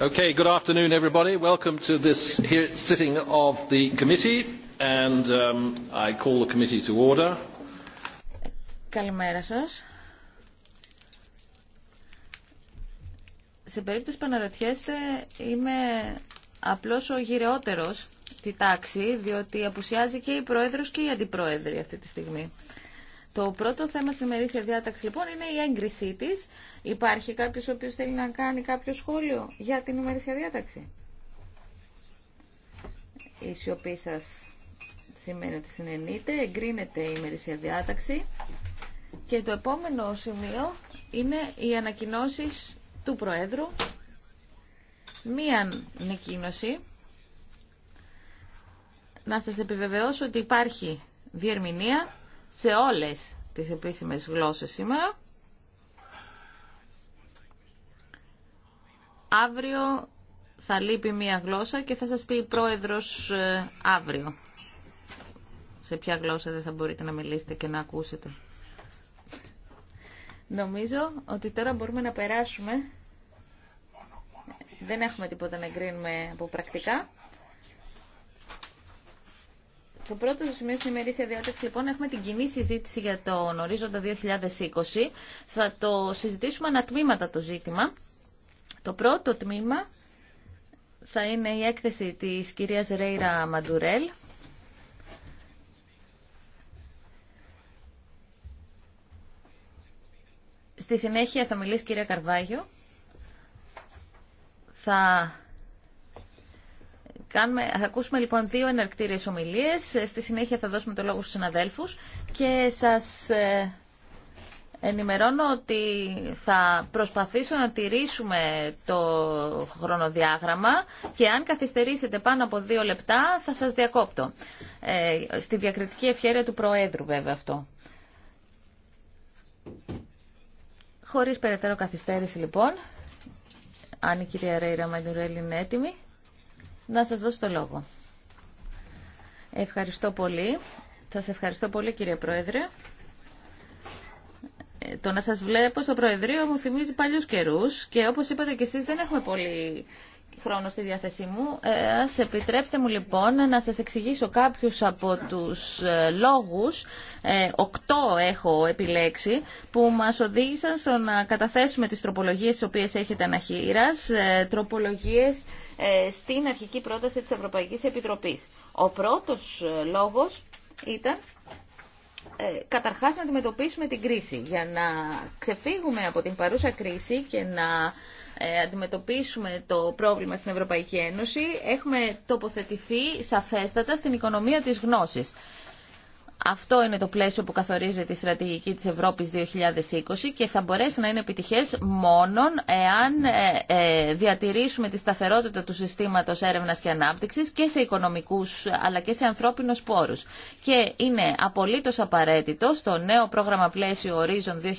Okay, good afternoon everybody. Welcome to this sitting of the committee and um, I call the committee to order. Καλημέρα σας. Σε περίπτωση που αναρωτιέστε είμαι απλώς ο γυρεότερος τη τάξη διότι απουσιάζει και η πρόεδρος και η αντιπρόεδρη αυτή τη στιγμή. Το πρώτο θέμα στην μερίσια διάταξη λοιπόν είναι η έγκρισή τη. Υπάρχει κάποιο ο οποίο θέλει να κάνει κάποιο σχόλιο για την ημερήσια διάταξη. Η σιωπή σα σημαίνει ότι συνενείται, εγκρίνεται η ημερήσια διάταξη. Και το επόμενο σημείο είναι οι ανακοινώσει του Προέδρου. Μία ανακοίνωση. Να σας επιβεβαιώσω ότι υπάρχει διερμηνία σε όλες τις επίσημες γλώσσες σήμερα. Αύριο θα λείπει μία γλώσσα και θα σας πει η πρόεδρος ε, αύριο. Σε ποια γλώσσα δεν θα μπορείτε να μιλήσετε και να ακούσετε. Νομίζω ότι τώρα μπορούμε να περάσουμε. Δεν έχουμε τίποτα να εγκρίνουμε από πρακτικά. Στο πρώτο σημείο της ημερήσια διάταξη λοιπόν έχουμε την κοινή συζήτηση για τον ορίζοντα 2020. Θα το συζητήσουμε ανατμήματα το ζήτημα. Το πρώτο τμήμα θα είναι η έκθεση της κυρίας Ρέιρα Μαντουρέλ. Στη συνέχεια θα μιλήσει κυρία Καρβάγιο. Θα κάνουμε, θα ακούσουμε λοιπόν δύο εναρκτήριες ομιλίες. Ε, στη συνέχεια θα δώσουμε το λόγο στους συναδέλφους και σας ε, ενημερώνω ότι θα προσπαθήσω να τηρήσουμε το χρονοδιάγραμμα και αν καθυστερήσετε πάνω από δύο λεπτά θα σας διακόπτω. Ε, στη διακριτική ευχαίρεια του Προέδρου βέβαια αυτό. Χωρίς περαιτέρω καθυστέρηση λοιπόν, αν η κυρία Ρέιρα Μαντουρέλη είναι έτοιμη να σας δώσω το λόγο. Ευχαριστώ πολύ. Σας ευχαριστώ πολύ κύριε Πρόεδρε. Ε, το να σας βλέπω στο Προεδρείο μου θυμίζει παλιούς καιρούς και όπως είπατε και εσείς δεν έχουμε πολύ χρόνο στη διάθεσή μου. Ε, ας επιτρέψτε μου λοιπόν να σας εξηγήσω κάποιους από τους ε, λόγους, ε, οκτώ έχω επιλέξει, που μας οδήγησαν στο να καταθέσουμε τις τροπολογίες τις οποίες έχετε αναχείρας, τροπολογίες στην αρχική πρόταση της Ευρωπαϊκής Επιτροπής. Ο πρώτος λόγος ήταν καταρχάς να αντιμετωπίσουμε την κρίση για να ξεφύγουμε από την παρούσα κρίση και να ε, αντιμετωπίσουμε το πρόβλημα στην Ευρωπαϊκή Ένωση, έχουμε τοποθετηθεί σαφέστατα στην οικονομία της γνώσης. Αυτό είναι το πλαίσιο που καθορίζει τη στρατηγική της Ευρώπης 2020 και θα μπορέσει να είναι επιτυχές μόνον εάν ε, ε, διατηρήσουμε τη σταθερότητα του συστήματος έρευνας και ανάπτυξης και σε οικονομικούς αλλά και σε ανθρώπινους πόρους. Και είναι απολύτως απαραίτητο στο νέο πρόγραμμα πλαίσιο Horizon 2020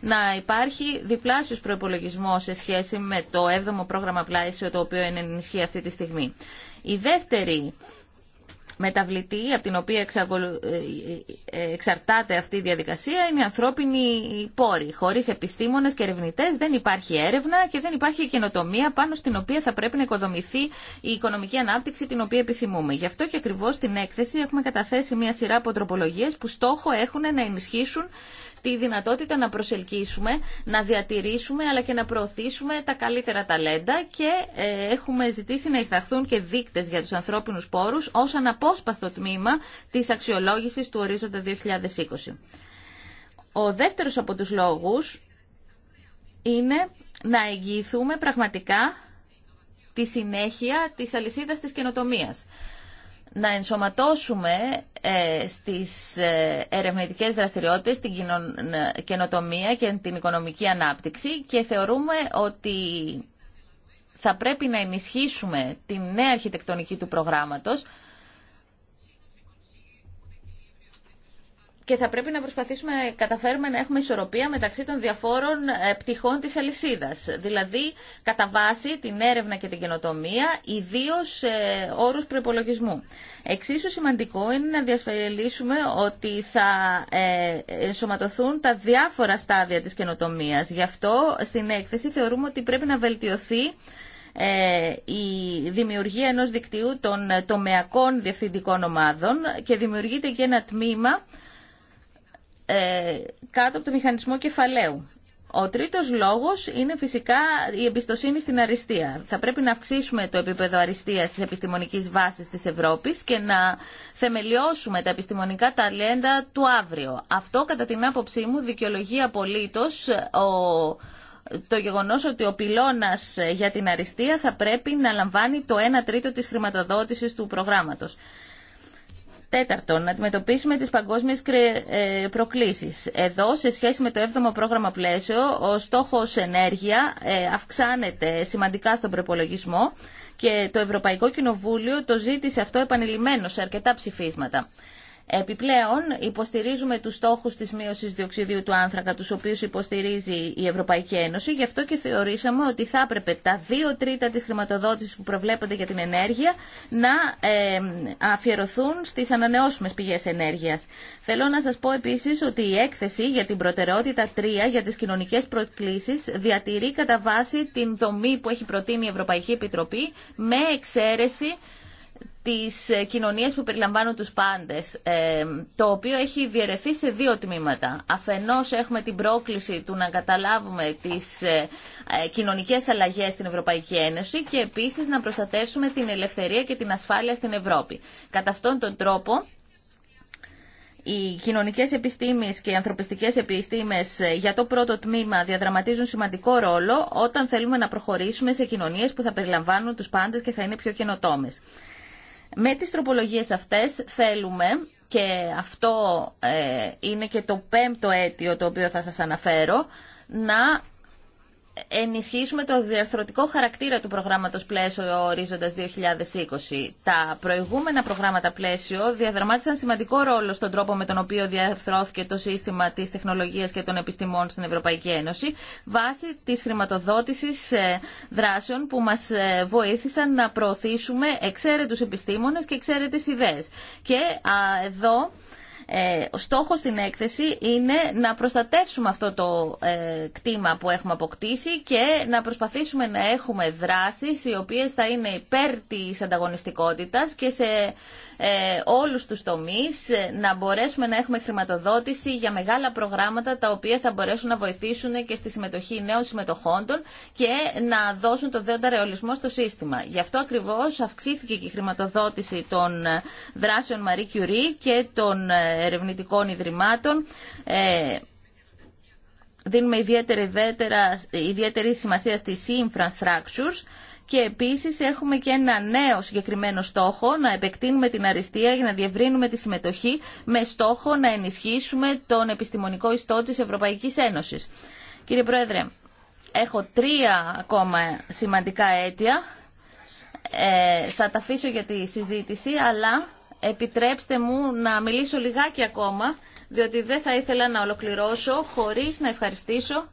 να υπάρχει διπλάσιος προπολογισμό σε σχέση με το 7ο πρόγραμμα πλαίσιο το οποίο είναι ενισχύει αυτή τη στιγμή. Η δεύτερη μεταβλητή από την οποία ε, ε, εξαρτάται αυτή η διαδικασία είναι οι ανθρώπινοι πόροι. Χωρίς επιστήμονες και ερευνητέ, δεν υπάρχει έρευνα και δεν υπάρχει καινοτομία πάνω στην οποία θα πρέπει να οικοδομηθεί η οικονομική ανάπτυξη την οποία επιθυμούμε. Γι' αυτό και ακριβώς στην έκθεση έχουμε καταθέσει μια σειρά από τροπολογίες που στόχο έχουν να ενισχύσουν τη δυνατότητα να προσελκύσουμε, να διατηρήσουμε αλλά και να προωθήσουμε τα καλύτερα ταλέντα και ε, έχουμε ζητήσει να ειθαχθούν και δείκτες για τους ανθρώπινους πόρους ως αναπόσπαστο τμήμα της αξιολόγησης του ορίζοντα 2020. Ο δεύτερος από τους λόγους είναι να εγγυηθούμε πραγματικά τη συνέχεια της αλυσίδας της καινοτομίας να ενσωματώσουμε ε, στις ε, ερευνητικές δραστηριότητες την ε, καινοτομία και την οικονομική ανάπτυξη και θεωρούμε ότι θα πρέπει να ενισχύσουμε την νέα αρχιτεκτονική του προγράμματος και θα πρέπει να προσπαθήσουμε να καταφέρουμε να έχουμε ισορροπία μεταξύ των διαφόρων ε, πτυχών της αλυσίδα. Δηλαδή, κατά βάση την έρευνα και την καινοτομία, ιδίω σε όρους προπολογισμού. Εξίσου σημαντικό είναι να διασφαλίσουμε ότι θα ενσωματωθούν ε, τα διάφορα στάδια της καινοτομία. Γι' αυτό στην έκθεση θεωρούμε ότι πρέπει να βελτιωθεί ε, η δημιουργία ενός δικτύου των τομεακών διευθυντικών ομάδων και δημιουργείται και ένα τμήμα ε, κάτω από το μηχανισμό κεφαλαίου. Ο τρίτος λόγος είναι φυσικά η εμπιστοσύνη στην αριστεία. Θα πρέπει να αυξήσουμε το επίπεδο αριστείας της επιστημονικής βάσης της Ευρώπης και να θεμελιώσουμε τα επιστημονικά ταλέντα του αύριο. Αυτό κατά την άποψή μου δικαιολογεί απολύτως ε, το γεγονός ότι ο πυλώνας ε, για την αριστεία θα πρέπει να λαμβάνει το 1 τρίτο της χρηματοδότησης του προγράμματος. Τέταρτον, να αντιμετωπίσουμε τις παγκόσμιες ε, προκλήσεις. Εδώ, σε σχέση με το 7ο πρόγραμμα πλαίσιο, ο στόχος ενέργεια ε, αυξάνεται σημαντικά στον προπολογισμό και το Ευρωπαϊκό Κοινοβούλιο το ζήτησε αυτό επανειλημμένο σε αρκετά ψηφίσματα. Επιπλέον, υποστηρίζουμε τους στόχους της μείωσης διοξιδίου του άνθρακα, τους οποίους υποστηρίζει η Ευρωπαϊκή Ένωση, γι' αυτό και θεωρήσαμε ότι θα έπρεπε τα δύο τρίτα της χρηματοδότησης που προβλέπονται για την ενέργεια να ε, αφιερωθούν στις ανανεώσιμες πηγές ενέργειας. Θέλω να σας πω επίσης ότι η έκθεση για την προτεραιότητα 3 για τις κοινωνικές προκλήσεις διατηρεί κατά βάση την δομή που έχει προτείνει η Ευρωπαϊκή Επιτροπή με εξαίρεση τις ε, κοινωνίες που περιλαμβάνουν τους πάντες, ε, το οποίο έχει διαιρεθεί σε δύο τμήματα. Αφενός έχουμε την πρόκληση του να καταλάβουμε τις ε, κοινωνικές αλλαγές στην Ευρωπαϊκή Ένωση και επίσης να προστατεύσουμε την ελευθερία και την ασφάλεια στην Ευρώπη. Κατά αυτόν τον τρόπο οι κοινωνικές επιστήμες και οι ανθρωπιστικές επιστήμες για το πρώτο τμήμα διαδραματίζουν σημαντικό ρόλο όταν θέλουμε να προχωρήσουμε σε κοινωνίες που θα περιλαμβάνουν τους πάντες και θα είναι πιο καινοτόμες. Με τις τροπολογίες αυτές θέλουμε, και αυτό ε, είναι και το πέμπτο αίτιο το οποίο θα σας αναφέρω, να ενισχύσουμε το διαρθρωτικό χαρακτήρα του προγράμματος πλαίσιο ορίζοντας 2020. Τα προηγούμενα προγράμματα πλαίσιο διαδραμάτισαν σημαντικό ρόλο στον τρόπο με τον οποίο διαρθρώθηκε το σύστημα της τεχνολογίας και των επιστημών στην Ευρωπαϊκή Ένωση βάσει της χρηματοδότησης ε, δράσεων που μας ε, βοήθησαν να προωθήσουμε εξαίρετους επιστήμονες και εξαίρετες ιδέες. Και εδώ ε, ο στόχος στην έκθεση είναι να προστατεύσουμε αυτό το ε, κτήμα που έχουμε αποκτήσει και να προσπαθήσουμε να έχουμε δράσεις οι οποίες θα είναι υπέρ της ανταγωνιστικότητας και σε ε, όλους τους τομείς να μπορέσουμε να έχουμε χρηματοδότηση για μεγάλα προγράμματα τα οποία θα μπορέσουν να βοηθήσουν και στη συμμετοχή νέων συμμετοχόντων και να δώσουν το δέοντα ρεολισμό στο σύστημα. Γι' αυτό ακριβώς αυξήθηκε και η χρηματοδότηση των δράσεων Marie Curie και των ερευνητικών ιδρυμάτων. Ε, δίνουμε ιδιαίτερη, ιδιαίτερη σημασία στις infrastructures και επίσης έχουμε και ένα νέο συγκεκριμένο στόχο να επεκτείνουμε την αριστεία για να διευρύνουμε τη συμμετοχή με στόχο να ενισχύσουμε τον επιστημονικό ιστό της Ευρωπαϊκής Ένωσης. Κύριε Πρόεδρε, έχω τρία ακόμα σημαντικά αίτια. Ε, θα τα αφήσω για τη συζήτηση, αλλά επιτρέψτε μου να μιλήσω λιγάκι ακόμα, διότι δεν θα ήθελα να ολοκληρώσω χωρίς να ευχαριστήσω.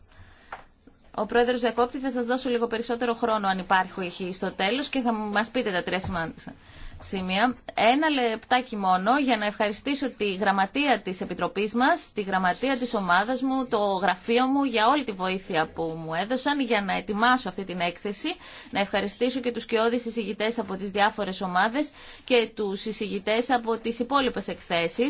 Ο πρόεδρος Διακόπτη θα σας δώσω λίγο περισσότερο χρόνο αν υπάρχει στο τέλος και θα μας πείτε τα τρία σημαντικά σημεία. Ένα λεπτάκι μόνο για να ευχαριστήσω τη γραμματεία τη Επιτροπής μα, τη γραμματεία τη ομάδα μου, το γραφείο μου για όλη τη βοήθεια που μου έδωσαν για να ετοιμάσω αυτή την έκθεση. Να ευχαριστήσω και τους κοιόδη συζητητέ από τι διάφορε ομάδε και του συζητητέ από τι υπόλοιπε εκθέσει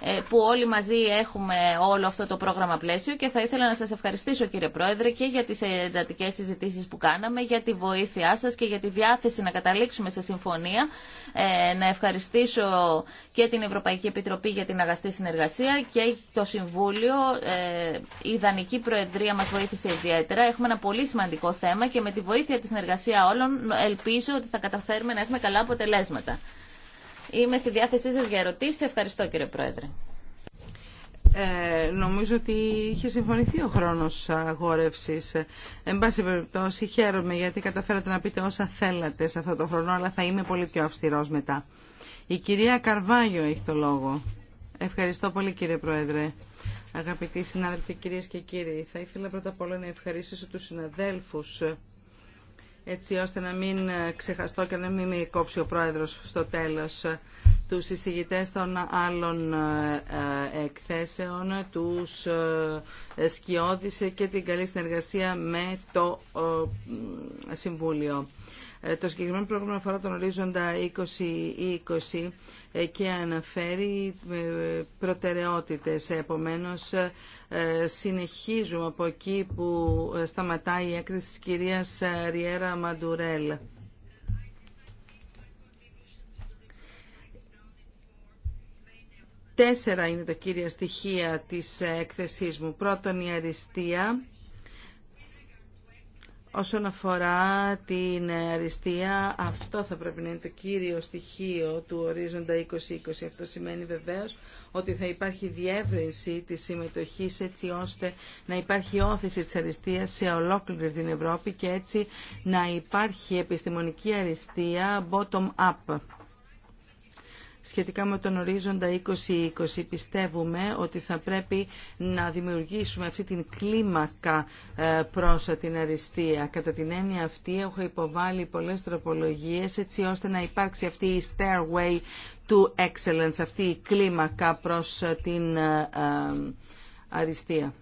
ε, που όλοι μαζί έχουμε όλο αυτό το πρόγραμμα πλαίσιο και θα ήθελα να σα ευχαριστήσω κύριε Πρόεδρε και για τι εντατικέ συζητήσει που κάναμε, για τη βοήθειά σα και για τη διάθεση να καταλήξουμε σε συμφωνία ε, να ευχαριστήσω και την Ευρωπαϊκή Επιτροπή για την αγαστή συνεργασία και το Συμβούλιο. Ε, η Ιδανική Προεδρία μας βοήθησε ιδιαίτερα. Έχουμε ένα πολύ σημαντικό θέμα και με τη βοήθεια της συνεργασία όλων ελπίζω ότι θα καταφέρουμε να έχουμε καλά αποτελέσματα. Είμαι στη διάθεσή σας για ερωτήσεις. Ευχαριστώ κύριε Πρόεδρε. Ε, νομίζω ότι είχε συμφωνηθεί ο χρόνος αγόρευσης. Εν πάση περιπτώσει χαίρομαι γιατί καταφέρατε να πείτε όσα θέλατε σε αυτό το χρόνο, αλλά θα είμαι πολύ πιο αυστηρό μετά. Η κυρία Καρβάγιο έχει το λόγο. Ευχαριστώ πολύ κύριε Πρόεδρε. Αγαπητοί συνάδελφοι, κυρίες και κύριοι, θα ήθελα πρώτα απ' όλα να ευχαριστήσω του συναδέλφου έτσι ώστε να μην ε, ξεχαστώ και να μην με κόψει ο Πρόεδρος στο τέλος ε, του εισηγητές των άλλων ε, εκθέσεων, τους σκιώδησε και την καλή συνεργασία με το Συμβούλιο. Το συγκεκριμένο πρόγραμμα αφορά τον ορίζοντα 2020 και αναφέρει ε, προτεραιότητες. Επομένως, ε, συνεχίζουμε από εκεί που ε, σταματάει η έκθεση της κυρίας Ριέρα Μαντουρέλ. Τέσσερα είναι τα κύρια στοιχεία της έκθεσής μου. Πρώτον, η αριστεία Όσον αφορά την αριστεία, αυτό θα πρέπει να είναι το κύριο στοιχείο του ορίζοντα 2020. Αυτό σημαίνει βεβαίως ότι θα υπάρχει διεύρυνση της συμμετοχής έτσι ώστε να υπάρχει όθηση της αριστείας σε ολόκληρη την Ευρώπη και έτσι να υπάρχει επιστημονική αριστεία bottom-up σχετικά με τον ορίζοντα 2020. Πιστεύουμε ότι θα πρέπει να δημιουργήσουμε αυτή την κλίμακα ε, προς την αριστεία. Κατά την έννοια αυτή έχω υποβάλει πολλές τροπολογίες έτσι ώστε να υπάρξει αυτή η stairway to excellence, αυτή η κλίμακα προς την ε, ε, αριστεία.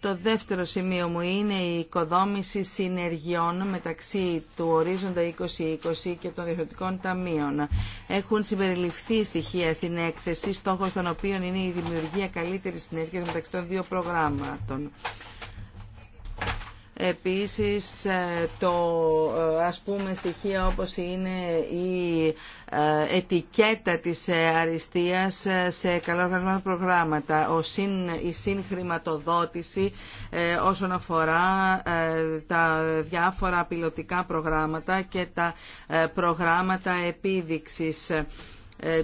Το δεύτερο σημείο μου είναι η οικοδόμηση συνεργειών μεταξύ του ορίζοντα 2020 και των διευθυντικών ταμείων. Έχουν συμπεριληφθεί στοιχεία στην έκθεση, στόχος των οποίων είναι η δημιουργία καλύτερης συνέργειας μεταξύ των δύο προγράμματων. Επίσης, ε, το ε, ας πούμε στοιχεία όπως είναι η ε, ετικέτα της αριστείας σε καλά προγράμματα, ο συν, η συγχρηματοδότηση όσον αφορά τα διάφορα πιλωτικά προγράμματα και τα προγράμματα επίδειξης ε,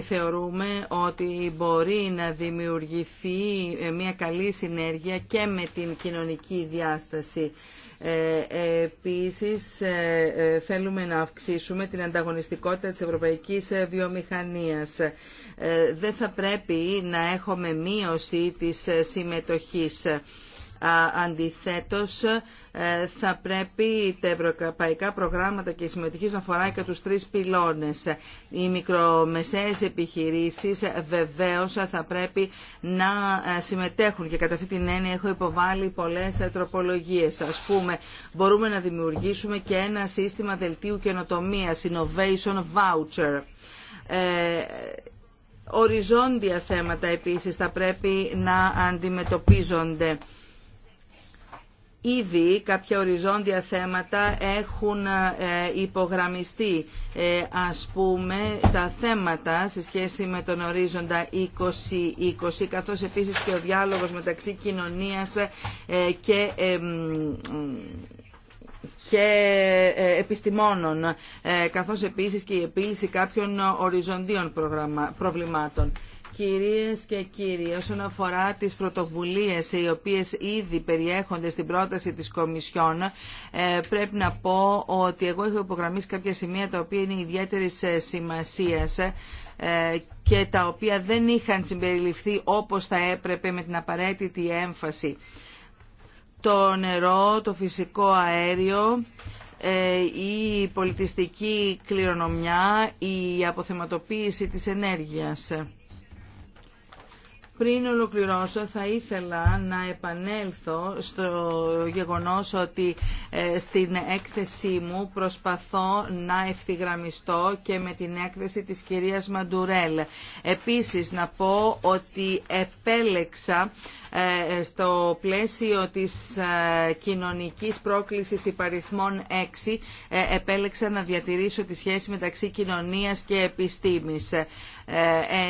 θεωρούμε ότι μπορεί να δημιουργηθεί ε, μια καλή συνέργεια και με την κοινωνική διάσταση. Ε, επίσης, θέλουμε να αυξήσουμε την ανταγωνιστικότητα της ευρωπαϊκής βιομηχανίας. Δεν θα πρέπει να έχουμε μείωση της συμμετοχής. Αντιθέτως, ε, θα πρέπει τα ευρωπαϊκά προγράμματα και η συμμετοχή να αφορά και τους τρεις πυλώνες. Οι μικρομεσαίες επιχειρήσεις βεβαίως θα πρέπει να ε, συμμετέχουν και κατά αυτή την έννοια έχω υποβάλει πολλές ε, τροπολογίες. Ας πούμε, μπορούμε να δημιουργήσουμε και ένα σύστημα δελτίου καινοτομία, Innovation Voucher. Οριζόντια θέματα επίσης θα πρέπει να αντιμετωπίζονται Ήδη κάποια οριζόντια θέματα έχουν ε, υπογραμμιστεί. Ε, ας πούμε τα θέματα σε σχέση με τον ορίζοντα 2020 καθώς επίσης και ο διάλογος μεταξύ κοινωνίας ε, και και επιστημόνων, καθώς επίσης και η επίλυση κάποιων οριζοντίων προβλημάτων. Κυρίες και κύριοι, όσον αφορά τις πρωτοβουλίες οι οποίες ήδη περιέχονται στην πρόταση της Κομισιόν, ε, πρέπει να πω ότι εγώ έχω υπογραμμίσει κάποια σημεία τα οποία είναι ιδιαίτερης σημασίας ε, και τα οποία δεν είχαν συμπεριληφθεί όπως θα έπρεπε με την απαραίτητη έμφαση. Το νερό, το φυσικό αέριο, ε, η πολιτιστική κληρονομιά, η αποθεματοποίηση της ενέργειας. Πριν ολοκληρώσω θα ήθελα να επανέλθω στο γεγονός ότι ε, στην έκθεσή μου προσπαθώ να ευθυγραμμιστώ και με την έκθεση της κυρίας Μαντουρέλ. Επίσης να πω ότι επέλεξα ε, στο πλαίσιο της ε, κοινωνικής πρόκλησης υπαριθμών 6 ε, επέλεξα να διατηρήσω τη σχέση μεταξύ κοινωνίας και επιστήμης.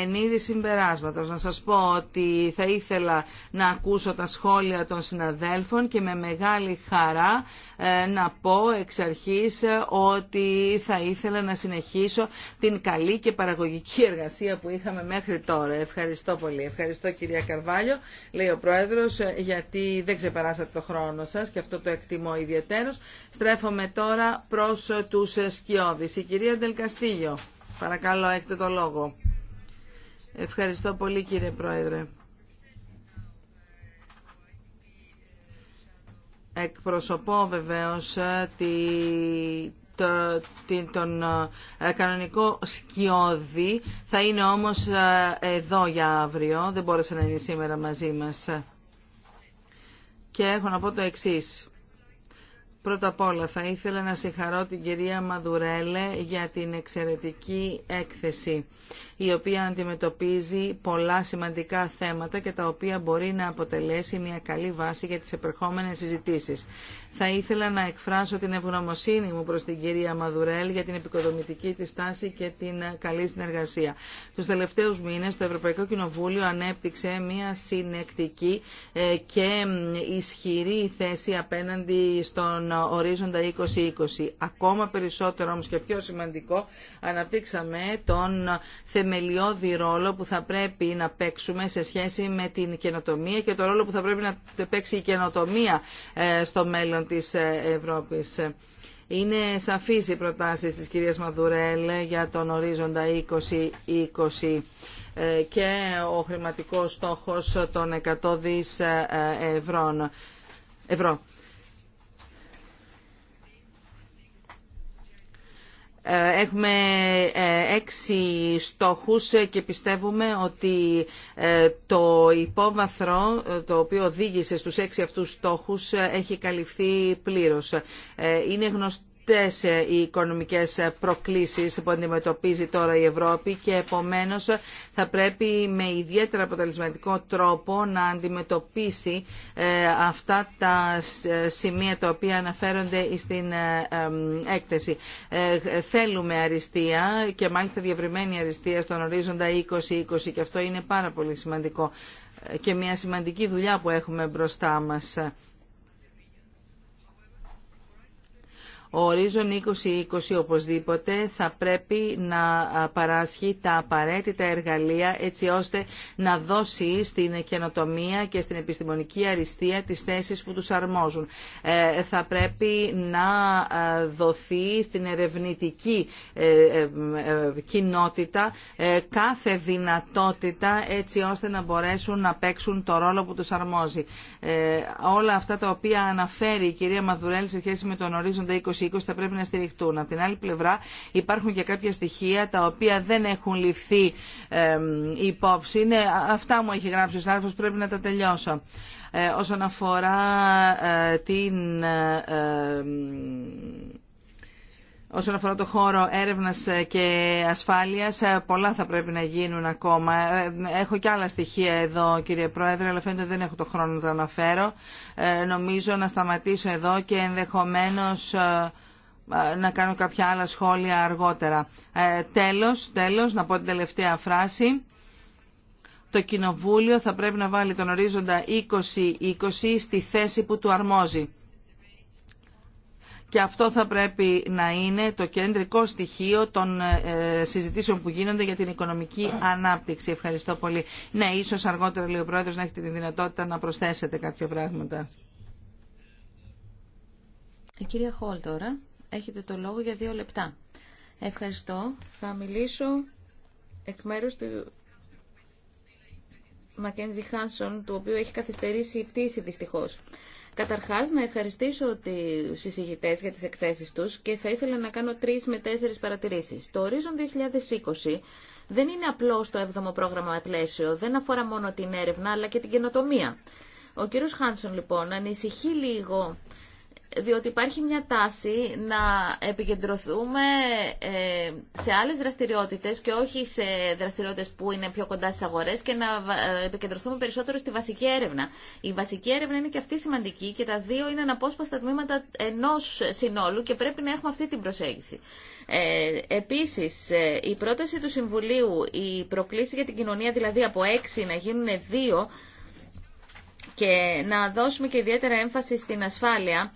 Εν είδη συμπεράσματος να σας πω ότι θα ήθελα να ακούσω τα σχόλια των συναδέλφων και με μεγάλη χαρά ε, να πω εξ αρχής ε, ότι θα ήθελα να συνεχίσω την καλή και παραγωγική εργασία που είχαμε μέχρι τώρα. Ευχαριστώ πολύ. Ευχαριστώ κυρία Καρβάλιο, λέει ο Πρόεδρος, ε, γιατί δεν ξεπεράσατε το χρόνο σας και αυτό το εκτιμώ ιδιαίτερος. Στρέφομαι τώρα προς τους σκιώδεις. Η κυρία Ντελκαστήγιο, παρακαλώ έχετε το λόγο. Ευχαριστώ πολύ κύριε Πρόεδρε. εκπροσωπώ βεβαίως ε, τη, τον ε, κανονικό σκιώδη. Θα είναι όμως ε, εδώ για αύριο, δεν μπόρεσε να είναι σήμερα μαζί μας. Και έχω να πω το εξής. Πρώτα απ' όλα θα ήθελα να συγχαρώ την κυρία Μαδουρέλε για την εξαιρετική έκθεση η οποία αντιμετωπίζει πολλά σημαντικά θέματα και τα οποία μπορεί να αποτελέσει μια καλή βάση για τις επερχόμενες συζητήσεις. Θα ήθελα να εκφράσω την ευγνωμοσύνη μου προς την κυρία Μαδουρέλ για την επικοδομητική της στάση και την καλή συνεργασία. Τους τελευταίους μήνες το Ευρωπαϊκό Κοινοβούλιο ανέπτυξε μια συνεκτική ε, και ισχυρή θέση απέναντι στον ορίζοντα 2020. Ακόμα περισσότερο όμως και πιο σημαντικό αναπτύξαμε τον θεμελιώδη ρόλο που θα πρέπει να παίξουμε σε σχέση με την καινοτομία και το ρόλο που θα πρέπει να παίξει η καινοτομία ε, στο μέλλον της ε, Ευρώπης. Είναι σαφής οι προτάσεις της κυρίας Μαδουρέλ για τον ορίζοντα 2020 ε, και ο χρηματικός στόχος των 100 δις ευρώ. Ε, έχουμε ε, έξι στόχους και πιστεύουμε ότι ε, το υπόβαθρο το οποίο οδήγησε στους έξι αυτούς στόχους έχει καλυφθεί πλήρως. Είναι γνωστό αυτές ε, οι οικονομικές ε, προκλήσεις που αντιμετωπίζει τώρα η Ευρώπη και επομένως ε, θα πρέπει με ιδιαίτερα αποτελεσματικό τρόπο να αντιμετωπίσει αυτά τα σημεία τα οποία αναφέρονται στην έκθεση. Θέλουμε αριστεία και μάλιστα διευρυμένη αριστεία στον ορίζοντα 2020 και αυτό είναι πάρα πολύ σημαντικό και μια σημαντική δουλειά που έχουμε μπροστά μας. Ο ορίζον 2020 οπωσδήποτε θα πρέπει να παράσχει τα απαραίτητα εργαλεία έτσι ώστε να δώσει στην καινοτομία και στην επιστημονική αριστεία τις θέσεις που τους αρμόζουν. Ε, θα πρέπει να ε, δοθεί στην ερευνητική ε, κοινότητα κάθε δυνατότητα έτσι ώστε να μπορέσουν να παίξουν το ρόλο που τους αρμόζει. Όλα αυτά τα οποία αναφέρει η κυρία Μαδουρέλη σε σχέση με τον ορίζοντα 2020 2020 θα πρέπει να στηριχτούν. Από την άλλη πλευρά υπάρχουν και κάποια στοιχεία τα οποία δεν έχουν ληφθεί υπόψη. Είναι, αυτά μου έχει γράψει ο συνάδελφος, πρέπει να τα τελειώσω. Ε, όσον αφορά ε, την ε, Όσον αφορά το χώρο έρευνας και ασφάλειας, ε, πολλά θα πρέπει να γίνουν ακόμα. Ε, έχω και άλλα στοιχεία εδώ, κύριε Πρόεδρε, αλλά φαίνεται δεν έχω το χρόνο να τα αναφέρω. Ε, νομίζω να σταματήσω εδώ και ενδεχομένως να κάνω κάποια άλλα σχόλια αργότερα. Τέλος, τέλος, να πω την τελευταία φράση. Το Κοινοβούλιο θα πρέπει να βάλει τον ορίζοντα 2020 στη θέση που του αρμόζει και αυτό θα πρέπει να είναι το κεντρικό στοιχείο των ε, συζητήσεων που γίνονται για την οικονομική ανάπτυξη. Ευχαριστώ πολύ. Ναι, ίσως αργότερα, λέει ο Πρόεδρος, να έχετε τη δυνατότητα να προσθέσετε κάποια πράγματα. Η κυρία Χόλ τώρα. Έχετε το λόγο για δύο λεπτά. Ευχαριστώ. Θα μιλήσω εκ μέρους του Μακένζι Χάνσον, του οποίου έχει καθυστερήσει η πτήση δυστυχώς. Καταρχά να ευχαριστήσω του συζητητές για τις εκθέσει τους και θα ήθελα να κάνω τρει με τέσσερι παρατηρήσεις. Το Horizon 2020 δεν είναι απλό το 7ο πρόγραμμα πλαίσιο, δεν αφορά μόνο την έρευνα αλλά και την καινοτομία. Ο κύριος Χάνσον λοιπόν ανησυχεί λίγο διότι υπάρχει μια τάση να επικεντρωθούμε ε, σε άλλες δραστηριότητες και όχι σε δραστηριότητες που είναι πιο κοντά στις αγορές και να ε, επικεντρωθούμε περισσότερο στη βασική έρευνα. Η βασική έρευνα είναι και αυτή σημαντική και τα δύο είναι αναπόσπαστα τμήματα ενός συνόλου και πρέπει να έχουμε αυτή την προσέγγιση. Ε, επίσης, ε, η πρόταση του Συμβουλίου, η προκλήση για την κοινωνία, δηλαδή από έξι να γίνουν δύο και να δώσουμε και ιδιαίτερα έμφαση στην ασφάλεια,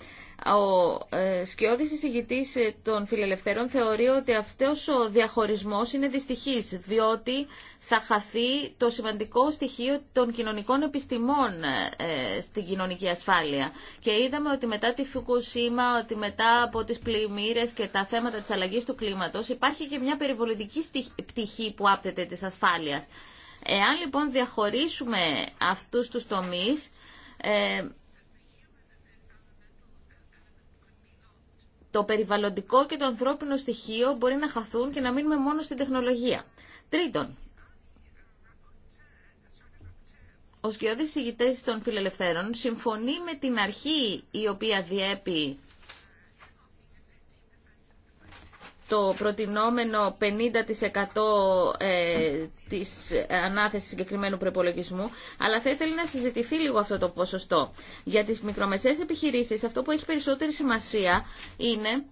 ο ε, σκιώδης ε, των φιλελευθέρων θεωρεί ότι αυτό ο διαχωρισμός είναι δυστυχής, διότι θα χαθεί το σημαντικό στοιχείο των κοινωνικών επιστημών ε, στην κοινωνική ασφάλεια. Και είδαμε ότι μετά τη Φουκουσίμα, ότι μετά από τις πλημμύρες και τα θέματα της αλλαγής του κλίματος, υπάρχει και μια περιβολητική πτυχή που άπτεται τη ασφάλεια. Εάν λοιπόν διαχωρίσουμε αυτούς του τομεί. ε, το περιβαλλοντικό και το ανθρώπινο στοιχείο μπορεί να χαθούν και να μείνουμε μόνο στην τεχνολογία. Τρίτον, ο σκιώδης ηγητής των φιλελευθέρων συμφωνεί με την αρχή η οποία διέπει το προτινόμενο 50% ε, της ανάθεσης συγκεκριμένου προπολογισμού, αλλά θα ήθελα να συζητηθεί λίγο αυτό το ποσοστό. Για τις μικρομεσαίες επιχειρήσεις αυτό που έχει περισσότερη σημασία είναι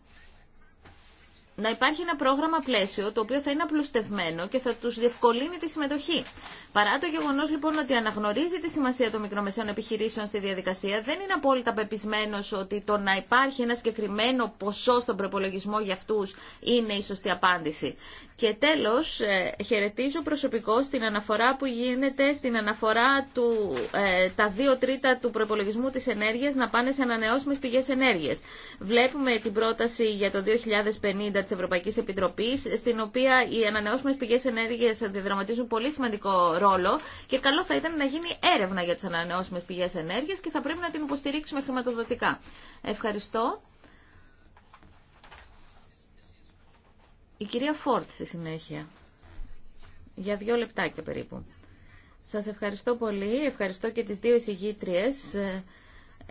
να υπάρχει ένα πρόγραμμα πλαίσιο το οποίο θα είναι απλουστευμένο και θα τους διευκολύνει τη συμμετοχή. Παρά το γεγονός λοιπόν ότι αναγνωρίζει τη σημασία των μικρομεσαίων επιχειρήσεων στη διαδικασία, δεν είναι απόλυτα πεπισμένο ότι το να υπάρχει ένα συγκεκριμένο ποσό στον προπολογισμό για αυτούς είναι η σωστή απάντηση. Και τέλος, ε, χαιρετίζω προσωπικό στην αναφορά που γίνεται στην αναφορά του ε, τα δύο τρίτα του προπολογισμού της ενέργειας να πάνε σε ανανεώσιμες πηγές ενέργειας. Βλέπουμε την πρόταση για το 2050 της Ευρωπαϊκής Επιτροπής, στην οποία οι ανανεώσιμες πηγές ενέργειας αντιδραματίζουν πολύ σημαντικό ρόλο και καλό θα ήταν να γίνει έρευνα για τις ανανεώσιμες πηγές ενέργειας και θα πρέπει να την υποστηρίξουμε χρηματοδοτικά. Ευχαριστώ. Η κυρία Φόρτ στη συνέχεια. Για δύο λεπτάκια περίπου. Σας ευχαριστώ πολύ. Ευχαριστώ και τις δύο εισηγήτριες.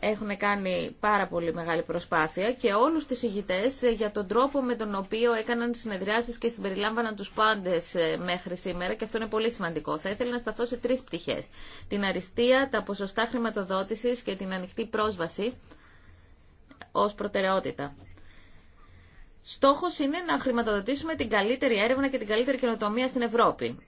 Έχουν κάνει πάρα πολύ μεγάλη προσπάθεια και όλους τις ηγητές για τον τρόπο με τον οποίο έκαναν συνεδριάσεις και συμπεριλάμβαναν τους πάντες ε, μέχρι σήμερα και αυτό είναι πολύ σημαντικό. Θα ήθελα να σταθώ σε τρεις πτυχές. Την αριστεία, τα ποσοστά χρηματοδότησης και την ανοιχτή πρόσβαση ως προτεραιότητα. Στόχο είναι να χρηματοδοτήσουμε την καλύτερη έρευνα και την καλύτερη καινοτομία στην Ευρώπη.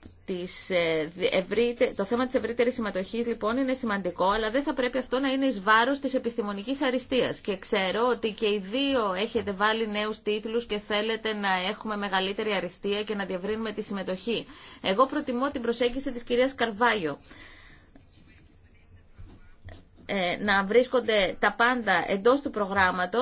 Ε, το θέμα τη ευρύτερη συμμετοχή λοιπόν είναι σημαντικό, αλλά δεν θα πρέπει αυτό να είναι ει βάρο της επιστημονικής αριστείας. Και ξέρω ότι και οι δύο έχετε βάλει νέου τίτλου και θέλετε να έχουμε μεγαλύτερη αριστεία και να διευρύνουμε τη συμμετοχή. Εγώ προτιμώ την προσέγγιση τη κυρία Καρβάγιο ε, να βρίσκονται τα πάντα εντό του προγράμματο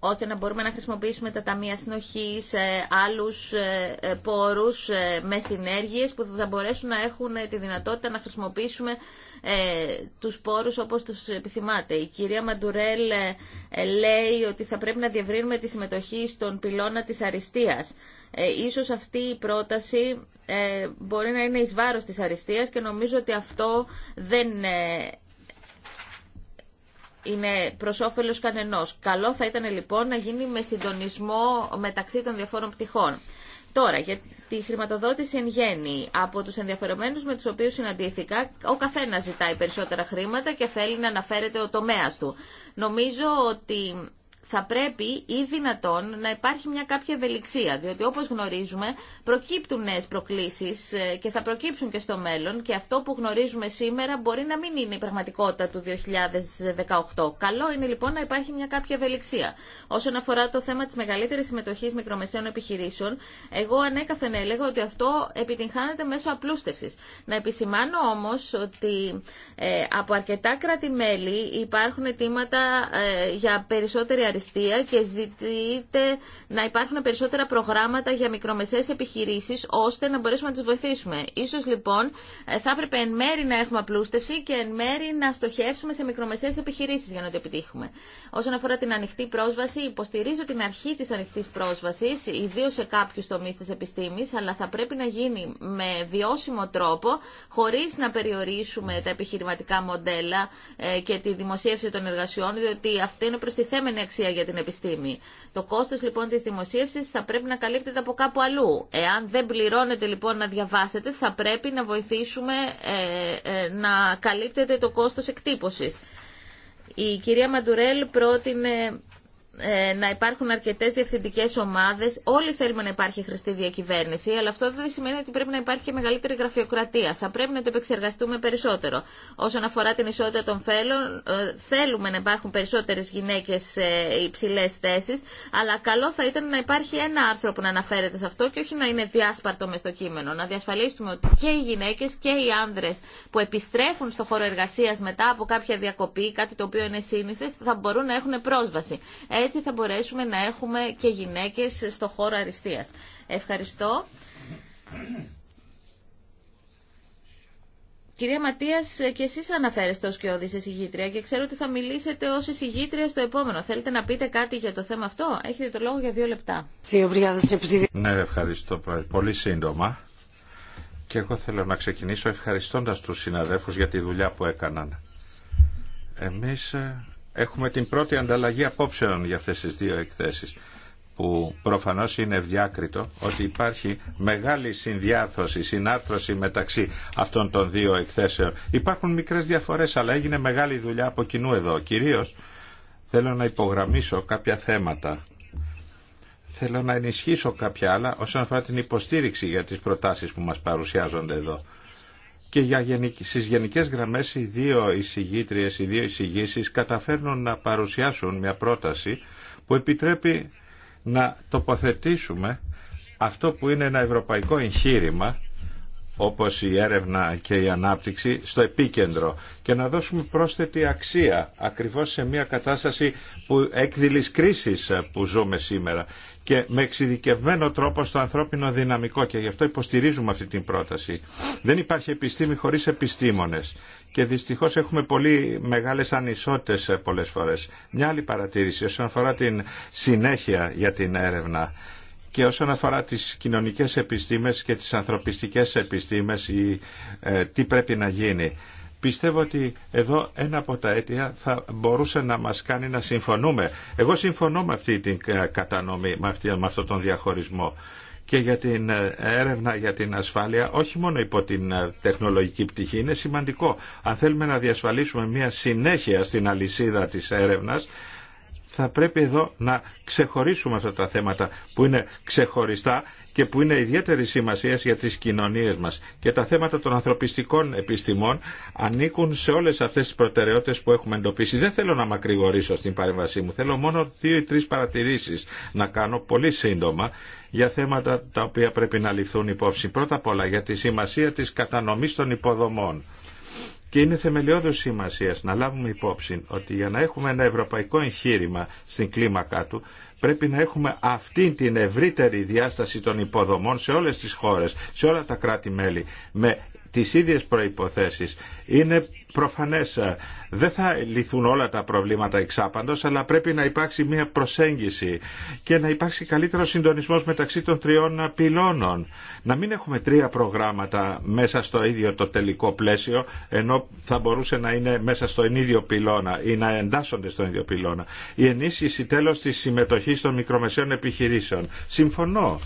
ώστε να μπορούμε να χρησιμοποιήσουμε τα ταμεία συνοχή σε άλλους ε, ε, πόρους ε, με συνέργειες που θα μπορέσουν να έχουν τη δυνατότητα να χρησιμοποιήσουμε τους πόρους όπως τους επιθυμάτε. Η κυρία Μαντουρέλ λέει ότι θα πρέπει να διευρύνουμε τη συμμετοχή στον πυλώνα της αριστείας. Ίσως αυτή η πρόταση μπορεί να είναι εις βάρος της αριστείας και νομίζω ότι αυτό δεν είναι προ όφελο κανενό. Καλό θα ήταν λοιπόν να γίνει με συντονισμό μεταξύ των διαφόρων πτυχών. Τώρα, για τη χρηματοδότηση εν γέννη από τους ενδιαφερομένους με τους οποίους συναντήθηκα, ο καθένα ζητάει περισσότερα χρήματα και θέλει να αναφέρεται ο τομέας του. Νομίζω ότι θα πρέπει ή δυνατόν να υπάρχει μια κάποια ευελιξία, διότι όπως γνωρίζουμε προκύπτουν νέε προκλήσεις ε, και θα προκύψουν και στο μέλλον και αυτό που γνωρίζουμε σήμερα μπορεί να μην είναι η πραγματικότητα του 2018. Καλό είναι λοιπόν να υπάρχει μια κάποια ευελιξία. Όσον αφορά το θέμα της μεγαλύτερης συμμετοχής μικρομεσαίων επιχειρήσεων, εγώ ανέκαθεν έλεγα ότι αυτό επιτυγχάνεται μέσω απλούστευσης. Να επισημάνω όμως ότι ε, από αρκετά κράτη-μέλη υπάρχουν αιτήματα ε, για περισσότερη και ζητείτε να υπάρχουν περισσότερα προγράμματα για μικρομεσαίες επιχειρήσεις ώστε να μπορέσουμε να τις βοηθήσουμε. Ίσως λοιπόν ε, θα έπρεπε εν μέρη να έχουμε απλούστευση και εν μέρη να στοχεύσουμε σε μικρομεσαίες επιχειρήσεις για να το επιτύχουμε. Όσον αφορά την ανοιχτή πρόσβαση, υποστηρίζω την αρχή της ανοιχτής πρόσβασης, ιδίως σε κάποιους τομείς της επιστήμης, αλλά θα πρέπει να γίνει με βιώσιμο τρόπο, χωρίς να περιορίσουμε τα επιχειρηματικά μοντέλα ε, και τη δημοσίευση των εργασιών, διότι αυτή είναι προστιθέμενη αξία για την επιστήμη. Το κόστος λοιπόν της δημοσίευσης θα πρέπει να καλύπτεται από κάπου αλλού. Εάν δεν πληρώνετε λοιπόν να διαβάσετε θα πρέπει να βοηθήσουμε ε, ε να καλύπτεται το κόστος εκτύπωσης. Η κυρία Μαντουρέλ πρότεινε ε, να υπάρχουν αρκετές διευθυντικές ομάδες. Όλοι θέλουμε να υπάρχει χρηστή διακυβέρνηση, αλλά αυτό δεν σημαίνει ότι πρέπει να υπάρχει και μεγαλύτερη γραφειοκρατία. Θα πρέπει να το επεξεργαστούμε περισσότερο. Όσον αφορά την ισότητα των φέλων, ε, θέλουμε να υπάρχουν περισσότερες γυναίκες σε υψηλές θέσεις, αλλά καλό θα ήταν να υπάρχει ένα άρθρο που να αναφέρεται σε αυτό και όχι να είναι διάσπαρτο με στο κείμενο. Να διασφαλίσουμε ότι και οι γυναίκες και οι άνδρες που επιστρέφουν στο χώρο μετά από κάποια διακοπή, κάτι το οποίο είναι σύνηθες, θα μπορούν να έχουν πρόσβαση έτσι θα μπορέσουμε να έχουμε και γυναίκες στο χώρο αριστείας. Ευχαριστώ. Κυρία Ματία, και εσεί αναφέρεστε ω κοιόδη εισηγήτρια και ξέρω ότι θα μιλήσετε ω εισηγήτρια στο επόμενο. Θέλετε να πείτε κάτι για το θέμα αυτό. Έχετε το λόγο για δύο λεπτά. Ναι, ευχαριστώ πολύ σύντομα. Και εγώ θέλω να ξεκινήσω ευχαριστώντα του συναδέλφου για τη δουλειά που έκαναν. Εμείς ε, Έχουμε την πρώτη ανταλλαγή απόψεων για αυτές τις δύο εκθέσεις που προφανώς είναι ευδιάκριτο ότι υπάρχει μεγάλη συνδιάρθρωση, συνάρθρωση μεταξύ αυτών των δύο εκθέσεων. Υπάρχουν μικρές διαφορές αλλά έγινε μεγάλη δουλειά από κοινού εδώ. Κυρίως θέλω να υπογραμμίσω κάποια θέματα. Θέλω να ενισχύσω κάποια άλλα όσον αφορά την υποστήριξη για τις προτάσεις που μας παρουσιάζονται εδώ. Και για, στις γενικές γραμμές οι δύο εισηγήτριες, οι δύο εισηγήσει καταφέρνουν να παρουσιάσουν μια πρόταση που επιτρέπει να τοποθετήσουμε αυτό που είναι ένα ευρωπαϊκό εγχείρημα όπως η έρευνα και η ανάπτυξη στο επίκεντρο και να δώσουμε πρόσθετη αξία ακριβώς σε μια κατάσταση που έκδηλης κρίσης που ζούμε σήμερα και με εξειδικευμένο τρόπο στο ανθρώπινο δυναμικό και γι' αυτό υποστηρίζουμε αυτή την πρόταση. Δεν υπάρχει επιστήμη χωρίς επιστήμονες και δυστυχώς έχουμε πολύ μεγάλες ανισότητες πολλές φορές. Μια άλλη παρατήρηση όσον αφορά την συνέχεια για την έρευνα και όσον αφορά τις κοινωνικές επιστήμες και τις ανθρωπιστικές επιστήμες ε, τι πρέπει να γίνει. Πιστεύω ότι εδώ ένα από τα αίτια θα μπορούσε να μας κάνει να συμφωνούμε. Εγώ συμφωνώ με αυτή την ε, κατανομή, με, αυτή, με αυτόν τον διαχωρισμό και για την ε, έρευνα για την ασφάλεια, όχι μόνο υπό την τεχνολογική πτυχή, είναι σημαντικό. Αν θέλουμε να διασφαλίσουμε μια συνέχεια στην αλυσίδα της έρευνας, θα πρέπει εδώ να ξεχωρίσουμε αυτά τα θέματα που είναι ξεχωριστά και που είναι ιδιαίτερη σημασία για τις κοινωνίες μας. Και τα θέματα των ανθρωπιστικών επιστημών ανήκουν σε όλες αυτές τις προτεραιότητες που έχουμε εντοπίσει. Δεν θέλω να μακρηγορήσω στην παρέμβασή μου, θέλω μόνο δύο ή τρεις παρατηρήσεις να κάνω πολύ σύντομα για θέματα τα οποία πρέπει να ληφθούν υπόψη. Πρώτα απ' όλα για τη σημασία της κατανομής των υποδομών και είναι θεμελιώδους σημασία να λάβουμε υπόψη ότι για να έχουμε ένα ευρωπαϊκό εγχείρημα στην κλίμακά του, πρέπει να έχουμε αυτή την ευρύτερη διάσταση των υποδομών σε όλες τις χώρες, σε όλα τα κράτη-μέλη, με τις ίδιες προϋποθέσεις. Είναι προφανές, ε, δεν θα λυθούν όλα τα προβλήματα εξάπαντος, αλλά πρέπει να υπάρξει μια προσέγγιση και να υπάρξει καλύτερο συντονισμός μεταξύ των τριών πυλώνων. Να μην έχουμε τρία προγράμματα μέσα στο ίδιο το τελικό πλαίσιο, ενώ θα μπορούσε να είναι μέσα στον ίδιο πυλώνα ή να εντάσσονται στον ίδιο πυλώνα. Η ενίσχυση τέλος της συμμετοχής των μικρομεσαίων επιχειρήσεων. Συμφωνώ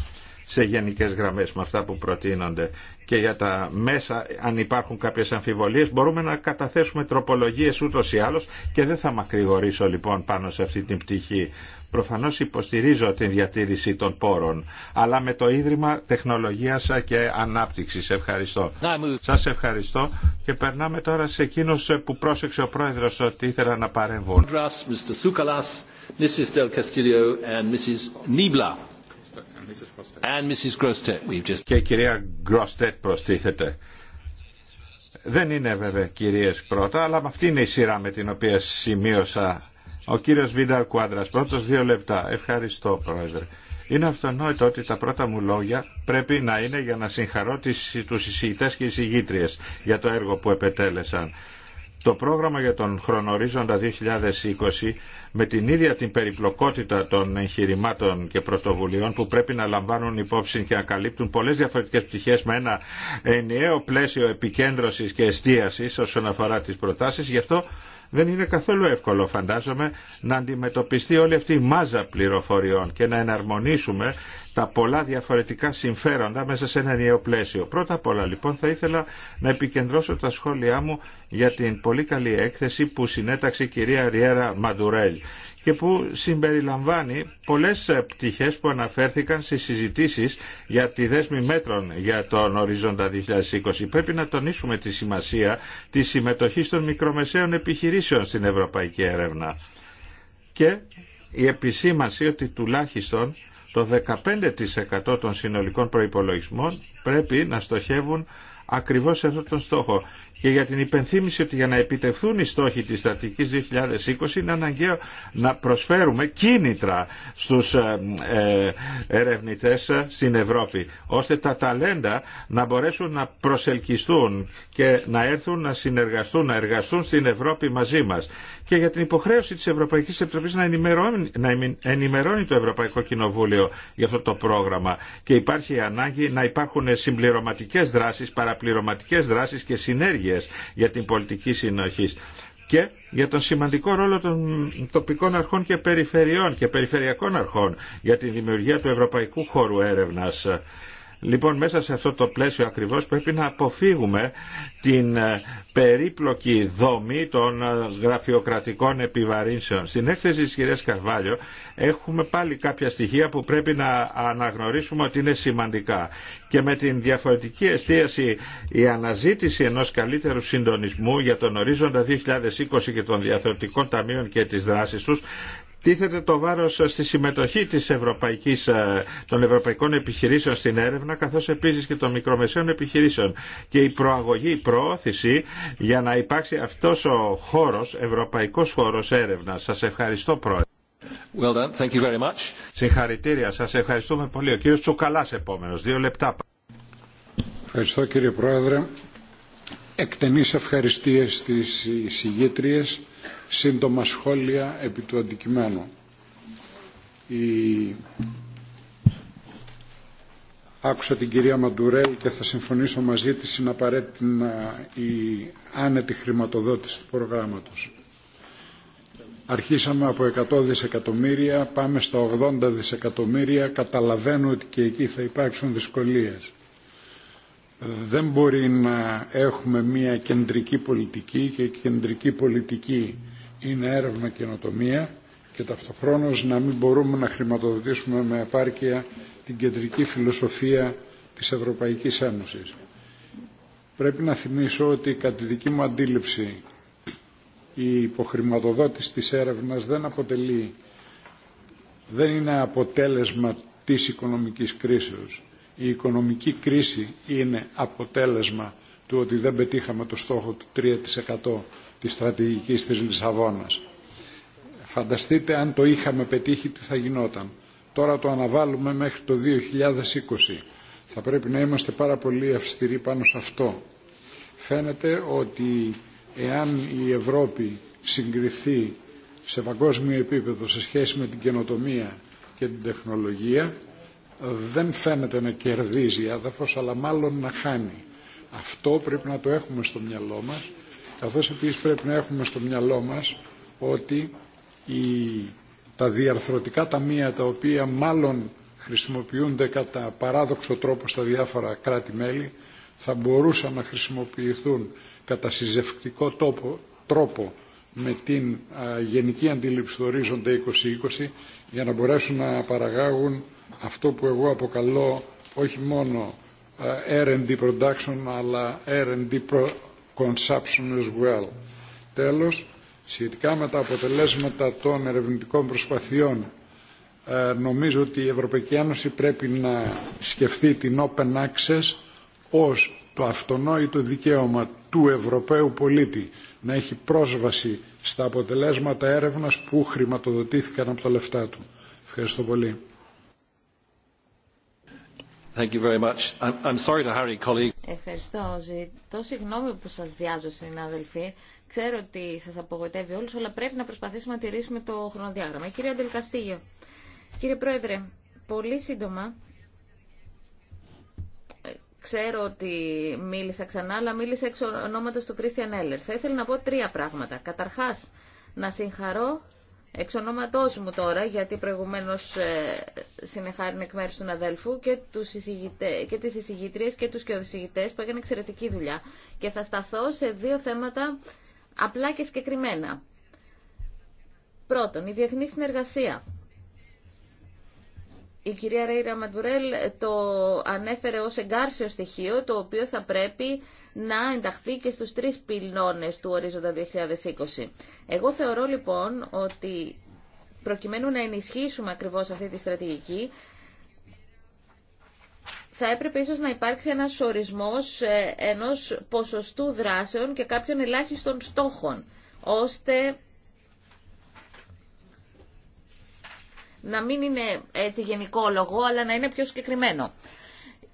σε γενικές γραμμές με αυτά που προτείνονται και για τα μέσα αν υπάρχουν κάποιες αμφιβολίες μπορούμε να καταθέσουμε τροπολογίες ούτως ή άλλως και δεν θα μακρηγορήσω λοιπόν πάνω σε αυτή την πτυχή. Προφανώς υποστηρίζω την διατήρηση των πόρων, αλλά με το Ίδρυμα Τεχνολογίας και Ανάπτυξης. Ευχαριστώ. Σας ευχαριστώ και περνάμε τώρα σε εκείνους που πρόσεξε ο Πρόεδρος ότι ήθελα να παρέμβουν. Και η κυρία Γκροστέτ προστίθεται. Δεν είναι βέβαια κυρίες πρώτα, αλλά αυτή είναι η σειρά με την οποία σημείωσα. Ο κύριος Βίνταρ Κουάντρας, πρώτος δύο λεπτά. Ευχαριστώ πρόεδρε. Είναι αυτονόητο ότι τα πρώτα μου λόγια πρέπει να είναι για να συγχαρώ τους εισηγητές και εισηγήτριες για το έργο που επετέλεσαν. Το πρόγραμμα για τον χρονορίζοντα 2020 με την ίδια την περιπλοκότητα των εγχειρημάτων και πρωτοβουλειών που πρέπει να λαμβάνουν υπόψη και να καλύπτουν πολλές διαφορετικές πτυχές με ένα ενιαίο πλαίσιο επικέντρωσης και εστίασης όσον αφορά τις προτάσεις. Γι' αυτό δεν είναι καθόλου εύκολο φαντάζομαι να αντιμετωπιστεί όλη αυτή η μάζα πληροφοριών και να εναρμονίσουμε τα πολλά διαφορετικά συμφέροντα μέσα σε ένα ενιαίο πλαίσιο. Πρώτα απ' όλα λοιπόν θα ήθελα να επικεντρώσω τα σχόλιά μου για την πολύ καλή έκθεση που συνέταξε η κυρία Ριέρα Μαντουρέλ και που συμπεριλαμβάνει πολλές ε, πτυχές που αναφέρθηκαν στις συζητήσεις για τη δέσμη μέτρων για τον ορίζοντα 2020. Πρέπει να τονίσουμε τη σημασία της συμμετοχής των μικρομεσαίων επιχειρήσεων στην ευρωπαϊκή έρευνα και η επισήμανση ότι τουλάχιστον το 15% των συνολικών προϋπολογισμών πρέπει να στοχεύουν ακριβώς σε αυτόν τον στόχο και για την υπενθύμηση ότι για να επιτευχθούν οι στόχοι της στρατηγικής 2020 είναι αναγκαίο να προσφέρουμε κίνητρα στους ε, ε, ερευνητές στην Ευρώπη ώστε τα ταλέντα να μπορέσουν να προσελκυστούν και να έρθουν να συνεργαστούν, να εργαστούν στην Ευρώπη μαζί μας και για την υποχρέωση της Ευρωπαϊκής Επιτροπής να ενημερώνει, να ενημερώνει το Ευρωπαϊκό Κοινοβούλιο για αυτό το πρόγραμμα και υπάρχει η ανάγκη να υπάρχουν συμπληρωματικές δράσεις, παραπληρωματικές δράσεις και συνέργειες για την πολιτική συνοχή και για τον σημαντικό ρόλο των τοπικών αρχών και περιφερειών και περιφερειακών αρχών για τη δημιουργία του Ευρωπαϊκού Χώρου Έρευνας Λοιπόν, μέσα σε αυτό το πλαίσιο ακριβώς πρέπει να αποφύγουμε την ε, περίπλοκη δομή των ε, γραφειοκρατικών επιβαρύνσεων. Στην έκθεση της κυρίας Καρβάλιο έχουμε πάλι κάποια στοιχεία που πρέπει να αναγνωρίσουμε ότι είναι σημαντικά. Και με την διαφορετική εστίαση η αναζήτηση ενός καλύτερου συντονισμού για τον ορίζοντα 2020 και των διαθεωτικών ταμείων και τις δράσεις τους τίθεται το βάρος στη συμμετοχή της ευρωπαϊκής, ε, των ευρωπαϊκών επιχειρήσεων στην έρευνα καθώς επίσης και των μικρομεσαίων επιχειρήσεων και η προαγωγή, η προώθηση για να υπάρξει αυτός ο χώρος, ευρωπαϊκός χώρος έρευνας. Σας ευχαριστώ πρόεδρε. Well done. Thank you very much. Συγχαρητήρια. Σας ευχαριστούμε πολύ. Ο κύριος Τσουκαλάς επόμενος. Δύο λεπτά. Ευχαριστώ κύριε Πρόεδρε. Εκτενείς ευχαριστίες στις εισηγήτριες σύντομα σχόλια επί του αντικειμένου. Άκουσα την κυρία Μαντουρέλ και θα συμφωνήσω μαζί της είναι απαραίτητη η άνετη χρηματοδότηση του προγράμματος. Αρχίσαμε από 100 δισεκατομμύρια, πάμε στα 80 δισεκατομμύρια, καταλαβαίνω ότι και εκεί θα υπάρξουν δυσκολίες δεν μπορεί να έχουμε μια κεντρική πολιτική και η κεντρική πολιτική είναι έρευνα και καινοτομία και ταυτοχρόνως να μην μπορούμε να χρηματοδοτήσουμε με επάρκεια την κεντρική φιλοσοφία της Ευρωπαϊκής Ένωσης. Πρέπει να θυμίσω ότι κατά τη δική μου αντίληψη η υποχρηματοδότηση της έρευνας δεν αποτελεί, δεν είναι αποτέλεσμα της οικονομικής κρίσεως η οικονομική κρίση είναι αποτέλεσμα του ότι δεν πετύχαμε το στόχο του 3% της στρατηγικής της Λισαβόνας. Φανταστείτε αν το είχαμε πετύχει τι θα γινόταν. Τώρα το αναβάλουμε μέχρι το 2020. Θα πρέπει να είμαστε πάρα πολύ αυστηροί πάνω σε αυτό. Φαίνεται ότι εάν η Ευρώπη συγκριθεί σε παγκόσμιο επίπεδο σε σχέση με την καινοτομία και την τεχνολογία, δεν φαίνεται να κερδίζει αδάφος αλλά μάλλον να χάνει. Αυτό πρέπει να το έχουμε στο μυαλό μας, καθώς επίσης πρέπει να έχουμε στο μυαλό μας ότι οι τα διαρθρωτικά ταμεία, τα οποία μάλλον χρησιμοποιούνται κατά παράδοξο τρόπο στα διάφορα κράτη-μέλη, θα μπορούσαν να χρησιμοποιηθούν κατά συζευκτικό τόπο, τρόπο με την γενική αντίληψη του ορίζοντα 2020 για να μπορέσουν να παραγάγουν αυτό που εγώ αποκαλώ όχι μόνο ε, R&D production αλλά R&D consumption as well. Τέλος, σχετικά με τα αποτελέσματα των ερευνητικών προσπαθειών ε, νομίζω ότι η Ευρωπαϊκή Ένωση πρέπει να σκεφτεί την open access ως το αυτονόητο δικαίωμα του Ευρωπαίου πολίτη να έχει πρόσβαση στα αποτελέσματα έρευνας που χρηματοδοτήθηκαν από τα λεφτά του. Ευχαριστώ πολύ. Thank you very Ευχαριστώ. Ζητώ συγγνώμη που σας βιάζω, συνάδελφοι. Ξέρω ότι σας απογοητεύει όλους, αλλά πρέπει να προσπαθήσουμε να τηρήσουμε το χρονοδιάγραμμα. Κύριε Αντελκαστήγιο, κύριε Πρόεδρε, πολύ σύντομα, ξέρω ότι μίλησα ξανά, αλλά μίλησα εξ ονόματος του Κρίστιαν Έλλερ. Θα ήθελα να πω τρία πράγματα. Καταρχάς, να συγχαρώ Εξ ονόματός μου τώρα, γιατί προηγουμένως ε, συνεχάρινε εκ μέρους του αδέλφου και, τους και τις εισηγήτριες και τους και που έκανε εξαιρετική δουλειά. Και θα σταθώ σε δύο θέματα απλά και συγκεκριμένα. Πρώτον, η διεθνή συνεργασία. Η κυρία Ρέιρα Μαντουρέλ το ανέφερε ως εγκάρσιο στοιχείο, το οποίο θα πρέπει να ενταχθεί και στους τρεις πυλώνες του ορίζοντα 2020. Εγώ θεωρώ λοιπόν ότι προκειμένου να ενισχύσουμε ακριβώς αυτή τη στρατηγική, θα έπρεπε ίσως να υπάρξει ένας ορισμός ε, ενός ποσοστού δράσεων και κάποιων ελάχιστων στόχων, ώστε να μην είναι έτσι λόγο αλλά να είναι πιο συγκεκριμένο.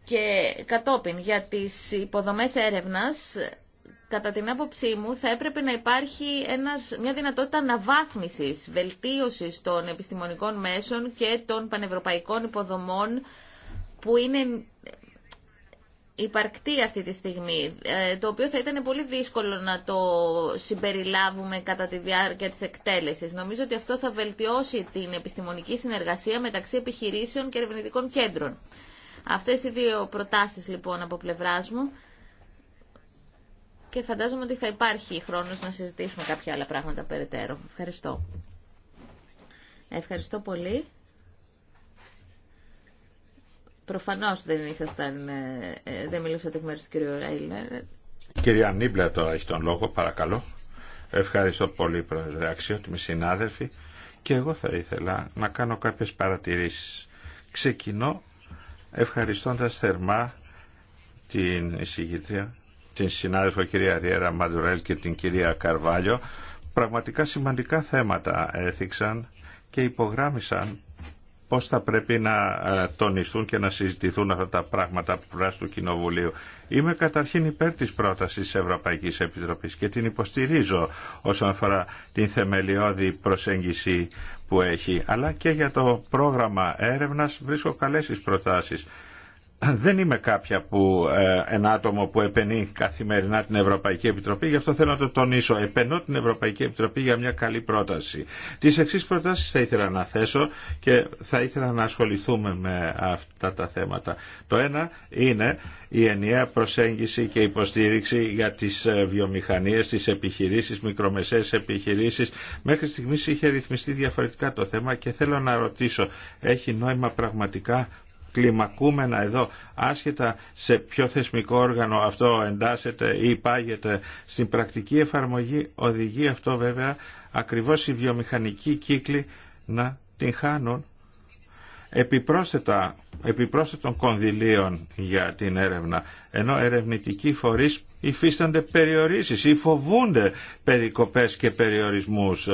Και κατόπιν για τις υποδομές έρευνας, κατά την άποψή μου θα έπρεπε να υπάρχει ένας, μια δυνατότητα αναβάθμισης, βελτίωσης των επιστημονικών μέσων και των πανευρωπαϊκών υποδομών που είναι υπαρκτή αυτή τη στιγμή, ε, το οποίο θα ήταν πολύ δύσκολο να το συμπεριλάβουμε κατά τη διάρκεια της εκτέλεσης. Νομίζω ότι αυτό θα βελτιώσει την επιστημονική συνεργασία μεταξύ επιχειρήσεων και ερευνητικών κέντρων. Αυτές οι δύο προτάσεις λοιπόν από πλευράς μου και φαντάζομαι ότι θα υπάρχει χρόνος να συζητήσουμε κάποια άλλα πράγματα περαιτέρω. Ευχαριστώ. Ευχαριστώ πολύ. Προφανώς δεν ήσασταν, ε, ε, δεν μιλούσατε εκ μέρους του κυρίου Ρέιλερ. Κυρία Νίμπλερ τώρα έχει τον λόγο, παρακαλώ. Ευχαριστώ πολύ Πρόεδρε, αξιότιμοι συνάδελφοι. Και εγώ θα ήθελα να κάνω κάποιες παρατηρήσεις. Ξεκινώ ευχαριστώντας θερμά την εισηγητρία, την συνάδελφο κυρία Ριέρα Μαντουρέλ και την κυρία Καρβάλιο. Πραγματικά σημαντικά θέματα έθιξαν και υπογράμμισαν πώς θα πρέπει να ε, τονιστούν και να συζητηθούν αυτά τα πράγματα από πλευρά του Κοινοβουλίου. Είμαι καταρχήν υπέρ της πρότασης Ευρωπαϊκής Επιτροπής και την υποστηρίζω όσον αφορά την θεμελιώδη προσέγγιση που έχει, αλλά και για το πρόγραμμα έρευνας βρίσκω καλές τις προτάσεις δεν είμαι κάποια που, ένα ε, άτομο που επενεί καθημερινά την Ευρωπαϊκή Επιτροπή, γι' αυτό θέλω να το τονίσω. Επενώ την Ευρωπαϊκή Επιτροπή για μια καλή πρόταση. Τι εξή προτάσει θα ήθελα να θέσω και θα ήθελα να ασχοληθούμε με αυτά τα θέματα. Το ένα είναι η ενιαία προσέγγιση και υποστήριξη για τι ε, βιομηχανίε, τι επιχειρήσει, μικρομεσαίε επιχειρήσει. Μέχρι στιγμή είχε ρυθμιστεί διαφορετικά το θέμα και θέλω να ρωτήσω, έχει νόημα πραγματικά κλιμακούμενα εδώ άσχετα σε ποιο θεσμικό όργανο αυτό εντάσσεται ή υπάγεται στην πρακτική εφαρμογή οδηγεί αυτό βέβαια ακριβώς οι βιομηχανικοί κύκλοι να την χάνουν επιπρόσθετα, επιπρόσθετων κονδυλίων για την έρευνα, ενώ ερευνητικοί φορείς υφίστανται περιορίσεις ή φοβούνται περικοπές και περιορισμούς.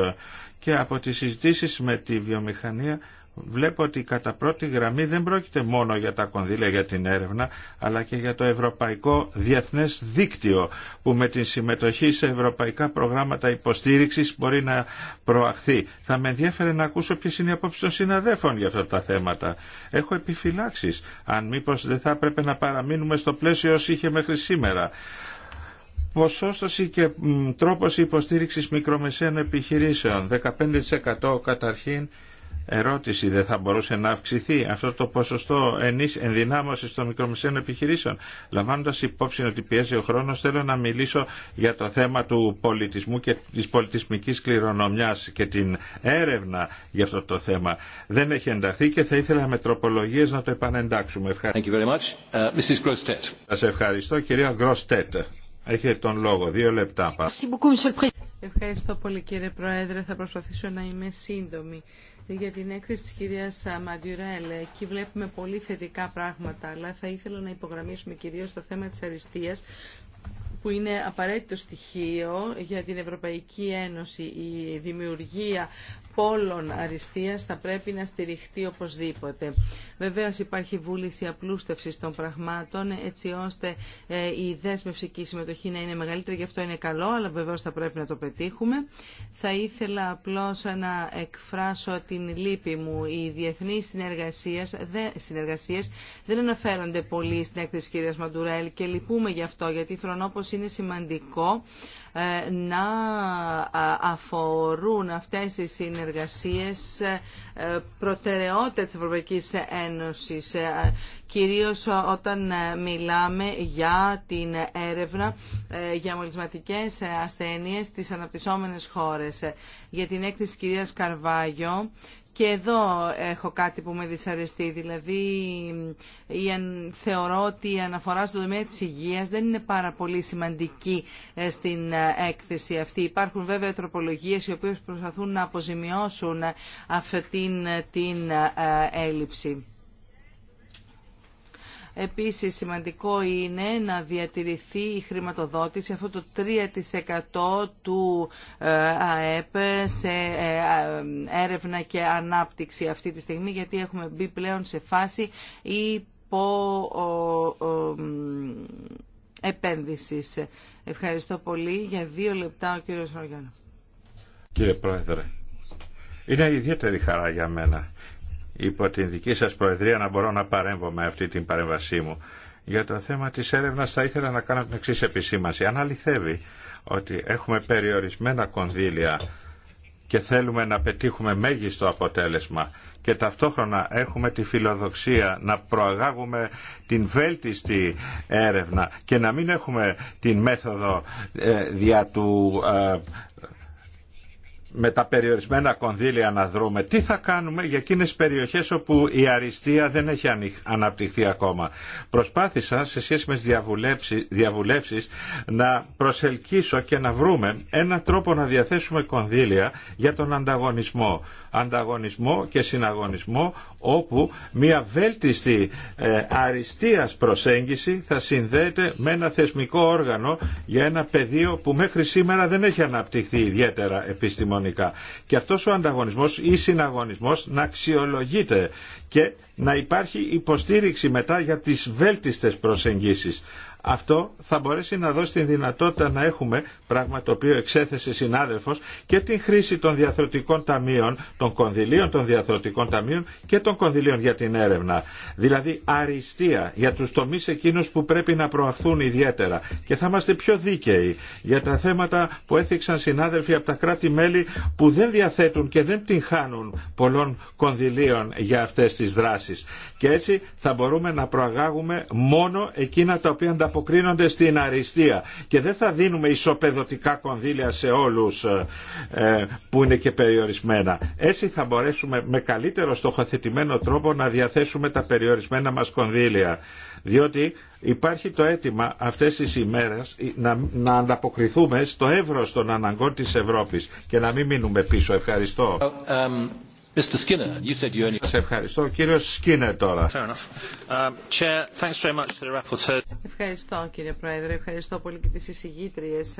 Και από τις συζητήσεις με τη βιομηχανία βλέπω ότι κατά πρώτη γραμμή δεν πρόκειται μόνο για τα κονδύλια για την έρευνα, αλλά και για το Ευρωπαϊκό Διεθνές Δίκτυο, που με την συμμετοχή σε ευρωπαϊκά προγράμματα υποστήριξης μπορεί να προαχθεί. Θα με ενδιαφέρει να ακούσω ποιες είναι οι απόψεις των συναδέφων για αυτά τα θέματα. Έχω επιφυλάξεις, αν μήπως δεν θα έπρεπε να παραμείνουμε στο πλαίσιο όσο είχε μέχρι σήμερα ποσόστοση και τρόπος υποστήριξης μικρομεσαίων επιχειρήσεων 15% καταρχήν ερώτηση δεν θα μπορούσε να αυξηθεί αυτό το ποσοστό ενδυνάμωσης των μικρομεσαίων επιχειρήσεων. Λαμβάνοντας υπόψη ότι πιέζει ο χρόνος θέλω να μιλήσω για το θέμα του πολιτισμού και της πολιτισμικής κληρονομιάς και την έρευνα για αυτό το θέμα. Δεν έχει ενταχθεί και θα ήθελα με τροπολογίες να το επανεντάξουμε. Ευχαριστώ. Uh, ευχαριστώ κυρία Γκροστέτ. Έχετε τον λόγο. Δύο λεπτά. Ευχαριστώ πολύ κύριε Πρόεδρε. Θα προσπαθήσω να είμαι σύντομη για την έκθεση της κυρίας Μαντιουρέλ. Εκεί βλέπουμε πολύ θετικά πράγματα, αλλά θα ήθελα να υπογραμμίσουμε κυρίως το θέμα της αριστείας, που είναι απαραίτητο στοιχείο για την Ευρωπαϊκή Ένωση. Η δημιουργία πόλων αριστείας θα πρέπει να στηριχτεί οπωσδήποτε. Βεβαίως υπάρχει βούληση απλούστευσης των πραγμάτων έτσι ώστε ε, η δέσμευση και η συμμετοχή να είναι μεγαλύτερη. Γι' αυτό είναι καλό, αλλά βεβαίως θα πρέπει να το πετύχουμε. Θα ήθελα απλώς να εκφράσω την λύπη μου. Οι διεθνείς συνεργασίες, συνεργασίες δεν αναφέρονται πολύ στην έκθεση κυρίας Μαντουρέλ και λυπούμε γι' αυτό γιατί φρονώ είναι σημαντικό ε, να αφορούν αυτές οι συνεργασίες ε, προτεραιότητα της Ευρωπαϊκής Ένωσης, ε, κυρίως όταν μιλάμε για την έρευνα για μολυσματικές ασθένειες στις αναπτυσσόμενες χώρες. Για την έκθεση κυρίας Καρβάγιο, και εδώ έχω κάτι που με δυσαρεστεί, δηλαδή θεωρώ ότι η αναφορά στον τομέα της υγείας δεν είναι πάρα πολύ σημαντική ε, στην ε, έκθεση αυτή. Υπάρχουν βέβαια τροπολογίες οι οποίες προσπαθούν να αποζημιώσουν ε, αυτή την έλλειψη. Επίσης σημαντικό είναι να διατηρηθεί η χρηματοδότηση αυτό το 3% του ε, ΑΕΠ σε ε, ε, έρευνα και ανάπτυξη αυτή τη στιγμή γιατί έχουμε μπει πλέον σε φάση υπό επένδυσης. Ευχαριστώ πολύ. Για δύο λεπτά ο κύριος Ρογιάννα. Κύριε Πρόεδρε, είναι ιδιαίτερη χαρά για μένα υπό την δική σας Προεδρία να μπορώ να παρέμβω με αυτή την παρέμβασή μου. Για το θέμα της έρευνας θα ήθελα να κάνω την εξή επισήμαση. Αν αληθεύει ότι έχουμε περιορισμένα κονδύλια και θέλουμε να πετύχουμε μέγιστο αποτέλεσμα και ταυτόχρονα έχουμε τη φιλοδοξία να προαγάγουμε την βέλτιστη έρευνα και να μην έχουμε την μέθοδο ε, δια του ε, με τα περιορισμένα κονδύλια να δρούμε. Τι θα κάνουμε για εκείνες τις περιοχές όπου η αριστεία δεν έχει αναπτυχθεί ακόμα. Προσπάθησα σε σχέση με τις διαβουλεύσεις, να προσελκύσω και να βρούμε ένα τρόπο να διαθέσουμε κονδύλια για τον ανταγωνισμό. Ανταγωνισμό και συναγωνισμό όπου μια βέλτιστη ε, αριστείας προσέγγιση θα συνδέεται με ένα θεσμικό όργανο για ένα πεδίο που μέχρι σήμερα δεν έχει αναπτυχθεί ιδιαίτερα επιστημονικά. Και αυτός ο ανταγωνισμός ή συναγωνισμός να αξιολογείται και να υπάρχει υποστήριξη μετά για τις βέλτιστες προσεγγίσεις. Αυτό θα μπορέσει να δώσει την δυνατότητα να έχουμε, πράγμα το οποίο εξέθεσε συνάδελφος, και την χρήση των διαθροτικών ταμείων, των κονδυλίων των διαθροτικών ταμείων και των κονδυλίων για την έρευνα. Δηλαδή αριστεία για τους τομείς εκείνους που πρέπει να προαχθούν ιδιαίτερα. Και θα είμαστε πιο δίκαιοι για τα θέματα που έθιξαν συνάδελφοι από τα κράτη-μέλη που δεν διαθέτουν και δεν την χάνουν πολλών κονδυλίων για αυτές τις δράσεις. Και έτσι θα μπορούμε να προαγάγουμε μόνο εκείνα τα οποία ανταποκρίνονται στην αριστεία και δεν θα δίνουμε ισοπεδωτικά κονδύλια σε όλους ε, ε, που είναι και περιορισμένα. Έτσι θα μπορέσουμε με καλύτερο στοχοθετημένο τρόπο να διαθέσουμε τα περιορισμένα μας κονδύλια. Διότι υπάρχει το αίτημα αυτές τις ημέρες να, να ανταποκριθούμε στο εύρος των αναγκών της Ευρώπης και να μην μείνουμε πίσω. Ευχαριστώ. Um, Mr. Skinner, you said you only... Σας ευχαριστώ. κύριο Σκίνερ τώρα. Um, ευχαριστώ κύριε Πρόεδρε. Ευχαριστώ πολύ και τις εισηγήτριες.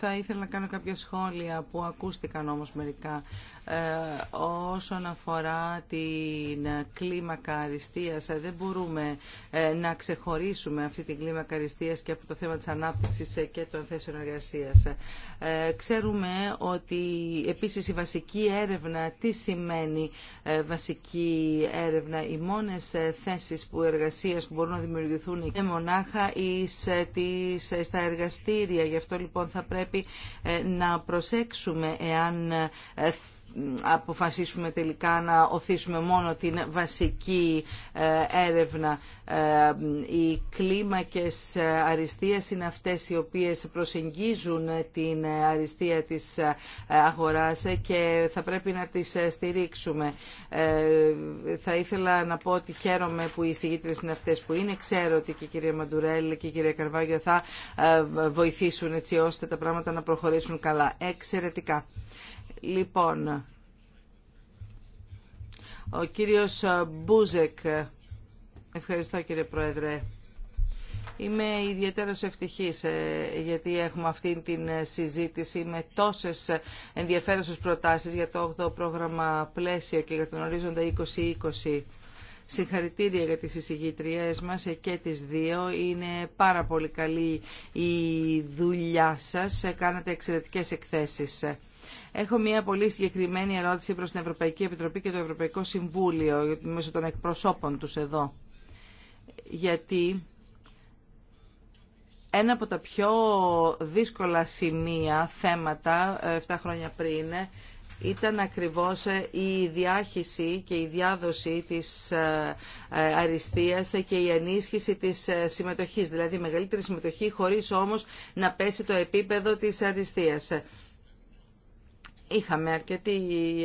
Θα ήθελα να κάνω κάποια σχόλια που ακούστηκαν όμως μερικά ε, όσον αφορά την κλίμακα αριστείας ε, δεν μπορούμε ε, να ξεχωρίσουμε αυτή την κλίμακα αριστείας και από το θέμα της ανάπτυξης και των θέσεων εργασίας. Ξέρουμε ότι επίσης η βασική έρευνα τι σημαίνει βασική έρευνα. Οι μόνες θέσεις που εργασίας που μπορούν να δημιουργηθούν είναι μονάχα στα εργαστήρια. Γι' αυτό λοιπόν θα πρέπει να προσέξουμε εάν αποφασίσουμε τελικά να οθήσουμε μόνο την βασική ε, έρευνα. Ε, οι κλίμακες αριστείας είναι αυτές οι οποίες προσεγγίζουν την αριστεία της ε, αγοράς και θα πρέπει να τις στηρίξουμε. Θα ήθελα να πω ότι χαίρομαι που οι συγγήτρες είναι αυτές που είναι. Ξέρω ότι και η κυρία Μαντουρέλη και η κυρία Καρβάγιο θα βοηθήσουν έτσι ώστε τα πράγματα να προχωρήσουν καλά. Εξαιρετικά. Λοιπόν, ο κύριος Μπούζεκ. Ευχαριστώ κύριε Πρόεδρε. Είμαι ιδιαίτερα ευτυχής ε, γιατί έχουμε αυτήν την συζήτηση με τόσες ενδιαφέρουσες προτάσεις για το 8ο πρόγραμμα πλαίσιο και για τον ορίζοντα 2020. Συγχαρητήρια για τις εισηγήτριές μας ε, και τις δύο. Είναι πάρα πολύ καλή η δουλειά σας. Κάνατε εξαιρετικές εκθέσεις. Έχω μια πολύ συγκεκριμένη ερώτηση προς την Ευρωπαϊκή Επιτροπή και το Ευρωπαϊκό Συμβούλιο μέσω των εκπροσώπων τους εδώ. Γιατί ένα από τα πιο δύσκολα σημεία, θέματα, 7 ε, χρόνια πριν, ε, ήταν ακριβώς ε, η διάχυση και η διάδοση της αριστείας και η ενίσχυση της συμμετοχής, δηλαδή μεγαλύτερη συμμετοχή χωρίς όμως να πέσει το επίπεδο της αριστείας. Είχαμε αρκετή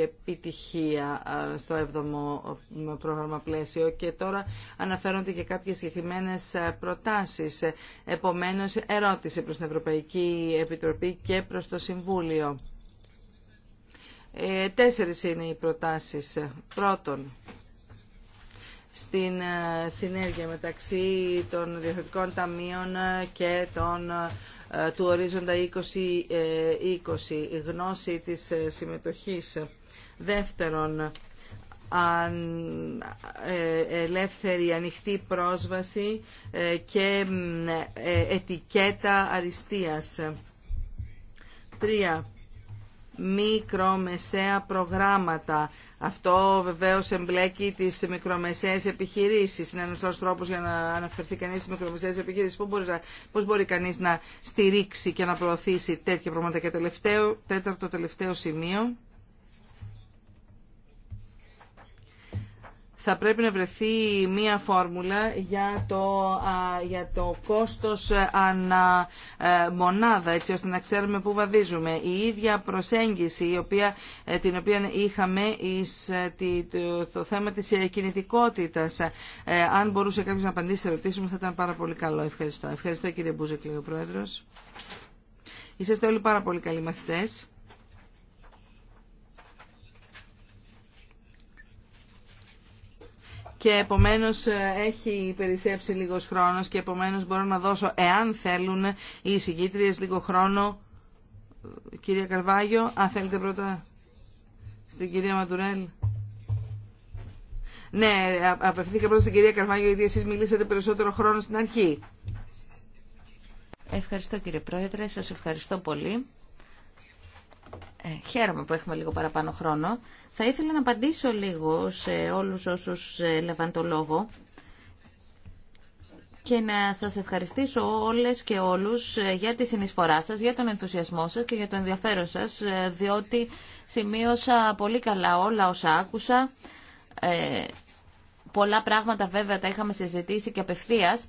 επιτυχία στο 7ο πρόγραμμα πλαίσιο και τώρα αναφέρονται και κάποιες συγκεκριμένε προτάσεις. Ε, επομένως, ερώτηση προς την Ευρωπαϊκή Επιτροπή και προς το Συμβούλιο. Ε, τέσσερις είναι οι προτάσεις. Πρώτον, στην συνέργεια μεταξύ των διαθετικών ταμείων και των ε, του ορίζοντα 2020, ε, γνώση της ε, συμμετοχής. Δεύτερον, αν ελεύθερη ανοιχτή πρόσβαση και ετικέτα αριστείας. Τρία, μικρομεσαία προγράμματα αυτό βεβαίω εμπλέκει τι μικρομεσαίε επιχειρήσει. Είναι ένα άλλο τρόπο για να αναφερθεί κανεί στι μικρομεσαίε επιχειρήσει. Πώ μπορεί, μπορεί κανεί να στηρίξει και να προωθήσει τέτοια πράγματα. Και τελευταίο, τέταρτο τελευταίο σημείο. θα πρέπει να βρεθεί μία φόρμουλα για το, α, για το κόστος ε, ανα ε, μονάδα, έτσι ώστε να ξέρουμε πού βαδίζουμε. Η ίδια προσέγγιση η οποία, ε, την οποία είχαμε εις, το, θέμα της κινητικότητας. αν μπορούσε κάποιος να απαντήσει σε ερωτήσεις μου θα ήταν πάρα πολύ καλό. Ευχαριστώ. Ευχαριστώ κύριε Μπούζεκ, ο Πρόεδρος. Είσαστε όλοι πάρα πολύ καλοί μαθητές. και επομένως ε, έχει περισσέψει λίγος χρόνος και επομένως μπορώ να δώσω, εάν θέλουν οι εισηγήτριες, λίγο χρόνο. Ε, κυρία Καρβάγιο, αν θέλετε πρώτα στην κυρία Μαντουρέλ. Ναι, απευθύνθηκα πρώτα στην κυρία Καρβάγιο, γιατί εσείς μιλήσατε περισσότερο χρόνο στην αρχή. Ευχαριστώ κύριε Πρόεδρε, σας ευχαριστώ πολύ. Ε, χαίρομαι που έχουμε λίγο παραπάνω χρόνο. Θα ήθελα να απαντήσω λίγο σε όλους όσους ε, έλαβαν το λόγο και να σας ευχαριστήσω όλες και όλους ε, για τη συνεισφορά σας, για τον ενθουσιασμό σας και για το ενδιαφέρον σας, ε, διότι σημείωσα πολύ καλά όλα όσα άκουσα. Ε, πολλά πράγματα βέβαια τα είχαμε συζητήσει και απευθείας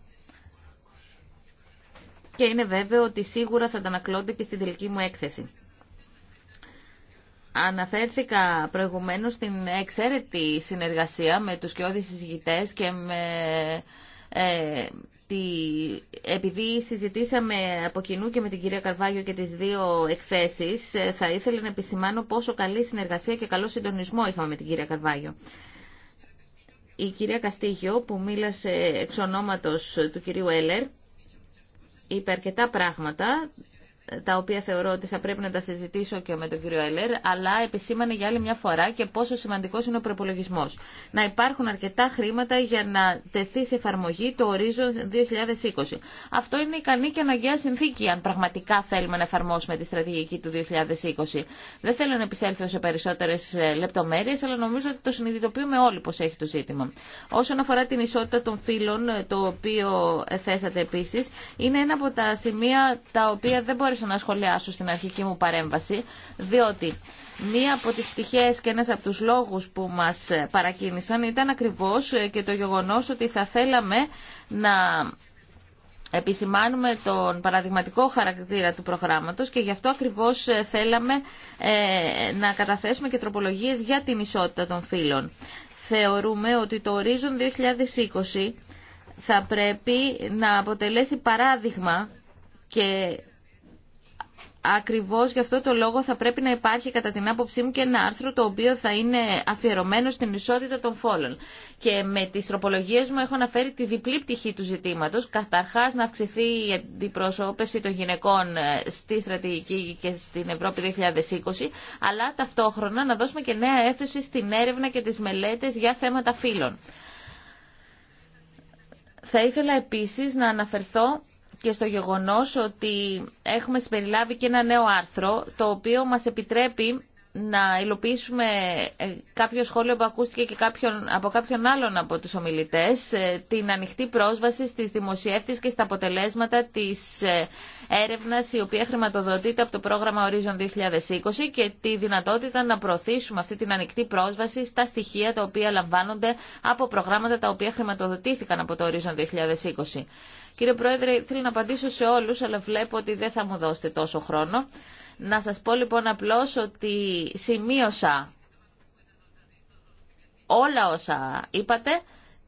και είναι βέβαιο ότι σίγουρα θα τα και στην τελική μου έκθεση. Αναφέρθηκα προηγουμένως στην εξαίρετη συνεργασία με τους κοιόδης συζητητές και με ε, τη, επειδή συζητήσαμε από κοινού και με την κυρία Καρβάγιο και τις δύο εκθέσεις, ε, θα ήθελα να επισημάνω πόσο καλή συνεργασία και καλό συντονισμό είχαμε με την κυρία Καρβάγιο. Η κυρία Καστίγιο που μίλασε εξ του κυρίου Έλερ είπε αρκετά πράγματα τα οποία θεωρώ ότι θα πρέπει να τα συζητήσω και με τον κύριο Ελέρ, αλλά επισήμανε για άλλη μια φορά και πόσο σημαντικό είναι ο προπολογισμό. Να υπάρχουν αρκετά χρήματα για να τεθεί σε εφαρμογή το ορίζον 2020. Αυτό είναι ικανή και αναγκαία συνθήκη, αν πραγματικά θέλουμε να εφαρμόσουμε τη στρατηγική του 2020. Δεν θέλω να επισέλθω σε περισσότερε λεπτομέρειε, αλλά νομίζω ότι το συνειδητοποιούμε όλοι πώ έχει το ζήτημα. Όσον αφορά την ισότητα των φύλων, ε, το οποίο ε, θέσατε επίση, είναι ένα από τα σημεία τα οποία δεν μπορεί να σχολιάσω στην αρχική μου παρέμβαση, διότι μία από τις πτυχές και ένας από τους λόγους που μας ε, παρακίνησαν ήταν ακριβώς ε, και το γεγονός ότι θα θέλαμε να επισημάνουμε τον παραδειγματικό χαρακτήρα του προγράμματος και γι' αυτό ακριβώς ε, θέλαμε να καταθέσουμε και τροπολογίες για την ισότητα των φύλων. Θεωρούμε ότι το ορίζον 2020 θα πρέπει να αποτελέσει παράδειγμα και Ακριβώς γι' αυτό το λόγο θα πρέπει να υπάρχει κατά την άποψή μου και ένα άρθρο το οποίο θα είναι αφιερωμένο στην ισότητα των φόλων. Και με τις τροπολογίες μου έχω αναφέρει τη διπλή πτυχή του ζητήματος. Καταρχάς να αυξηθεί η αντιπροσώπευση των γυναικών ε, στη στρατηγική και στην Ευρώπη 2020, αλλά ταυτόχρονα να δώσουμε και νέα έφεση στην έρευνα και τις μελέτες για θέματα φύλων. Θα ήθελα επίσης να αναφερθώ και στο γεγονός ότι έχουμε συμπεριλάβει και ένα νέο άρθρο το οποίο μας επιτρέπει να υλοποιήσουμε ε, κάποιο σχόλιο που ακούστηκε και κάποιον, από κάποιον άλλον από τους ομιλητές ε, την ανοιχτή πρόσβαση στις δημοσιεύτες και στα αποτελέσματα της ε, έρευνας η οποία χρηματοδοτείται από το πρόγραμμα Horizon 2020 και τη δυνατότητα να προωθήσουμε αυτή την ανοιχτή πρόσβαση στα στοιχεία τα οποία λαμβάνονται από προγράμματα τα οποία χρηματοδοτήθηκαν από το Horizon 2020. Κύριε Πρόεδρε, θέλω να απαντήσω σε όλους, αλλά βλέπω ότι δεν θα μου δώσετε τόσο χρόνο. Να σας πω λοιπόν απλώς ότι σημείωσα όλα όσα είπατε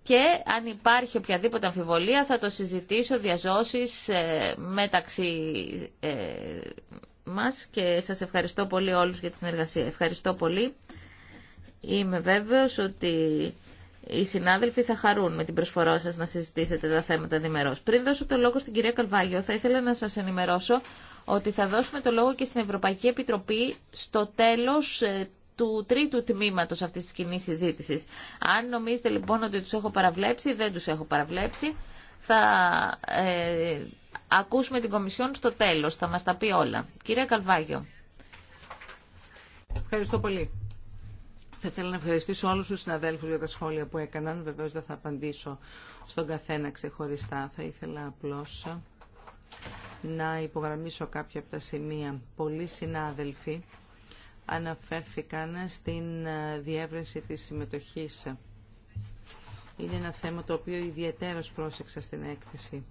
και αν υπάρχει οποιαδήποτε αμφιβολία θα το συζητήσω διαζώσεις ε, μεταξύ ε, μας και σας ευχαριστώ πολύ όλους για τη συνεργασία. Ευχαριστώ πολύ. Είμαι βέβαιος ότι οι συνάδελφοι θα χαρούν με την προσφορά σας να συζητήσετε τα θέματα διμερώς. Πριν δώσω το λόγο στην κυρία Καλβάγιο, θα ήθελα να σας ενημερώσω ότι θα δώσουμε το λόγο και στην Ευρωπαϊκή Επιτροπή στο τέλος ε, του τρίτου τμήματος αυτής της κοινή συζήτηση. Αν νομίζετε λοιπόν ότι τους έχω παραβλέψει, δεν τους έχω παραβλέψει. Θα ε, ακούσουμε την Κομισιόν στο τέλος, θα μας τα πει όλα. Κυρία Καλβάγιο. Ευχαριστώ πολύ. Θα ήθελα να ευχαριστήσω όλου του συναδέλφου για τα σχόλια που έκαναν. Βεβαίω δεν θα απαντήσω στον καθένα ξεχωριστά. Θα ήθελα απλώ να υπογραμμίσω κάποια από τα σημεία. Πολλοί συνάδελφοι αναφέρθηκαν στην διεύρυνση της συμμετοχής. Είναι ένα θέμα το οποίο ιδιαίτερος πρόσεξα στην έκθεση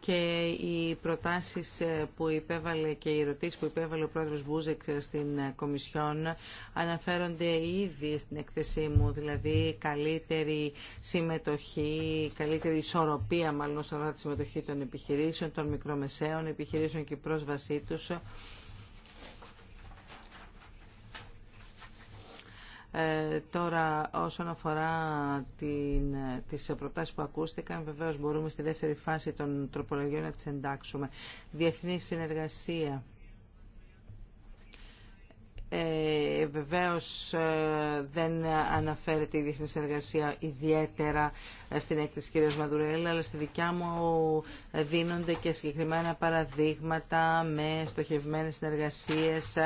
και οι προτάσεις ε, που υπέβαλε και οι ερωτήσεις που υπέβαλε ο πρόεδρος Μπούζεκ στην ε, Κομισιόν αναφέρονται ήδη στην εκθεσή μου, δηλαδή καλύτερη συμμετοχή, καλύτερη ισορροπία μάλλον όσον αφορά τη συμμετοχή των επιχειρήσεων, των μικρομεσαίων επιχειρήσεων και η πρόσβασή τους Ε, τώρα όσον αφορά την, τις προτάσεις που ακούστηκαν, βεβαίως μπορούμε στη δεύτερη φάση των τροπολογιών να τις εντάξουμε. Διεθνή συνεργασία ε, βεβαίως ε, δεν αναφέρεται η διεθνή συνεργασία ιδιαίτερα ε, στην έκθεση κύρια Μαδουρέλα, αλλά στη δικιά μου ε, δίνονται και συγκεκριμένα παραδείγματα με στοχευμένες συνεργασίες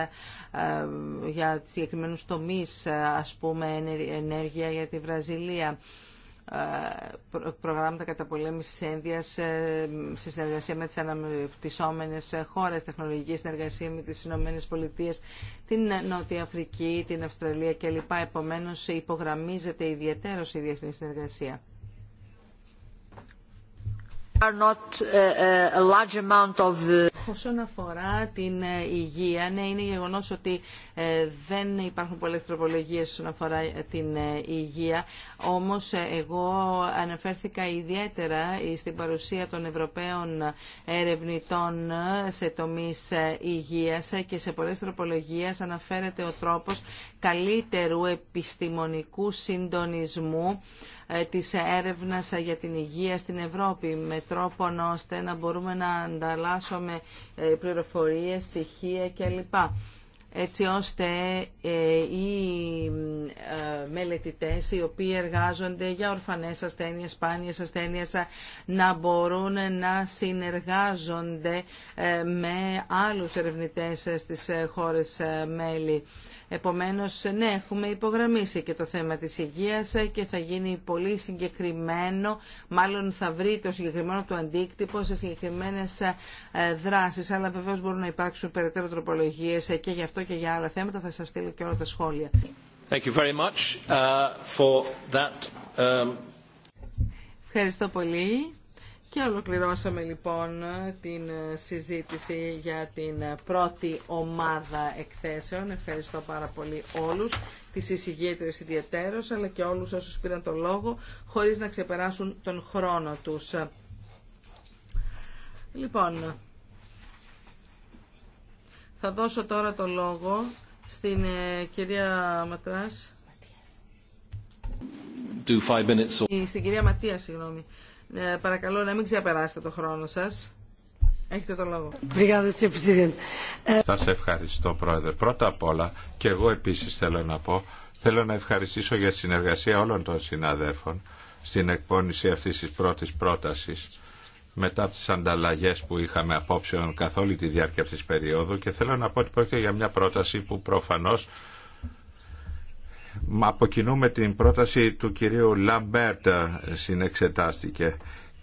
για συγκεκριμένους τομείς, ας πούμε ενέργεια για τη Βραζιλία. Ε, προγράμματα καταπολέμησης ένδυας ε, σε συνεργασία με τις αναπτυσσόμενες χώρες, τεχνολογική συνεργασία με τις Ηνωμένες την Νότια Αφρική, την Αυστραλία κλπ. Επομένως υπογραμμίζεται ιδιαίτερος η διεθνή συνεργασία. Uh, uh, όσον αφορά την ε, υγεία, ναι, είναι γεγονό ότι ε, δεν υπάρχουν πολλέ τροπολογίε όσον αφορά ε, την υγεία. Όμω, εγώ αναφέρθηκα ιδιαίτερα στην παρουσία των Ευρωπαίων ερευνητών σε τομεί υγεία και σε πολλέ τροπολογίε αναφέρεται ο τρόπο καλύτερου επιστημονικού συντονισμού της έρευνας για την υγεία στην Ευρώπη με τρόπον ώστε να μπορούμε να ανταλλάσσουμε ε, πληροφορίες, στοιχεία κλπ έτσι ώστε ε, οι ε, μελετητές οι οποίοι εργάζονται για ορφανές ασθένειες, σπάνιες ασθένειες να μπορούν να συνεργάζονται με άλλους ερευνητές στις χώρες μέλη. Επομένως, ναι, έχουμε υπογραμμίσει και το θέμα της υγείας και θα γίνει πολύ συγκεκριμένο, μάλλον θα βρει το συγκεκριμένο του αντίκτυπο σε συγκεκριμένες ε, δράσεις, αλλά βεβαίως μπορούν να υπάρξουν περαιτέρω τροπολογίες ε, και γι' αυτό και για άλλα θέματα θα σας στείλω και όλα τα σχόλια. Uh, um, Ευχαριστώ πολύ και ολοκληρώσαμε λοιπόν την συζήτηση για την πρώτη ομάδα εκθέσεων. Ευχαριστώ πάρα πολύ όλους, τις εισηγήτρες ιδιαιτέρως, αλλά και όλους όσους πήραν το λόγο, χωρίς να ξεπεράσουν τον χρόνο τους. Λοιπόν, θα δώσω τώρα το λόγο στην ε, κυρία Ματράς. Do minutes. Ε, στην κυρία Ματία, συγγνώμη. Ε, παρακαλώ να μην ξεπεράσετε το χρόνο σας. Έχετε το λόγο. Ε, σας ευχαριστώ Πρόεδρε. Πρώτα απ' όλα και εγώ επίσης θέλω να πω θέλω να ευχαριστήσω για τη συνεργασία όλων των συνάδελφων στην εκπόνηση αυτής της πρώτης πρότασης μετά τις ανταλλαγές που είχαμε απόψεων καθ' όλη τη διάρκεια αυτής της περίοδου και θέλω να πω ότι πρόκειται για μια πρόταση που προφανώς από την πρόταση του κυρίου Λαμπέρτ συνεξετάστηκε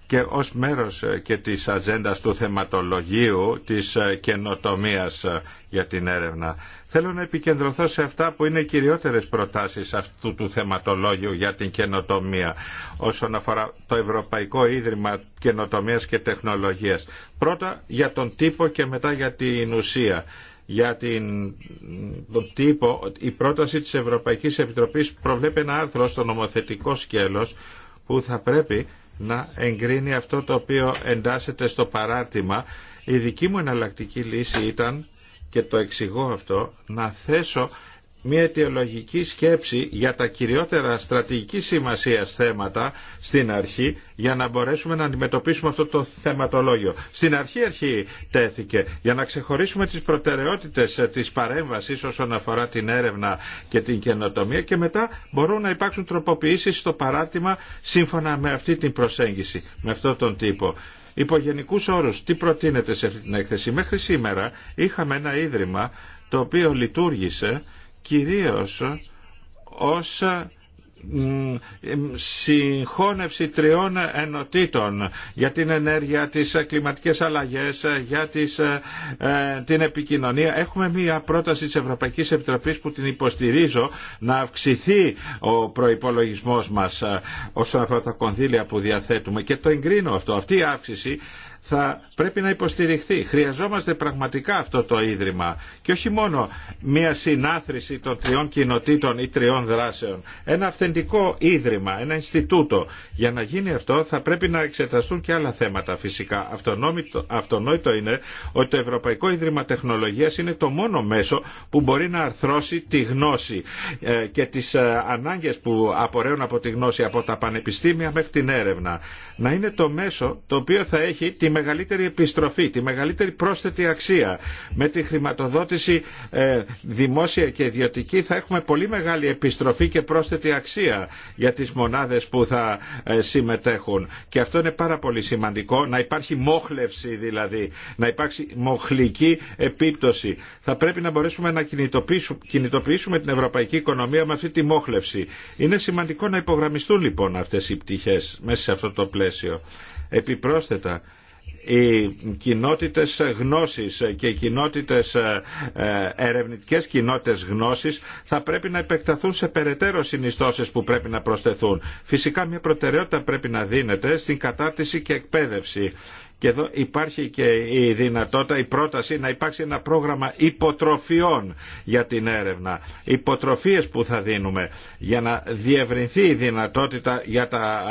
και ως μέρος ε, και της ατζέντα του θεματολογίου της ε, καινοτομίας ε, για την έρευνα. Θέλω να επικεντρωθώ σε αυτά που είναι οι κυριότερες προτάσεις αυτού του θεματολόγιου για την καινοτομία όσον αφορά το Ευρωπαϊκό Ίδρυμα Καινοτομίας και Τεχνολογίας. Πρώτα για τον τύπο και μετά για την ουσία για την, τον τύπο, η πρόταση της Ευρωπαϊκής Επιτροπής προβλέπει ένα άρθρο στο νομοθετικό σκέλος που θα πρέπει να εγκρίνει αυτό το οποίο εντάσσεται στο παράρτημα. Η δική μου εναλλακτική λύση ήταν, και το εξηγώ αυτό, να θέσω μια αιτιολογική σκέψη για τα κυριότερα στρατηγική σημασία θέματα στην αρχή για να μπορέσουμε να αντιμετωπίσουμε αυτό το θεματολόγιο. Στην αρχή αρχή τέθηκε για να ξεχωρίσουμε τις προτεραιότητες ε, της παρέμβασης όσον αφορά την έρευνα και την καινοτομία και μετά μπορούν να υπάρξουν τροποποιήσεις στο παράρτημα σύμφωνα με αυτή την προσέγγιση, με αυτόν τον τύπο. Υπό γενικού όρου, τι προτείνεται σε αυτή την έκθεση. Μέχρι σήμερα είχαμε ένα ίδρυμα το οποίο λειτουργήσε κυρίως ως συγχώνευση τριών ενωτήτων για την ενέργεια, τις κλιματικές αλλαγές, για τις, ε, την επικοινωνία. Έχουμε μία πρόταση της Ευρωπαϊκής Επιτροπής που την υποστηρίζω να αυξηθεί ο προϋπολογισμός μας ε, όσον αφορά τα κονδύλια που διαθέτουμε και το εγκρίνω αυτό. Αυτή η αύξηση θα πρέπει να υποστηριχθεί. Χρειαζόμαστε πραγματικά αυτό το Ίδρυμα και όχι μόνο μια συνάθρηση των τριών κοινοτήτων ή τριών δράσεων. Ένα αυθεντικό Ίδρυμα, ένα Ινστιτούτο. Για να γίνει αυτό θα πρέπει να εξεταστούν και άλλα θέματα φυσικά. Αυτονόητο, αυτονόητο είναι ότι το Ευρωπαϊκό Ίδρυμα Τεχνολογίας είναι το μόνο μέσο που μπορεί να αρθρώσει τη γνώση ε, και τις ε, ανάγκες που απορρέουν από τη γνώση από τα πανεπιστήμια μέχρι την έρευνα. Να είναι το μέσο το οποίο θα έχει τη μεγαλύτερη επιστροφή, τη μεγαλύτερη πρόσθετη αξία. Με τη χρηματοδότηση ε, δημόσια και ιδιωτική θα έχουμε πολύ μεγάλη επιστροφή και πρόσθετη αξία για τις μονάδες που θα ε, συμμετέχουν. Και αυτό είναι πάρα πολύ σημαντικό, να υπάρχει μόχλευση δηλαδή, να υπάρξει μοχλική επίπτωση. Θα πρέπει να μπορέσουμε να κινητοποιήσουμε, κινητοποιήσουμε την ευρωπαϊκή οικονομία με αυτή τη μόχλευση. Είναι σημαντικό να υπογραμμιστούν λοιπόν αυτές οι πτυχές μέσα σε αυτό το πλαίσιο. Επιπρόσθετα, οι κοινότητες γνώσης και οι κοινότητες, ε, ερευνητικές κοινότητες γνώσης θα πρέπει να επεκταθούν σε περαιτέρω συνιστώσεις που πρέπει να προσθεθούν. Φυσικά μια προτεραιότητα πρέπει να δίνεται στην κατάρτιση και εκπαίδευση και εδώ υπάρχει και η δυνατότητα, η πρόταση να υπάρξει ένα πρόγραμμα υποτροφιών για την έρευνα. Υποτροφίες που θα δίνουμε για να διευρυνθεί η δυνατότητα για, τα,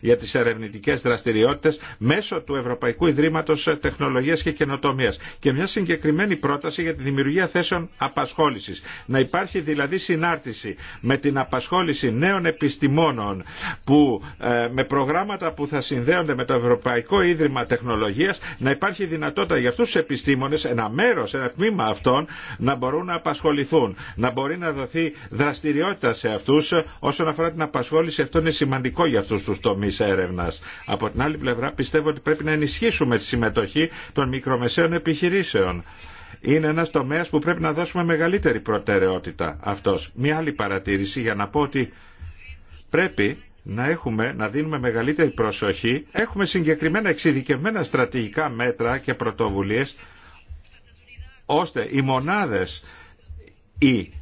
για τις ερευνητικές δραστηριότητες μέσω του Ευρωπαϊκού Ιδρύματος Τεχνολογίας και Καινοτομίας. Και μια συγκεκριμένη πρόταση για τη δημιουργία θέσεων απασχόλησης. Να υπάρχει δηλαδή συνάρτηση με την απασχόληση νέων επιστημόνων που ε, με προγράμματα που θα συνδέονται με το Ευρωπαϊκό Ίδρυμα τεχνολογίας να υπάρχει δυνατότητα για αυτούς τους επιστήμονες ένα μέρος, ένα τμήμα αυτών να μπορούν να απασχοληθούν, να μπορεί να δοθεί δραστηριότητα σε αυτούς όσον αφορά την απασχόληση. Αυτό είναι σημαντικό για αυτούς τους τομείς έρευνας. Από την άλλη πλευρά πιστεύω ότι πρέπει να ενισχύσουμε τη συμμετοχή των μικρομεσαίων επιχειρήσεων είναι ένας τομέας που πρέπει να δώσουμε μεγαλύτερη προτεραιότητα αυτός. Μία άλλη παρατήρηση για να πω ότι πρέπει να έχουμε, να δίνουμε μεγαλύτερη προσοχή. Έχουμε συγκεκριμένα εξειδικευμένα στρατηγικά μέτρα και πρωτοβουλίες ώστε οι μονάδες, οι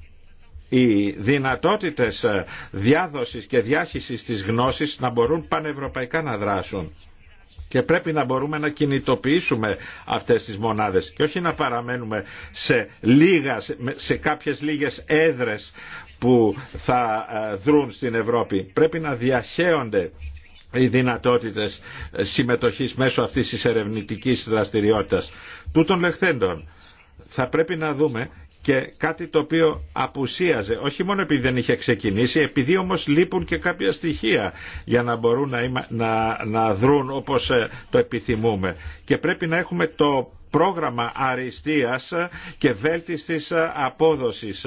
οι δυνατότητες ε, διάδοσης και διάχυσης της γνώσης να μπορούν πανευρωπαϊκά να δράσουν. Και πρέπει να μπορούμε να κινητοποιήσουμε αυτές τις μονάδες και όχι να παραμένουμε σε, λίγα, σε κάποιες λίγες έδρες που θα ε, δρουν στην Ευρώπη. Πρέπει να διαχέονται οι δυνατότητες συμμετοχής μέσω αυτής της ερευνητικής δραστηριότητας. Τούτων λεχθέντων θα πρέπει να δούμε και κάτι το οποίο απουσίαζε, όχι μόνο επειδή δεν είχε ξεκινήσει, επειδή όμως λείπουν και κάποια στοιχεία για να μπορούν να, να, να δρουν όπως ε, το επιθυμούμε. Και πρέπει να έχουμε το πρόγραμμα αριστείας και βέλτιστης απόδοσης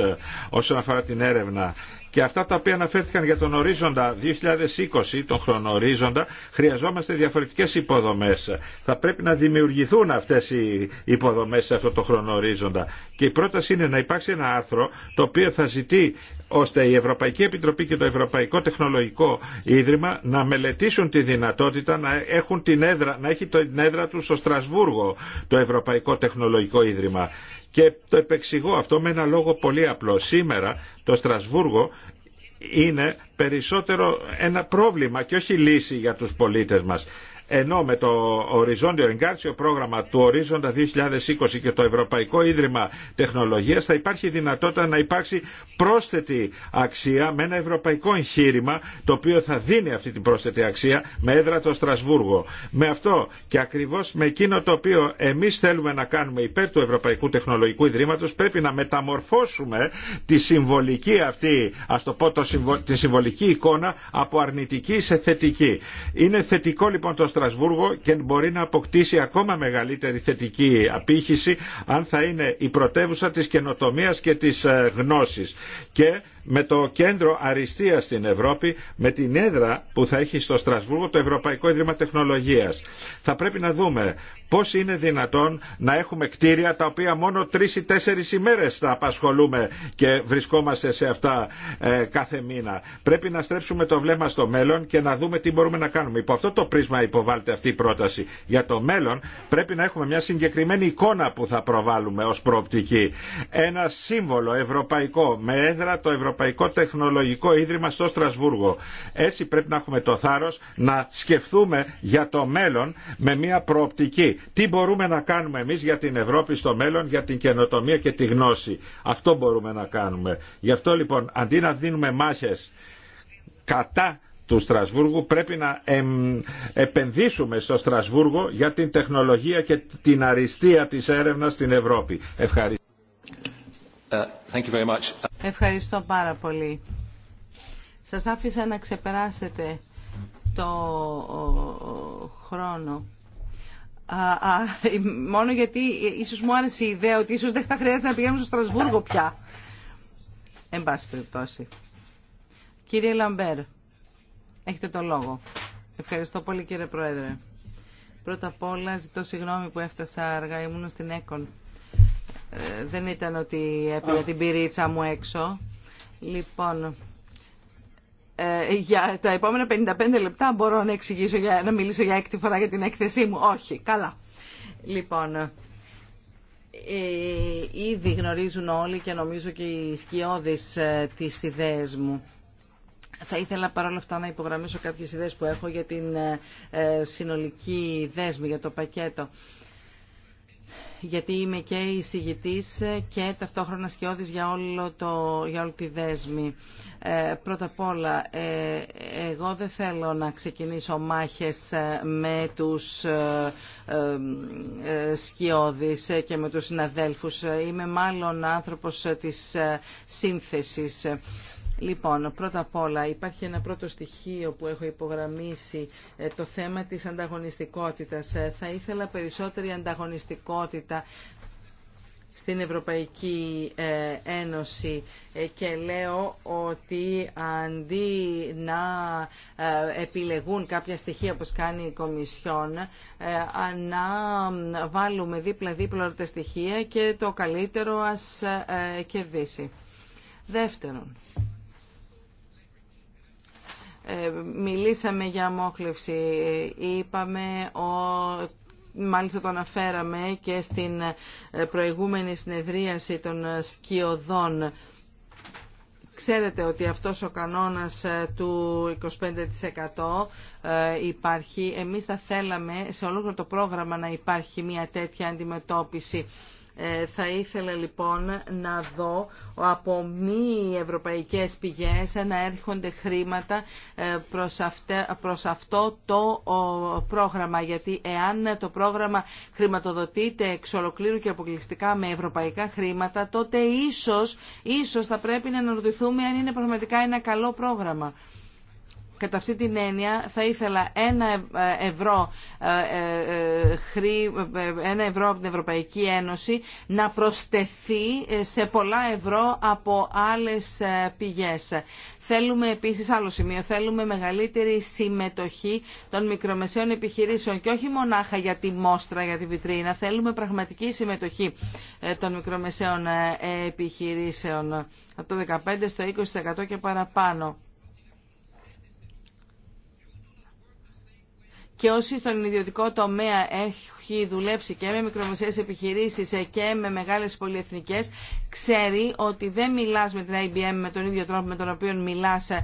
όσον αφορά την έρευνα. Και αυτά τα οποία αναφέρθηκαν για τον ορίζοντα 2020, τον χρονορίζοντα, χρειαζόμαστε διαφορετικές υποδομές. Θα πρέπει να δημιουργηθούν αυτές οι υποδομές σε αυτό το χρονορίζοντα. Και η πρόταση είναι να υπάρξει ένα άρθρο το οποίο θα ζητεί ώστε η Ευρωπαϊκή Επιτροπή και το Ευρωπαϊκό Τεχνολογικό Ίδρυμα να μελετήσουν τη δυνατότητα να, έχουν την έδρα, να έχει την έδρα του στο Στρασβούργο το Ευρωπαϊκό Τεχνολογικό Ίδρυμα. Και το επεξηγώ αυτό με ένα λόγο πολύ απλό. Σήμερα το Στρασβούργο είναι περισσότερο ένα πρόβλημα και όχι λύση για τους πολίτες μας ενώ με το οριζόντιο εγκάρσιο πρόγραμμα του ορίζοντα 2020 και το Ευρωπαϊκό Ίδρυμα Τεχνολογίας θα υπάρχει δυνατότητα να υπάρξει πρόσθετη αξία με ένα ευρωπαϊκό εγχείρημα το οποίο θα δίνει αυτή την πρόσθετη αξία με έδρα το Στρασβούργο. Με αυτό και ακριβώς με εκείνο το οποίο εμείς θέλουμε να κάνουμε υπέρ του Ευρωπαϊκού Τεχνολογικού Ιδρύματος πρέπει να μεταμορφώσουμε τη συμβολική αυτή, ας το πω, το τη συμβολική εικόνα από αρνητική σε θετική. Είναι θετικό λοιπόν το Στρασβούργο και μπορεί να αποκτήσει ακόμα μεγαλύτερη θετική απήχηση αν θα είναι η πρωτεύουσα της καινοτομίας και της ε, γνώσης. Και με το κέντρο αριστεία στην Ευρώπη, με την έδρα που θα έχει στο Στρασβούργο το Ευρωπαϊκό Ίδρυμα Τεχνολογίας. Θα πρέπει να δούμε Πώς είναι δυνατόν να έχουμε κτίρια τα οποία μόνο τρεις ή τέσσερις ημέρες θα απασχολούμε και βρισκόμαστε σε αυτά ε, κάθε μήνα. Πρέπει να στρέψουμε το βλέμμα στο μέλλον και να δούμε τι μπορούμε να κάνουμε. Υπό αυτό το πρίσμα υποβάλλεται αυτή η πρόταση. Για το μέλλον πρέπει να έχουμε μια συγκεκριμένη εικόνα που θα προβάλλουμε ως προοπτική. Ένα σύμβολο ευρωπαϊκό με έδρα το Ευρωπαϊκό Τεχνολογικό Ίδρυμα στο Στρασβούργο. Έτσι πρέπει να έχουμε το θάρρος να σκεφτούμε για το μέλλον με μια προοπτική τι μπορούμε να κάνουμε εμείς για την Ευρώπη στο μέλλον, για την καινοτομία και τη γνώση. Αυτό μπορούμε να κάνουμε. Γι' αυτό λοιπόν αντί να δίνουμε μάχες κατά του Στρασβούργου πρέπει να επενδύσουμε στο Στρασβούργο για την τεχνολογία και την αριστεία της έρευνας στην Ευρώπη. Ευχαριστώ. Ε, Ευχαριστώ πάρα πολύ. Σας άφησα να ξεπεράσετε το χρόνο. Α, α, μόνο γιατί ίσως μου άρεσε η ιδέα ότι ίσως δεν θα χρειάζεται να πηγαίνουμε στο Στρασβούργο πια. Εν πάση περιπτώσει. Κύριε Λαμπέρ, έχετε το λόγο. Ευχαριστώ πολύ κύριε Πρόεδρε. Πρώτα απ' όλα ζητώ συγγνώμη που έφτασα αργά, ήμουν στην ΕΚΟΝ. Ε, δεν ήταν ότι έπαιρε την πυρίτσα μου έξω. Λοιπόν, ε, για τα επόμενα 55 λεπτά μπορώ να εξηγήσω, για, να μιλήσω για έκτη φορά για την έκθεσή μου. Όχι, καλά. Λοιπόν, ε, ήδη γνωρίζουν όλοι και νομίζω και οι σκιώδεις ε, τις ιδέες μου. Θα ήθελα παρόλα αυτά να υπογραμμίσω κάποιες ιδέες που έχω για την ε, ε, συνολική δέσμη, για το πακέτο γιατί είμαι και εισηγητής και ταυτόχρονα σκιώδης για, όλο το, για όλη τη δέσμη. Ε, πρώτα απ' όλα, ε, εγώ δεν θέλω να ξεκινήσω μάχες ε, με τους ε, ε, και με τους συναδέλφους. Είμαι μάλλον άνθρωπος της σύνθεσης. Λοιπόν, πρώτα απ' όλα υπάρχει ένα πρώτο στοιχείο που έχω υπογραμμίσει, ε, το θέμα της ανταγωνιστικότητας. Ε, θα ήθελα περισσότερη ανταγωνιστικότητα στην Ευρωπαϊκή ε, Ένωση και λέω ότι αντί να επιλεγούν κάποια στοιχεία όπως κάνει η Κομισιόν να βάλουμε δίπλα-δίπλα τα στοιχεία και το καλύτερο ας κερδίσει. Δεύτερον, ε, μιλήσαμε για αμόχλευση. Ε, είπαμε ό μάλιστα το αναφέραμε και στην ε, προηγούμενη συνεδρίαση των σκιωδών. Ξέρετε ότι αυτός ο κανόνας του 25% υπάρχει. Εμείς θα θέλαμε σε ολόκληρο το πρόγραμμα να υπάρχει μια τέτοια αντιμετώπιση ε, θα ήθελα λοιπόν να δω από μη ευρωπαϊκές πηγές να έρχονται χρήματα ε, προς, αυτό το πρόγραμμα. Γιατί εάν το πρόγραμμα χρηματοδοτείται εξ ολοκλήρου και αποκλειστικά με ευρωπαϊκά χρήματα, τότε ίσως, ίσως θα πρέπει να αναρωτηθούμε αν είναι πραγματικά ένα καλό πρόγραμμα. Κατά αυτή την έννοια θα ήθελα ένα ε, ε, ευρώ, ε, ένα ευρώ από την Ευρωπαϊκή Ένωση να προσθεθεί σε πολλά ευρώ από άλλες πηγές. Θέλουμε επίσης άλλο σημείο, θέλουμε μεγαλύτερη συμμετοχή των μικρομεσαίων επιχειρήσεων και όχι μονάχα για τη μόστρα, για τη βιτρίνα. Θέλουμε πραγματική συμμετοχή των μικρομεσαίων επιχειρήσεων από το 15% στο 20% και παραπάνω. και όσοι στον ιδιωτικό τομέα έχει δουλέψει και με μικρομεσαίες επιχειρήσεις και με μεγάλες πολυεθνικές ξέρει ότι δεν μιλάς με την IBM με τον ίδιο τρόπο με τον οποίο μιλάς ε,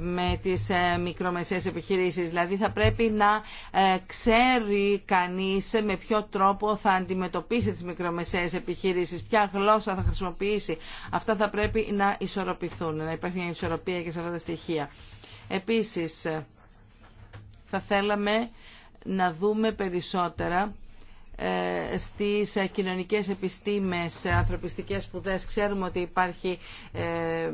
με τις ε, μικρομεσαίες επιχειρήσεις. Δηλαδή θα πρέπει να ε, ξέρει κανείς με ποιο τρόπο θα αντιμετωπίσει τις μικρομεσαίες επιχειρήσεις, ποια γλώσσα θα χρησιμοποιήσει. Αυτά θα πρέπει να ισορροπηθούν, να υπάρχει μια ισορροπία και σε αυτά τα στοιχεία. Επίσης, θα θέλαμε να δούμε περισσότερα ε, στις κοινωνικές επιστήμες, ανθρωπιστικές σπουδές. Ξέρουμε ότι υπάρχει... Ε,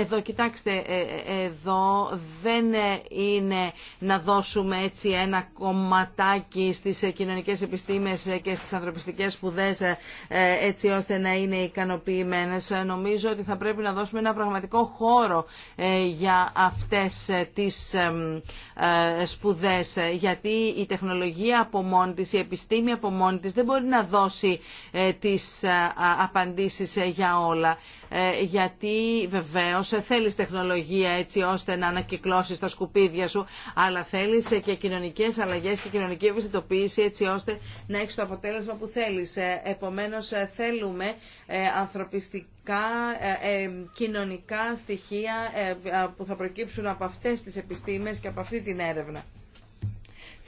εδώ, κοιτάξτε, ε, εδώ δεν είναι να δώσουμε έτσι ένα κομματάκι στις κοινωνικές επιστήμες και στις ανθρωπιστικές σπουδές έτσι ώστε να είναι ικανοποιημένες. Νομίζω ότι θα πρέπει να δώσουμε ένα πραγματικό χώρο για αυτές τις σπουδές γιατί η τεχνολογία από μόνη η επιστήμη από μόνη μόνη της δεν μπορεί να δώσει ε, τις απαντήσεις ε, για όλα. Ε, γιατί βεβαίως θέλεις τεχνολογία έτσι ώστε να ανακυκλώσεις τα σκουπίδια σου, αλλά θέλεις και κοινωνικές αλλαγές και κοινωνική ευαισθητοποίηση έτσι ώστε να έχεις το αποτέλεσμα που θέλεις. Επομένως θέλουμε ανθρωπιστικά κοινωνικά στοιχεία που θα προκύψουν από αυτές τις επιστήμες και από αυτή την έρευνα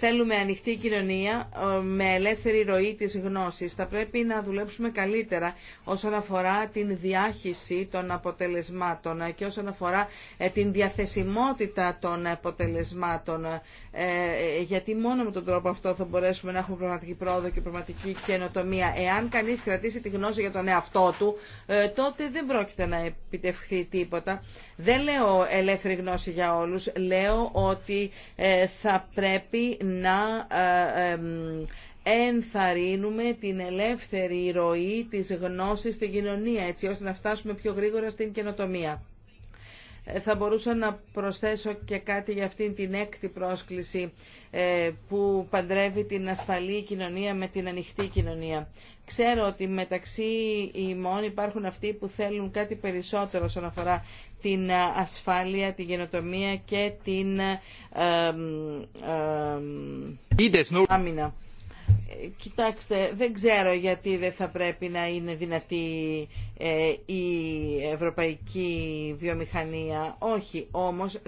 θέλουμε ανοιχτή κοινωνία ε, με ελεύθερη ροή της γνώσης. Θα πρέπει να δουλέψουμε καλύτερα όσον αφορά την διάχυση των αποτελεσμάτων ε, και όσον αφορά ε, την διαθεσιμότητα των αποτελεσμάτων. Γιατί μόνο με τον τρόπο αυτό θα μπορέσουμε να έχουμε πραγματική πρόοδο και πραγματική καινοτομία. Εάν κανείς κρατήσει τη γνώση για τον εαυτό του, τότε δεν πρόκειται να επιτευχθεί τίποτα. Δεν λέω ελεύθερη γνώση για όλους. Λέω ότι θα πρέπει να ε, ενθαρρύνουμε την ελεύθερη ροή της γνώσης στην κοινωνία, έτσι ώστε να φτάσουμε πιο γρήγορα στην καινοτομία. Ε, θα μπορούσα να προσθέσω και κάτι για αυτήν την έκτη πρόσκληση ε, που παντρεύει την ασφαλή κοινωνία με την ανοιχτή κοινωνία. Ξέρω ότι μεταξύ ημών υπάρχουν αυτοί που θέλουν κάτι περισσότερο όσον αφορά την ασφάλεια, την γενοτομία και την ε, ε, ε άμυνα. Κοιτάξτε, δεν ξέρω γιατί δεν θα πρέπει να είναι δυνατή ε, η ευρωπαϊκή βιομηχανία. Όχι, όμως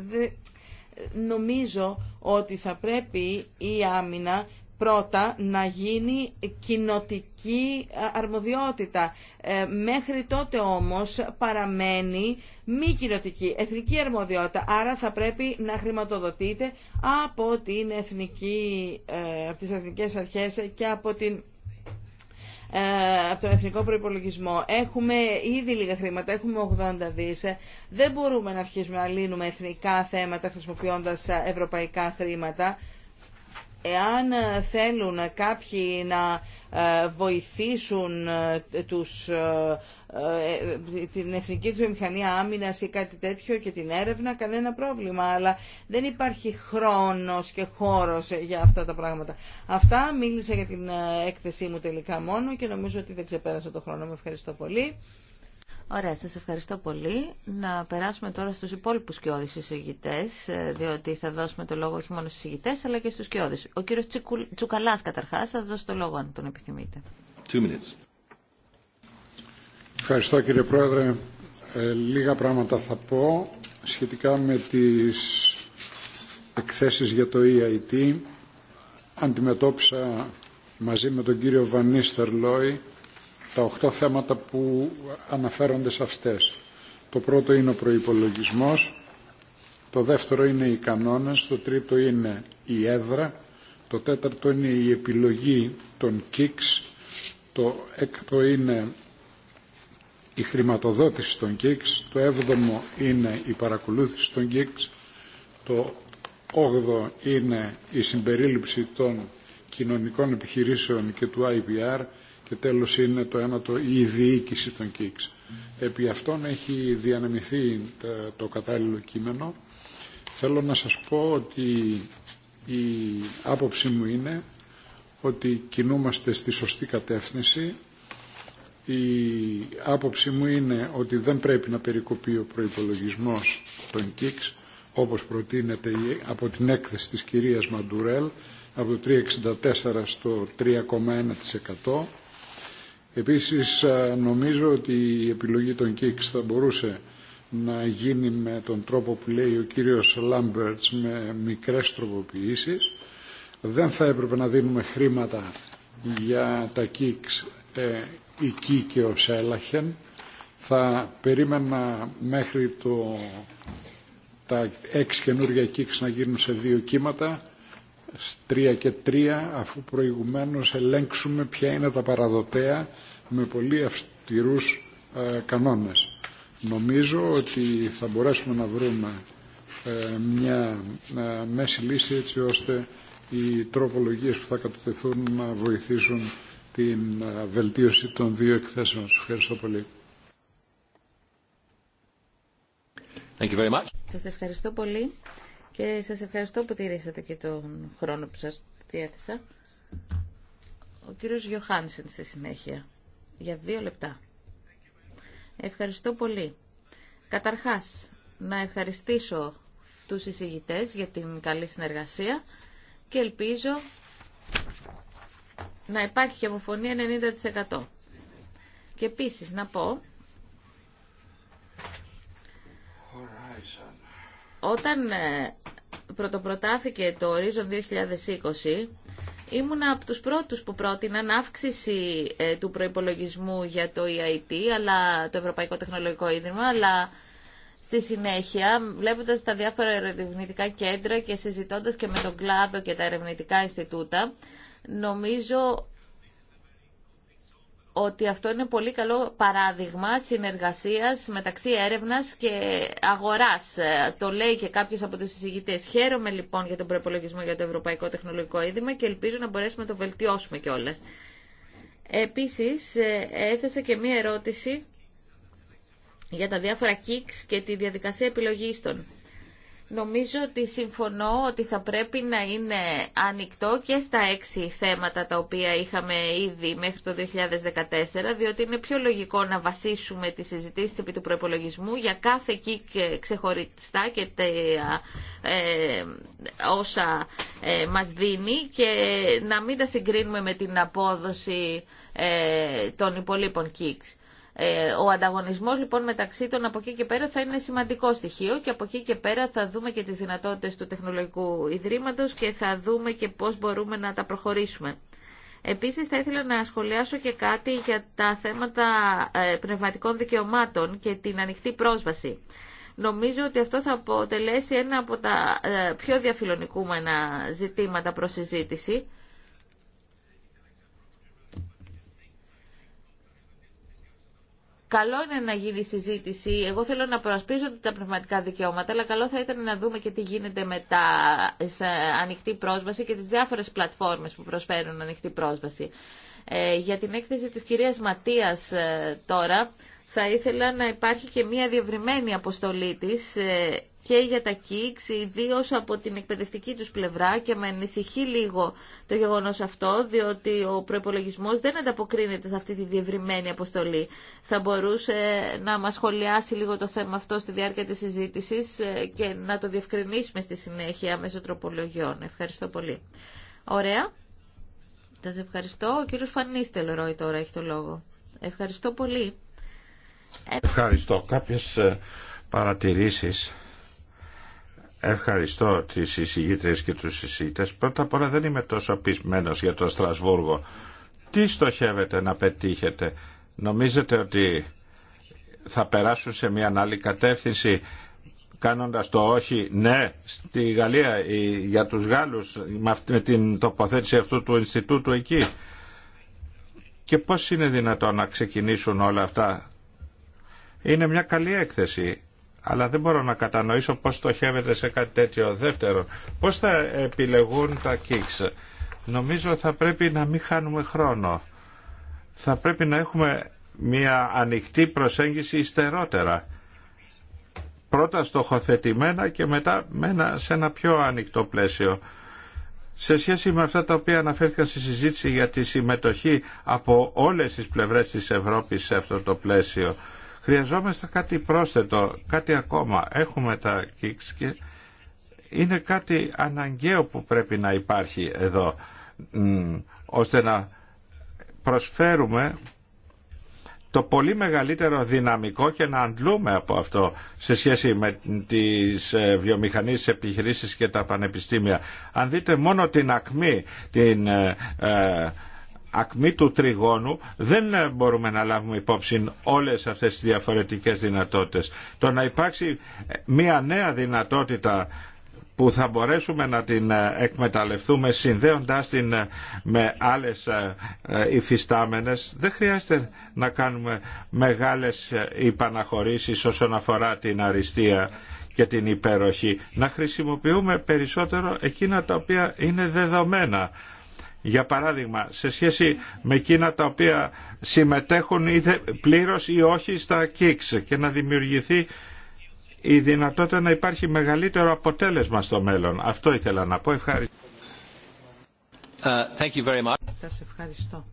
νομίζω ότι θα πρέπει η άμυνα πρώτα να γίνει κοινοτική ε, αρμοδιότητα. Ε, μέχρι τότε όμως παραμένει μη κοινοτική, εθνική αρμοδιότητα. Άρα θα πρέπει να χρηματοδοτείται από, την εθνική, ε, από τις εθνικές αρχές και από την από τον εθνικό προϋπολογισμό. Έχουμε ήδη λίγα χρήματα, έχουμε 80 δις. Δεν μπορούμε να αρχίσουμε να λύνουμε εθνικά θέματα χρησιμοποιώντας ευρωπαϊκά χρήματα. Εάν ε, θέλουν κάποιοι να ε, βοηθήσουν ε, τους, την Εθνική του Μηχανία Άμυνας ή κάτι τέτοιο και την έρευνα, κανένα πρόβλημα. Αλλά δεν υπάρχει χρόνος και χώρος για αυτά τα πράγματα. Αυτά μίλησα για την έκθεσή μου τελικά μόνο και νομίζω ότι δεν ξεπέρασα το χρόνο. Με ευχαριστώ πολύ. Ωραία, σας ευχαριστώ πολύ. Να περάσουμε τώρα στους υπόλοιπους κοιόδης εισηγητές, ε, διότι θα δώσουμε το λόγο όχι μόνο στους εισηγητές, αλλά και στους κοιόδης. Ο κύριος Τσουκαλάς καταρχάς, σας δώσει το λόγο αν τον επιθυμείτε. Two minutes. Ευχαριστώ κύριε Πρόεδρε. Ε, λίγα πράγματα θα πω σχετικά με τις εκθέσεις για το EIT. Αντιμετώπισα μαζί με τον κύριο Βανίστερ Λόι τα οχτώ θέματα που αναφέρονται σε αυτές. Το πρώτο είναι ο προϋπολογισμός, το δεύτερο είναι οι κανόνες, το τρίτο είναι η έδρα, το τέταρτο είναι η επιλογή των ΚΙΚΣ, το έκτο είναι η χρηματοδότηση των ΚΙΚΣ, το έβδομο είναι η παρακολούθηση των ΚΙΚΣ, το όγδο είναι η συμπερίληψη των κοινωνικών επιχειρήσεων και του IPR και τέλος είναι το ένατο η διοίκηση των ΚΙΚΣ. Επί αυτών έχει διανεμηθεί το κατάλληλο κείμενο. Θέλω να σας πω ότι η άποψη μου είναι ότι κινούμαστε στη σωστή κατεύθυνση. Η άποψη μου είναι ότι δεν πρέπει να περικοπεί ο προϋπολογισμός των ΚΙΚΣ όπως προτείνεται από την έκθεση της κυρίας Μαντουρέλ από το 3,64% στο 3,1% Επίσης νομίζω ότι η επιλογή των ΚΙΚΣ θα μπορούσε να γίνει με τον τρόπο που λέει ο κύριος Λάμπερτς με μικρές τροποποιήσεις. Δεν θα έπρεπε να δίνουμε χρήματα για τα ΚΙΚΣ εκεί και ως έλαχεν. Θα περίμενα μέχρι το, τα έξι καινούργια ΚΙΚΣ να γίνουν σε δύο κύματα 3 και 3 αφού προηγουμένως ελέγξουμε ποια είναι τα παραδοτέα με πολύ αυστηρούς ε, κανόνες. Νομίζω ότι θα μπορέσουμε να βρούμε ε, μια ε, μέση λύση έτσι ώστε οι τροπολογίες που θα κατατεθούν να βοηθήσουν την βελτίωση των δύο εκθέσεων. Σας ευχαριστώ πολύ. Σας ευχαριστώ πολύ και σας ευχαριστώ που τηρήσατε και τον χρόνο που σας διέθεσα. Ο κύριος Γιωχάνσεν στη συνέχεια, για δύο λεπτά. Ευχαριστώ πολύ. Καταρχάς, να ευχαριστήσω τους εισηγητές για την καλή συνεργασία και ελπίζω να υπάρχει και αποφωνία 90%. Και επίσης να πω Horizon. Όταν ε, πρωτοπροτάθηκε το Horizon 2020, ήμουν από τους πρώτους που πρότειναν αύξηση ε, του προϋπολογισμού για το EIT, αλλά, το Ευρωπαϊκό Τεχνολογικό Ίδρυμα, αλλά στη συνέχεια, βλέποντας τα διάφορα ερευνητικά κέντρα και συζητώντας και με τον κλάδο και τα ερευνητικά Ινστιτούτα, νομίζω ότι αυτό είναι πολύ καλό παράδειγμα συνεργασίας μεταξύ έρευνας και αγοράς. Ε, το λέει και κάποιος από τους συζητητές. Χαίρομαι λοιπόν για τον προπολογισμό για το Ευρωπαϊκό Τεχνολογικό Ίδρυμα και ελπίζω να μπορέσουμε να το βελτιώσουμε κιόλα. Επίσης, ε, έθεσα και μία ερώτηση για τα διάφορα kicks και τη διαδικασία επιλογής των. Νομίζω ότι συμφωνώ ότι θα πρέπει να είναι ανοιχτό και στα έξι θέματα τα οποία είχαμε ήδη μέχρι το 2014, διότι είναι πιο λογικό να βασίσουμε τις συζητήσεις επί του προπολογισμού για κάθε κικ ξεχωριστά και ε, όσα ε, μας δίνει και να μην τα συγκρίνουμε με την απόδοση ε, των υπολείπων κικς. Ε, ο ανταγωνισμό λοιπόν μεταξύ των από εκεί και πέρα θα είναι σημαντικό στοιχείο και από εκεί και πέρα θα δούμε και τι δυνατότητε του Τεχνολογικού Ιδρύματος και θα δούμε και πώς μπορούμε να τα προχωρήσουμε. Επίσης θα ήθελα να σχολιάσω και κάτι για τα θέματα ε, πνευματικών δικαιωμάτων και την ανοιχτή πρόσβαση. Νομίζω ότι αυτό θα αποτελέσει ένα από τα ε, πιο διαφιλονικούμενα ζητήματα προς συζήτηση Καλό είναι να γίνει συζήτηση. Εγώ θέλω να προασπίζονται τα πνευματικά δικαιώματα, αλλά καλό θα ήταν να δούμε και τι γίνεται με τα ανοιχτή πρόσβαση και τις διάφορες πλατφόρμες που προσφέρουν ανοιχτή πρόσβαση. Ε, για την έκθεση της κυρίας Ματίας ε, τώρα, θα ήθελα να υπάρχει και μια διευρυμένη αποστολή της, ε, και για τα ΚΙΚΣ, ιδίω από την εκπαιδευτική τους πλευρά και με ανησυχεί λίγο το γεγονός αυτό, διότι ο προπολογισμό δεν ανταποκρίνεται σε αυτή τη διευρυμένη αποστολή. Θα μπορούσε να μας σχολιάσει λίγο το θέμα αυτό στη διάρκεια της συζήτησης ε, και να το διευκρινίσουμε στη συνέχεια μέσω τροπολογιών. Ευχαριστώ πολύ. Ωραία. Σα ευχαριστώ. Ο κύριος Φανίστελ Ρόι τώρα έχει το λόγο. Ευχαριστώ πολύ. Ε, ευχαριστώ. Κάποιες ε, παρατηρήσεις Ευχαριστώ τις εισηγήτρες και του εισηγητές. Πρώτα απ' όλα δεν είμαι τόσο πεισμένο για το Στρασβούργο. Τι στοχεύετε να πετύχετε. Νομίζετε ότι θα περάσουν σε μια άλλη κατεύθυνση κάνοντας το όχι ναι στη Γαλλία για τους Γάλλους με την τοποθέτηση αυτού του Ινστιτούτου εκεί. Και πώς είναι δυνατόν να ξεκινήσουν όλα αυτά. Είναι μια καλή έκθεση αλλά δεν μπορώ να κατανοήσω πώς στοχεύεται σε κάτι τέτοιο. δεύτερο. πώς θα επιλεγούν τα kicks. Νομίζω θα πρέπει να μην χάνουμε χρόνο. Θα πρέπει να έχουμε μια ανοιχτή προσέγγιση ιστερότερα. Πρώτα στοχοθετημένα και μετά σε ένα πιο ανοιχτό πλαίσιο. Σε σχέση με αυτά τα οποία αναφέρθηκαν στη συζήτηση για τη συμμετοχή από όλες τις πλευρές της Ευρώπης σε αυτό το πλαίσιο Χρειαζόμαστε κάτι πρόσθετο, κάτι ακόμα. Έχουμε τα κίξ και είναι κάτι αναγκαίο που πρέπει να υπάρχει εδώ, ώστε να προσφέρουμε το πολύ μεγαλύτερο δυναμικό και να αντλούμε από αυτό σε σχέση με τις ε, βιομηχανίες επιχειρήσεις και τα πανεπιστήμια. Αν δείτε μόνο την ακμή, την ε, ε, ακμή του τριγώνου δεν μπορούμε να λάβουμε υπόψη όλες αυτές τις διαφορετικές δυνατότητες. Το να υπάρξει μια νέα δυνατότητα που θα μπορέσουμε να την ε, εκμεταλλευτούμε συνδέοντάς την ε, με άλλες ε, υφιστάμενες. Δεν χρειάζεται να κάνουμε μεγάλες υπαναχωρήσεις όσον αφορά την αριστεία και την υπέροχη. Να χρησιμοποιούμε περισσότερο εκείνα τα οποία είναι δεδομένα για παράδειγμα, σε σχέση με εκείνα τα οποία συμμετέχουν είτε πλήρως ή όχι στα ΚΙΚΣ και να δημιουργηθεί η δυνατότητα να υπάρχει μεγαλύτερο αποτέλεσμα στο μέλλον. Αυτό ήθελα να πω. Ευχαριστώ. Ε, Σας ευχαριστώ.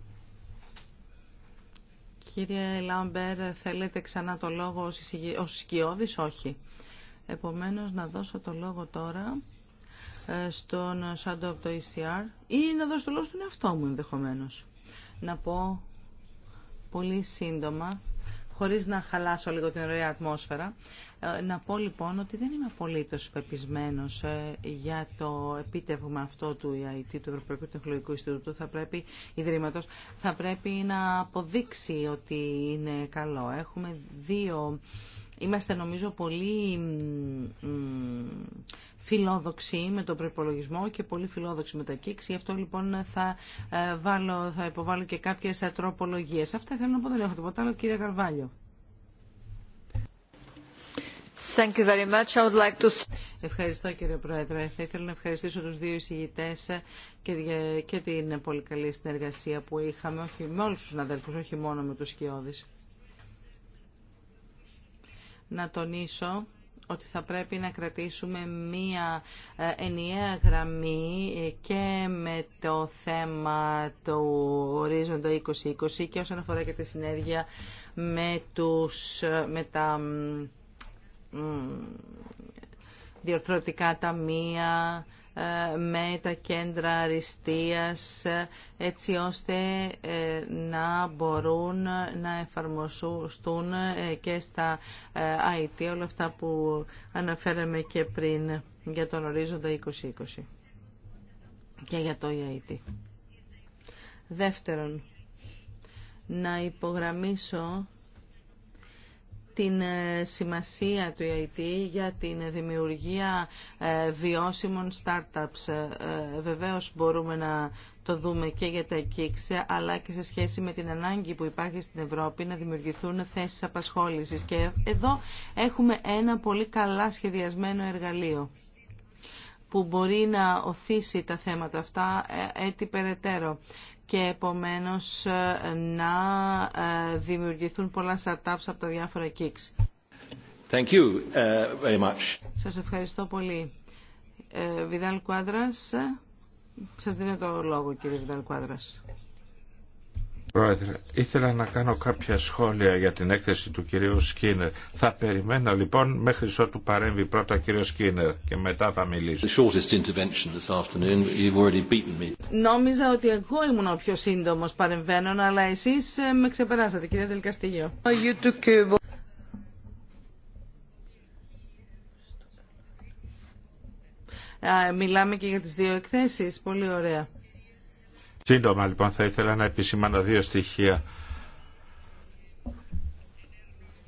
Κύριε Λάμπερ, θέλετε ξανά το λόγο ως σκιώδης, όχι. Επομένως, να δώσω το λόγο τώρα ε, στον Σάντο από το ECR ή να δώσω το λόγο στον εαυτό μου ενδεχομένως. Να πω πολύ σύντομα, χωρίς να χαλάσω λίγο την ωραία ατμόσφαιρα, ε, να πω λοιπόν ότι δεν είμαι απολύτως πεπισμένο ε, για το επίτευγμα αυτό του EIT, του Ευρωπαϊκού Τεχνολογικού Ινστιτούτου, θα πρέπει, Ιδρύματος, θα πρέπει να αποδείξει ότι είναι καλό. Έχουμε δύο... Είμαστε νομίζω πολύ φιλόδοξη με τον προπολογισμό και πολύ φιλόδοξη με τα κίξη. Γι' αυτό λοιπόν θα, ε, βάλω, θα υποβάλω και κάποιες ε, τροπολογίες. Αυτά θέλω να πω, δεν έχω τίποτα άλλο, κύριε Καρβάλιο. Thank you very much. I would like to... Ευχαριστώ κύριε Πρόεδρε. Θα ήθελα να ευχαριστήσω τους δύο εισηγητές ε, και, την πολύ καλή συνεργασία που είχαμε όχι με όλους τους αδέλφους, όχι μόνο με τους σκιώδεις. Να τονίσω ότι θα πρέπει να κρατήσουμε μία ε, ενιαία γραμμή ε, και με το θέμα του ορίζοντα 2020 και όσον αφορά και τη συνέργεια με, τους, ε, με τα διορθωτικά ταμεία, ε, με τα κέντρα αριστείας έτσι ώστε ε, να μπορούν να εφαρμοστούν ε, και στα IT όλα αυτά που αναφέραμε και πριν για τον ορίζοντα 2020 και για το IT. Δεύτερον, να υπογραμμίσω την ε, σημασία του EIT ε για την δημιουργία ε, βιώσιμων startups. Βεβαίως μπορούμε να το δούμε και για τα εκείξια, αλλά και σε σχέση με την ανάγκη που υπάρχει στην Ευρώπη να δημιουργηθούν θέσεις απασχόλησης. Και εδώ έχουμε ένα πολύ καλά σχεδιασμένο εργαλείο που μπορεί να οθήσει τα θέματα αυτά έτσι περαιτέρω και επομένως ε, να ε, δημιουργηθούν πολλά startups από τα διάφορα kicks. Thank you uh, very much. Σας ευχαριστώ πολύ. Βιδάλ ε, Κουάδρας, σας δίνω το λόγο κύριε Βιδάλ Κουάδρας. Πρόεδρε, ήθελα να κάνω κάποια σχόλια για την έκθεση του κυρίου Σκίνερ. Θα περιμένω λοιπόν μέχρι ότου παρέμβει πρώτα ο κύριος Σκίνερ και μετά θα μιλήσω. Νόμιζα ότι εγώ ήμουν ο πιο σύντομος παρεμβαίνων, αλλά εσείς ε, με ξεπεράσατε κύριε Δελκαστήγιο. Oh, μιλάμε και για τις δύο εκθέσεις. Πολύ ωραία. Σύντομα λοιπόν θα ήθελα να επισημάνω δύο στοιχεία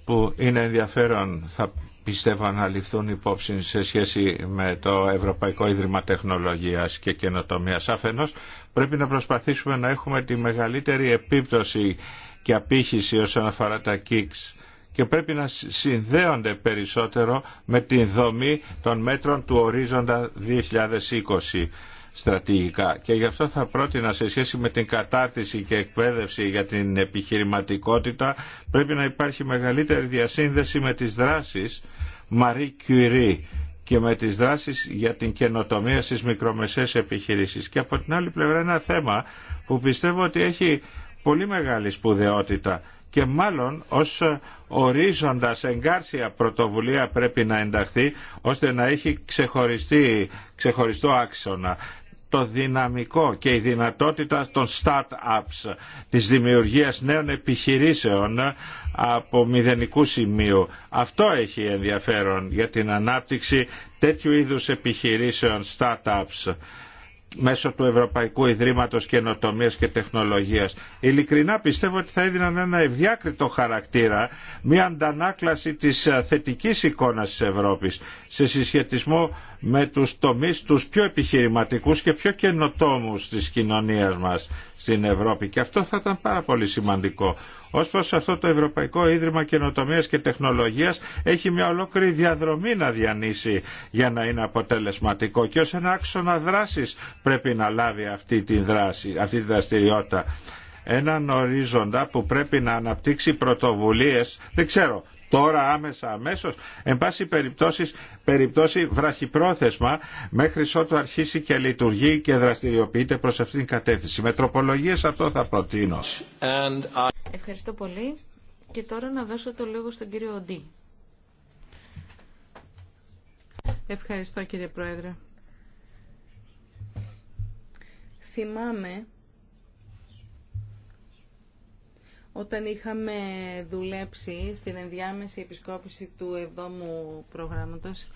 που είναι ενδιαφέρον θα πιστεύω να ληφθούν υπόψη σε σχέση με το Ευρωπαϊκό Ίδρυμα Τεχνολογίας και Καινοτομίας. Αφενός πρέπει να προσπαθήσουμε να έχουμε τη μεγαλύτερη επίπτωση και απήχηση όσον αφορά τα ΚΙΚΣ και πρέπει να συνδέονται περισσότερο με την δομή των μέτρων του ορίζοντα 2020 στρατηγικά. Και γι' αυτό θα πρότεινα σε σχέση με την κατάρτιση και εκπαίδευση για την επιχειρηματικότητα πρέπει να υπάρχει μεγαλύτερη διασύνδεση με τις δράσεις Marie Curie και με τις δράσεις για την καινοτομία στις μικρομεσαίες επιχειρήσεις. Και από την άλλη πλευρά ένα θέμα που πιστεύω ότι έχει πολύ μεγάλη σπουδαιότητα και μάλλον ως ορίζοντας εγκάρσια πρωτοβουλία πρέπει να ενταχθεί ώστε να έχει ξεχωριστή, ξεχωριστό άξονα το δυναμικό και η δυνατότητα των start-ups, της δημιουργίας νέων επιχειρήσεων από μηδενικού σημείου. Αυτό έχει ενδιαφέρον για την ανάπτυξη τέτοιου είδους επιχειρήσεων, start-ups μέσω του Ευρωπαϊκού Ιδρύματος Καινοτομίας και Τεχνολογίας. Ειλικρινά πιστεύω ότι θα έδιναν ένα ευδιάκριτο χαρακτήρα, μια αντανάκλαση της ε, θετικής εικόνας της Ευρώπης σε συσχετισμό με τους τομείς τους πιο επιχειρηματικούς και πιο καινοτόμους της κοινωνίας μας στην Ευρώπη. Και αυτό θα ήταν πάρα πολύ σημαντικό. Ως προς αυτό το Ευρωπαϊκό Ίδρυμα Καινοτομίας και Τεχνολογίας έχει μια ολόκληρη διαδρομή να διανύσει για να είναι αποτελεσματικό και ως ένα άξονα δράσης πρέπει να λάβει αυτή τη, δράση, αυτή τη δραστηριότητα. Έναν ορίζοντα που πρέπει να αναπτύξει πρωτοβουλίες, δεν ξέρω, τώρα άμεσα αμέσως. Εν πάση περιπτώσει, περιπτώσει βραχυπρόθεσμα μέχρι ότου αρχίσει και λειτουργεί και δραστηριοποιείται προς αυτήν την κατεύθυνση. Με τροπολογίες αυτό θα προτείνω. Ευχαριστώ πολύ. Και τώρα να δώσω το λόγο στον κύριο Οντή. Ευχαριστώ κύριε Πρόεδρε. Θυμάμαι Όταν είχαμε δουλέψει στην ενδιάμεση επισκόπηση του 7ου προγράμματος,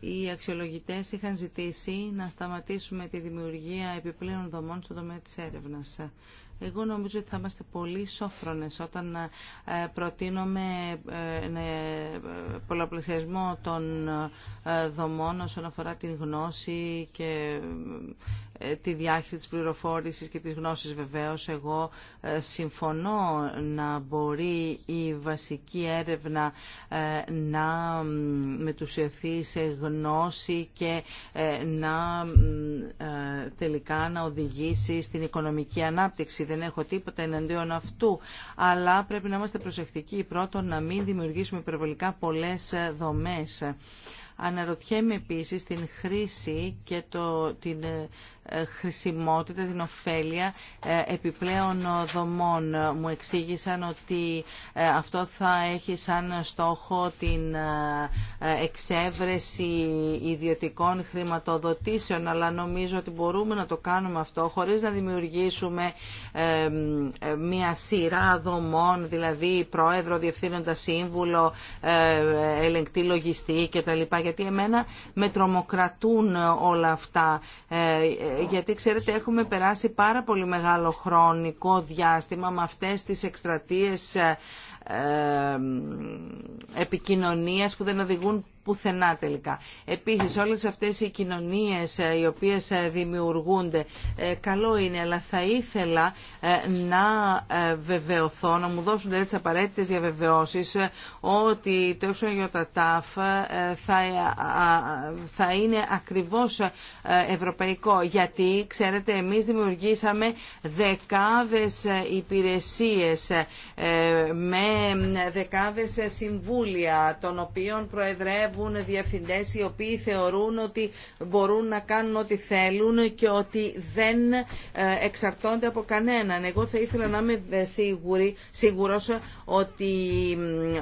οι αξιολογητές είχαν ζητήσει να σταματήσουμε τη δημιουργία επιπλέον δομών στον τομέα της έρευνας. Εγώ νομίζω ότι θα είμαστε πολύ σόφρονες όταν ε, προτείνουμε ναι, ε, πολλαπλασιασμό των ε, δομών όσον αφορά την γνώση και ε, τη διάχυση της πληροφόρησης και της γνώσης βεβαίως. Εγώ ε, συμφωνώ να μπορεί η βασική έρευνα ε, να μετουσιωθεί σε γνώση και να τελικά να οδηγήσει στην οικονομική ανάπτυξη. Δεν έχω τίποτα εναντίον αυτού, αλλά πρέπει να είμαστε προσεκτικοί πρώτον να μην δημιουργήσουμε υπερβολικά πολλές δομές Αναρωτιέμαι επίσης την χρήση και το, την ε, ε, χρησιμότητα, την ωφέλεια ε, επιπλέον δομών. Μου εξήγησαν ότι αυτό θα έχει σαν στόχο την εξέβρεση ιδιωτικών χρηματοδοτήσεων, αλλά νομίζω ότι μπορούμε να το κάνουμε αυτό χωρίς να δημιουργήσουμε μια σειρά δομών, δηλαδή πρόεδρο, διευθύνοντα σύμβουλο, ελεγκτή λογιστή κτλ γιατί εμένα με τρομοκρατούν όλα αυτά. Ε, γιατί ξέρετε έχουμε περάσει πάρα πολύ μεγάλο χρονικό διάστημα με αυτές τις εκστρατείες ε, επικοινωνίας που δεν οδηγούν πουθενά τελικά. Επίσης όλες αυτές οι κοινωνίες ε, οι οποίες ε, δημιουργούνται ε, καλό είναι αλλά θα ήθελα να βεβαιωθώ, να μου δώσουν τι δηλαδή, τις απαραίτητες διαβεβαιώσεις ότι το ΕΙΟΤΑΤΑΦ θα, θα είναι ακριβώς ευρωπαϊκό γιατί ξέρετε εμείς δημιουργήσαμε δεκάδες υπηρεσίες με ε, δεκάδες συμβούλια των οποίων προεδρεύουν διευθυντές οι οποίοι θεωρούν ότι μπορούν να κάνουν ό,τι θέλουν και ότι δεν ε, εξαρτώνται από κανέναν. Εγώ θα ήθελα να είμαι σίγουρη, σίγουρος ότι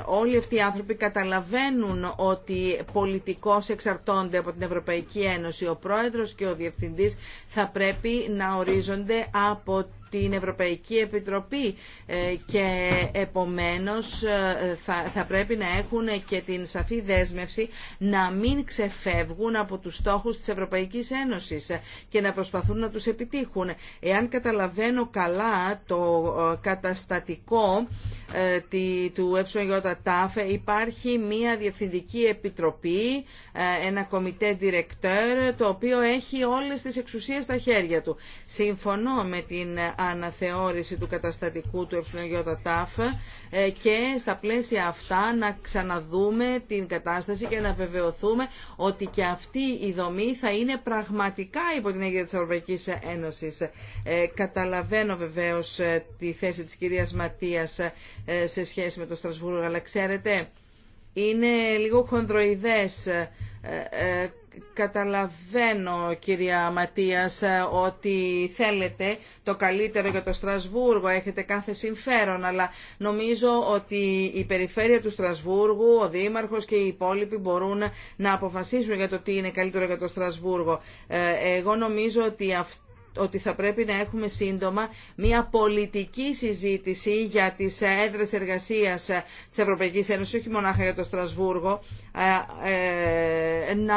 όλοι αυτοί οι άνθρωποι καταλαβαίνουν ότι πολιτικώς εξαρτώνται από την Ευρωπαϊκή Ένωση. Ο πρόεδρος και ο διευθυντής θα πρέπει να ορίζονται από την Ευρωπαϊκή Επιτροπή ε, και επομένως ε, θα, θα πρέπει να έχουν και την σαφή δέσμευση να μην ξεφεύγουν από τους στόχους της Ευρωπαϊκής Ένωσης ε, και να προσπαθούν να τους επιτύχουν. Εάν καταλαβαίνω καλά το καταστατικό του ΕΙΤΑΦ ΕΕ, υπάρχει μια διευθυντική επιτροπή, ένα κομιτέ directeur το οποίο έχει όλες τις εξουσίες στα χέρια του. Συμφωνώ με την αναθεώρηση του καταστατικού του ΕΙΤΑΦ ΕΕ, ε, και στα πλαίσια αυτά να ξαναδούμε την κατάσταση και να βεβαιωθούμε ότι και αυτή η δομή θα είναι πραγματικά υπό την έγκαιρη της Ευρωπαϊκής Ένωσης. Ε, καταλαβαίνω βεβαίως ε, τη θέση της κυρίας Ματίας σε σχέση με το Στρασβούργο, αλλά ξέρετε, είναι λίγο χονδροειδές Καταλαβαίνω, κυρία Ματίας, ε, ότι θέλετε το καλύτερο για το Στρασβούργο, έχετε κάθε συμφέρον, αλλά νομίζω ότι η περιφέρεια του Στρασβούργου, ο Δήμαρχος και οι υπόλοιποι μπορούν να αποφασίσουν για το τι είναι καλύτερο για το Στρασβούργο. Ε, εγώ νομίζω ότι αυτό ότι θα πρέπει να έχουμε σύντομα μια πολιτική συζήτηση για τις έδρες εργασίας της Ευρωπαϊκής Ένωσης, όχι μονάχα για το Στρασβούργο, ε, ε, να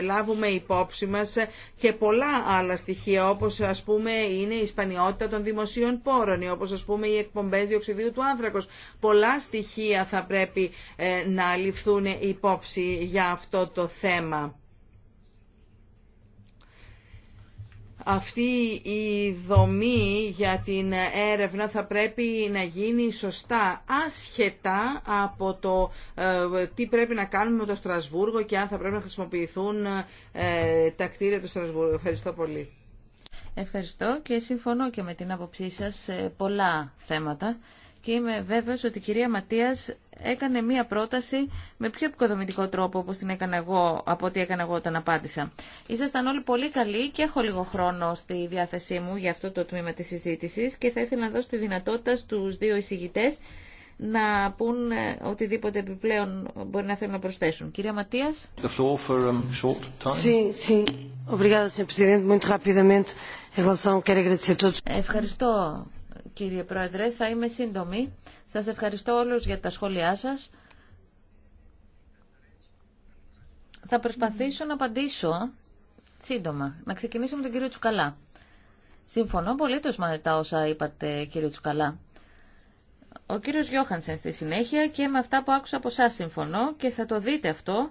λάβουμε υπόψη μας και πολλά άλλα στοιχεία, όπως ας πούμε είναι η σπανιότητα των δημοσίων πόρων, όπως ας πούμε οι εκπομπές διοξιδίου του άνθρακος. Πολλά στοιχεία θα πρέπει ε, να ληφθούν υπόψη για αυτό το θέμα. αυτή η δομή για την έρευνα θα πρέπει να γίνει σωστά, άσχετα από το ε, τι πρέπει να κάνουμε με το Στρασβούργο και αν θα πρέπει να χρησιμοποιηθούν ε, τα κτίρια του Στρασβούργου. Ευχαριστώ πολύ. Ευχαριστώ και συμφωνώ και με την άποψή σας σε πολλά θέματα και είμαι βέβαιος ότι η κυρία Ματίας έκανε μία πρόταση με πιο επικοδομητικό τρόπο όπως την έκανα εγώ από ό,τι έκανα εγώ όταν απάντησα. Ήσασταν όλοι πολύ καλοί και έχω λίγο χρόνο στη διάθεσή μου για αυτό το τμήμα της συζήτησης και θα ήθελα να δώσω τη δυνατότητα στους δύο εισηγητές να πούν ε, οτιδήποτε επιπλέον μπορεί να θέλουν να προσθέσουν. Κυρία Ματίας. Ευχαριστώ, κύριε Πρόεδρε. Θα είμαι σύντομη. Σας ευχαριστώ όλους για τα σχόλιά σας. Θα προσπαθήσω να απαντήσω σύντομα. Να ξεκινήσω με τον κύριο Τσουκαλά. Συμφωνώ πολύ με τα όσα είπατε κύριο Τσουκαλά. Ο κύριος Γιώχανσεν στη συνέχεια και με αυτά που άκουσα από εσά συμφωνώ και θα το δείτε αυτό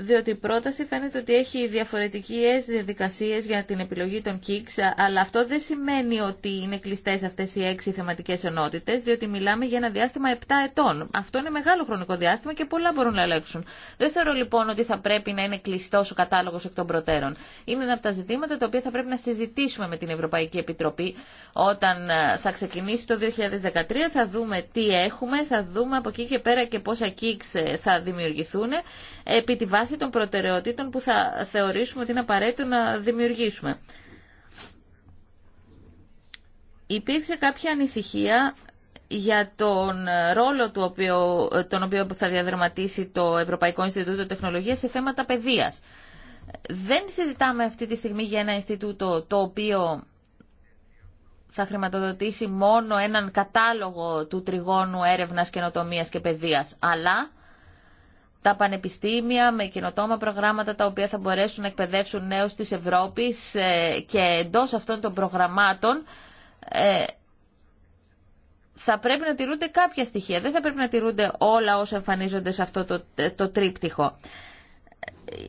διότι η πρόταση φαίνεται ότι έχει διαφορετικές διαδικασίες για την επιλογή των ΚΙΚΣ, αλλά αυτό δεν σημαίνει ότι είναι κλειστές αυτές οι έξι θεματικές ενότητες, διότι μιλάμε για ένα διάστημα 7 ετών. Αυτό είναι μεγάλο χρονικό διάστημα και πολλά μπορούν να αλλάξουν Δεν θεωρώ λοιπόν ότι θα πρέπει να είναι κλειστός ο κατάλογος εκ των προτέρων. Είναι ένα από τα ζητήματα τα οποία θα πρέπει να συζητήσουμε με την Ευρωπαϊκή Επιτροπή. Όταν ε, θα ξεκινήσει το 2013 θα δούμε τι έχουμε, θα δούμε από εκεί και πέρα και πόσα ε, θα δημιουργηθούν επί τη βάση των προτεραιοτήτων που θα θεωρήσουμε ότι είναι απαραίτητο να δημιουργήσουμε. Υπήρξε κάποια ανησυχία για τον ρόλο του οποίο, τον οποίο θα διαδραματίσει το Ευρωπαϊκό Ινστιτούτο Τεχνολογίας σε θέματα παιδείας. Δεν συζητάμε αυτή τη στιγμή για ένα Ινστιτούτο το οποίο θα χρηματοδοτήσει μόνο έναν κατάλογο του τριγώνου έρευνας, καινοτομίας και παιδείας, αλλά τα πανεπιστήμια με κοινοτόμα προγράμματα τα οποία θα μπορέσουν να εκπαιδεύσουν νέους της Ευρώπης ε, και εντός αυτών των προγραμμάτων ε, θα πρέπει να τηρούνται κάποια στοιχεία. Δεν θα πρέπει να τηρούνται όλα όσα εμφανίζονται σε αυτό το, το τρίπτυχο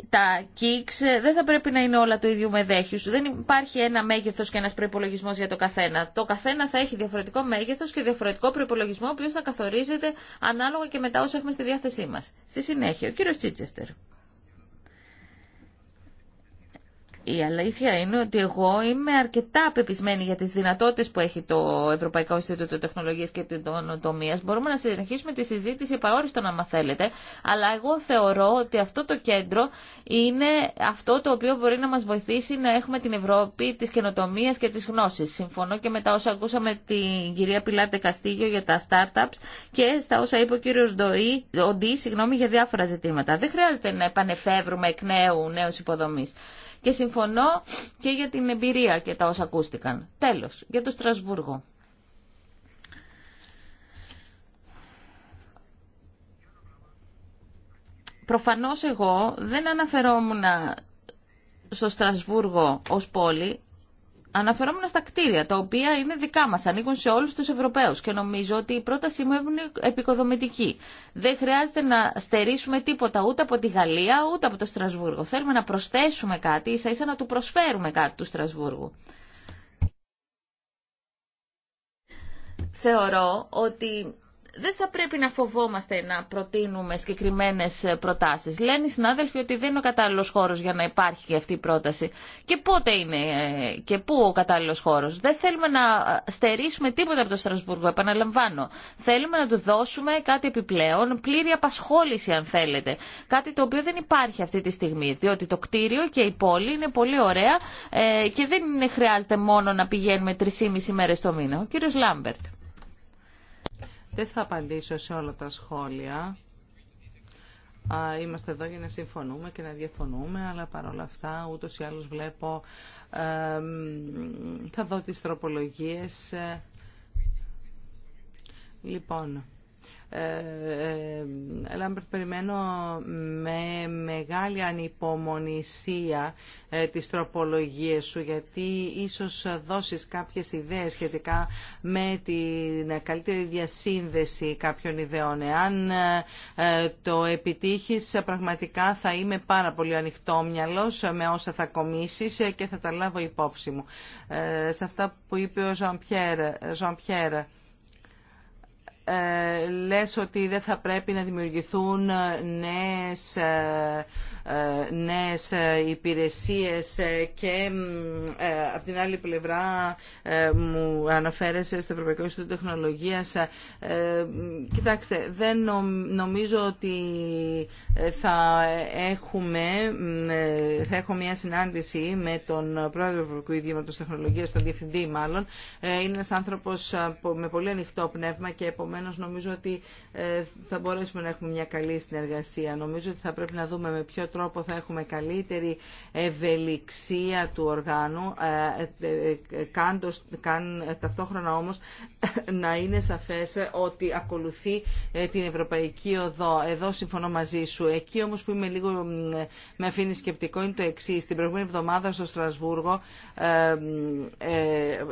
τα κίξ ε, δεν θα πρέπει να είναι όλα το ίδιου με σου. Δεν υπάρχει ένα μέγεθο και ένα προπολογισμό για το καθένα. Το καθένα θα έχει διαφορετικό μέγεθο και διαφορετικό προπολογισμό, ο οποίο θα καθορίζεται ανάλογα και μετά όσα έχουμε στη διάθεσή μα. Στη συνέχεια, ο κύριο Τσίτσεστερ. Η αλήθεια είναι ότι εγώ είμαι αρκετά απεπισμένη για τις δυνατότητες που έχει το Ευρωπαϊκό Ινστιτούτο Τεχνολογίας και Τεχνοτομίας. Μπορούμε να συνεχίσουμε τη συζήτηση επαόριστον άμα θέλετε, αλλά εγώ θεωρώ ότι αυτό το κέντρο είναι αυτό το οποίο μπορεί να μας βοηθήσει να έχουμε την Ευρώπη της καινοτομία και της γνώσης. Συμφωνώ και με τα όσα ακούσαμε την κυρία Πιλάρτε Καστίγιο για τα startups και στα όσα είπε ο κύριος Ντοή, συγγνώμη, για διάφορα ζητήματα. Δεν χρειάζεται να επανεφεύρουμε εκ νέου νέους υποδομής και συμφωνώ και για την εμπειρία και τα όσα ακούστηκαν. Τέλος, για το Στρασβούργο. Προφανώς εγώ δεν αναφερόμουν στο Στρασβούργο ως πόλη, Αναφερόμουν στα κτίρια, τα οποία είναι δικά μα. ανήκουν σε όλους τους Ευρωπαίους και νομίζω ότι η πρότασή μου είναι επικοδομητική. Δεν χρειάζεται να στερήσουμε τίποτα ούτε από τη Γαλλία ούτε από το Στρασβούργο. Θέλουμε να προσθέσουμε κάτι, ίσα ίσα να του προσφέρουμε κάτι του Στρασβούργου. Θεωρώ ότι δεν θα πρέπει να φοβόμαστε να προτείνουμε συγκεκριμένε προτάσει. Λένε οι συνάδελφοι ότι δεν είναι ο κατάλληλο χώρο για να υπάρχει και αυτή η πρόταση. Και πότε είναι ε, και πού ο κατάλληλο χώρο. Δεν θέλουμε να στερήσουμε τίποτα από το Στρασβούργο, επαναλαμβάνω. Θέλουμε να του δώσουμε κάτι επιπλέον, πλήρη απασχόληση αν θέλετε. Κάτι το οποίο δεν υπάρχει αυτή τη στιγμή. Διότι το κτίριο και η πόλη είναι πολύ ωραία ε, και δεν χρειάζεται μόνο να πηγαίνουμε 3,5 μέρε το μήνα. Ο κύριο Λάμπερτ. Δεν θα απαντήσω σε όλα τα σχόλια. Είμαστε εδώ για να συμφωνούμε και να διαφωνούμε, αλλά παρόλα αυτά ούτως ή άλλως βλέπω, θα δω τις τροπολογίες. Λοιπόν, ε, ε, Λάμπερτ, περιμένω με μεγάλη ανυπομονησία ε, τις τροπολογίες σου γιατί ίσως δώσεις κάποιες ιδέες σχετικά με την καλύτερη διασύνδεση κάποιων ιδεών. Εάν το επιτύχεις πραγματικά θα είμαι πάρα πολύ ανοιχτό μυαλός με όσα θα κομίσεις και θα τα λάβω υπόψη μου. Σε αυτά που είπε ο Ζαν Πιέρ ε, λες ότι δεν θα πρέπει να δημιουργηθούν ε, νέες ε, νέες ε, υπηρεσίες ε, και ε, από την άλλη πλευρά μου αναφέρεσε στο Ευρωπαϊκό Ινστιτούτο Τεχνολογία Κοιτάξτε, δεν νομίζω ότι θα έχουμε θα έχω μια συνάντηση με τον πρόεδρο του Ευρωπαϊκού Ιδρύματος Τεχνολογίας, τον διευθυντή μάλλον. Είναι ένας άνθρωπος με πολύ ανοιχτό πνεύμα και επομένως νομίζω ότι θα μπορέσουμε να έχουμε μια καλή συνεργασία. Νομίζω ότι θα πρέπει να δούμε με ποιο τρόπο τρόπο θα έχουμε καλύτερη ευελιξία του οργάνου, ε, ε, καν, ταυτόχρονα όμως να είναι σαφές ότι ακολουθεί ε, την ευρωπαϊκή οδό. Εδώ συμφωνώ μαζί σου. Εκεί όμως που είμαι λίγο, με αφήνει σκεπτικό είναι το εξή. Την προηγούμενη εβδομάδα στο Στρασβούργο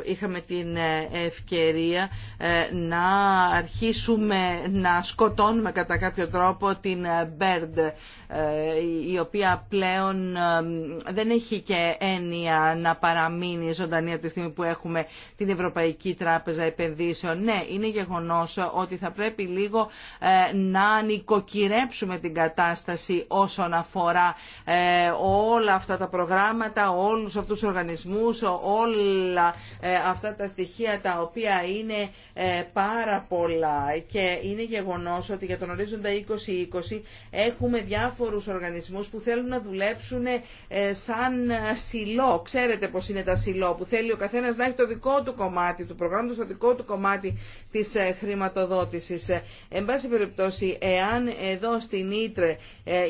είχαμε την ευκαιρία να αρχίσουμε να σκοτώνουμε κατά κάποιο τρόπο την Bird η η οποία πλέον δεν έχει και έννοια να παραμείνει ζωντανή από τη στιγμή που έχουμε την Ευρωπαϊκή Τράπεζα Επενδύσεων. Ναι, είναι γεγονός ότι θα πρέπει λίγο ε, να νοικοκυρέψουμε την κατάσταση όσον αφορά ε, όλα αυτά τα προγράμματα, όλους αυτούς τους οργανισμούς, όλα ε, αυτά τα στοιχεία τα οποία είναι πάρα πολλά και είναι γεγονός ότι για τον ορίζοντα 2020 έχουμε διάφορους οργανισμούς που θέλουν να δουλέψουν ε, σαν σιλό. Ξέρετε πώς είναι τα σιλό που θέλει ο καθένας να έχει το δικό του κομμάτι του προγράμματος, το δικό του κομμάτι της ε, χρηματοδότησης. Ε, εν πάση περιπτώσει, εάν εδώ στην Ήτρε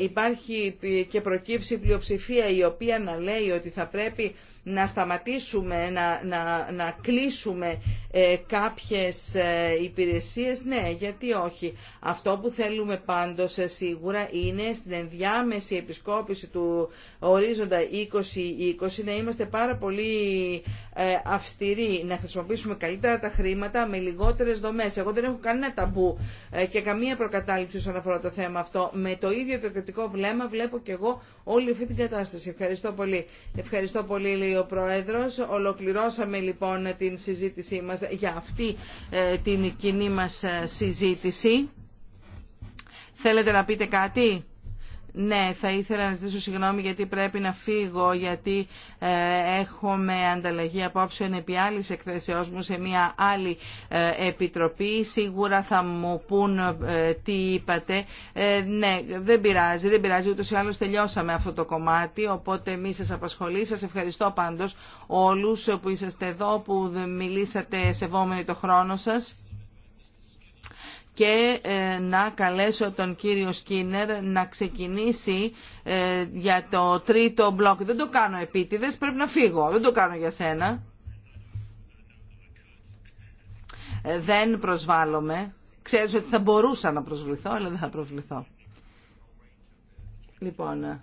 υπάρχει και προκύψει πλειοψηφία η οποία να λέει ότι θα πρέπει να σταματήσουμε, να, να, να κλείσουμε ε, κάποιες ε, υπηρεσίες, ναι, γιατί όχι. Αυτό που θέλουμε πάντως ε, σίγουρα είναι στην ενδιάμεση επισκόπηση του ορίζοντα 2020 να είμαστε πάρα πολύ ε, αυστηρή, να χρησιμοποιήσουμε καλύτερα τα χρήματα με λιγότερε δομέ. Εγώ δεν έχω κανένα ταμπού ε, και καμία προκατάληψη όσον αφορά το θέμα αυτό. Με το ίδιο επικριτικό βλέμμα βλέπω και εγώ όλη αυτή την κατάσταση. Ευχαριστώ πολύ. Ευχαριστώ πολύ, λέει ο Πρόεδρο. Ολοκληρώσαμε λοιπόν την συζήτησή μα για αυτή ε, την κοινή μα συζήτηση. Θέλετε να πείτε κάτι? Ναι, θα ήθελα να ζητήσω συγγνώμη γιατί πρέπει να φύγω, γιατί ε, έχουμε ανταλλαγή απόψεων επί άλλης εκθέσεώς μου σε μια άλλη ε, επιτροπή. Σίγουρα θα μου πούν ε, τι είπατε. ναι, δεν πειράζει, δεν πειράζει. Ούτως ή άλλως τελειώσαμε αυτό το κομμάτι, οπότε μη σας απασχολεί. Σας ευχαριστώ πάντως όλους που είσαστε εδώ, που μιλήσατε σεβόμενοι το χρόνο σας και ε, να καλέσω τον κύριο Σκίνερ να ξεκινήσει ε, για το τρίτο μπλοκ. Δεν το κάνω επίτηδες, πρέπει να φύγω. Δεν το κάνω για σένα. Ε, δεν προσβάλλομαι. Ξέρεις ότι θα μπορούσα να προσβληθώ, αλλά δεν θα προσβληθώ. Λοιπόν,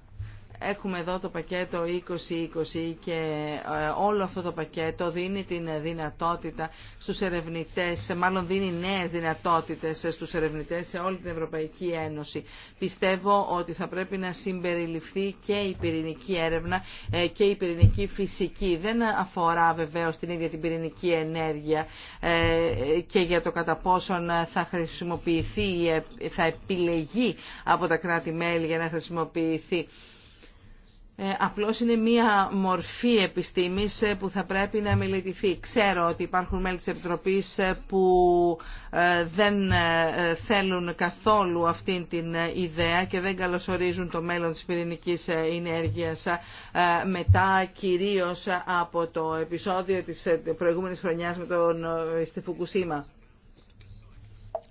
Έχουμε εδώ το πακέτο 2020 και ε, όλο αυτό το πακέτο δίνει την δυνατότητα στους ερευνητές, μάλλον δίνει νέες δυνατότητες στους ερευνητές σε όλη την Ευρωπαϊκή Ένωση. Πιστεύω ότι θα πρέπει να συμπεριληφθεί και η πυρηνική έρευνα ε, και η πυρηνική φυσική. Δεν αφορά βεβαίω την ίδια την πυρηνική ενέργεια ε, και για το κατά πόσον θα χρησιμοποιηθεί, θα επιλεγεί από τα κράτη-μέλη για να χρησιμοποιηθεί ε, απλώς είναι μία μορφή επιστήμης ε, που θα πρέπει να μελετηθεί. Ξέρω ότι υπάρχουν μέλη της Επιτροπής ε, που δεν θέλουν καθόλου αυτήν την ιδέα και δεν καλωσορίζουν το μέλλον της πυρηνικής ενέργειας μετά κυρίως από το επεισόδιο της προηγούμενης χρονιάς με τον στη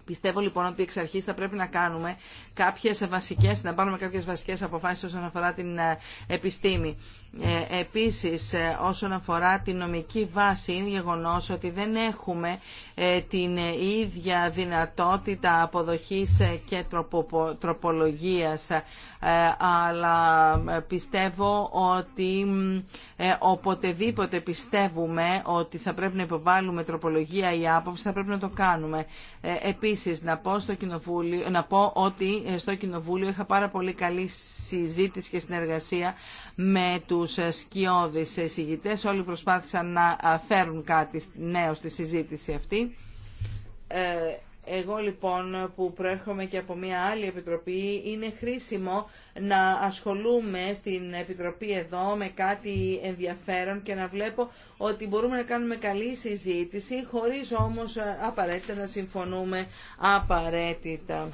Πιστεύω λοιπόν ότι εξ αρχή θα πρέπει να κάνουμε κάποιε βασικέ, να πάρουμε κάποιες βασικές αποφάσεις όσον αφορά την ε, επιστήμη. Ε, επίσης, ε, όσον αφορά την νομική βάση, είναι γεγονός ότι δεν έχουμε ε, την ίδια δυνατότητα αποδοχής και τροπολογίας, αλλά πιστεύω ότι οποτεδήποτε πιστεύουμε ότι θα πρέπει να υποβάλουμε τροπολογία ή άποψη, θα πρέπει να το κάνουμε. Επίσης, να πω, στο να πω ότι στο Κοινοβούλιο είχα πάρα πολύ καλή συζήτηση και συνεργασία με τους σκιώδεις εισηγητές. Όλοι προσπάθησαν να φέρουν κάτι νέο στη συζήτηση αυτή. Ε, εγώ λοιπόν που προέρχομαι και από μια άλλη επιτροπή είναι χρήσιμο να ασχολούμαι στην επιτροπή εδώ με κάτι ενδιαφέρον και να βλέπω ότι μπορούμε να κάνουμε καλή συζήτηση χωρίς όμως ε, απαραίτητα να συμφωνούμε απαραίτητα.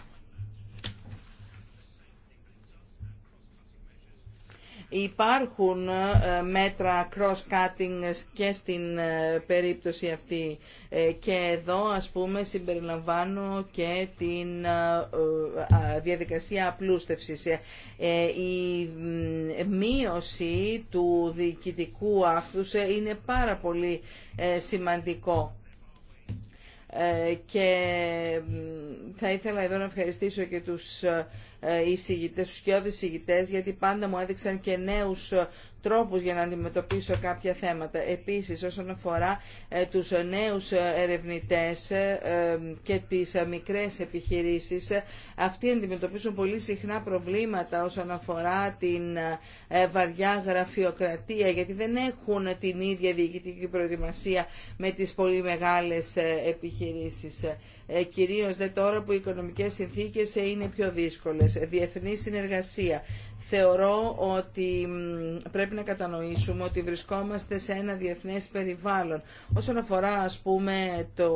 Υπάρχουν ε, μέτρα cross-cutting και στην ε, περίπτωση αυτή ε, και εδώ ας πούμε συμπεριλαμβάνω και την διαδικασία απλούστευσης. Η μείωση του διοικητικού άχθους είναι πάρα πολύ σημαντικό ε, και θα ήθελα εδώ να ευχαριστήσω και τους ε, εισηγητές, τους εισηγητές, γιατί πάντα μου έδειξαν και νέους τρόπους για να αντιμετωπίσω κάποια θέματα. Επίσης, όσον αφορά ε, τους νέους ερευνητές ε, και τις μικρές επιχειρήσεις, ε, αυτοί αντιμετωπίζουν πολύ συχνά προβλήματα όσον αφορά την βαριά γραφειοκρατία, γιατί δεν έχουν την ίδια διοικητική προετοιμασία με τις πολύ μεγάλες επιχειρήσεις κυρίως δε τώρα που οι οικονομικές συνθήκες είναι πιο δύσκολες. Διεθνή συνεργασία, θεωρώ ότι πρέπει να κατανοήσουμε ότι βρισκόμαστε σε ένα διεθνές περιβάλλον. Όσον αφορά ας πούμε το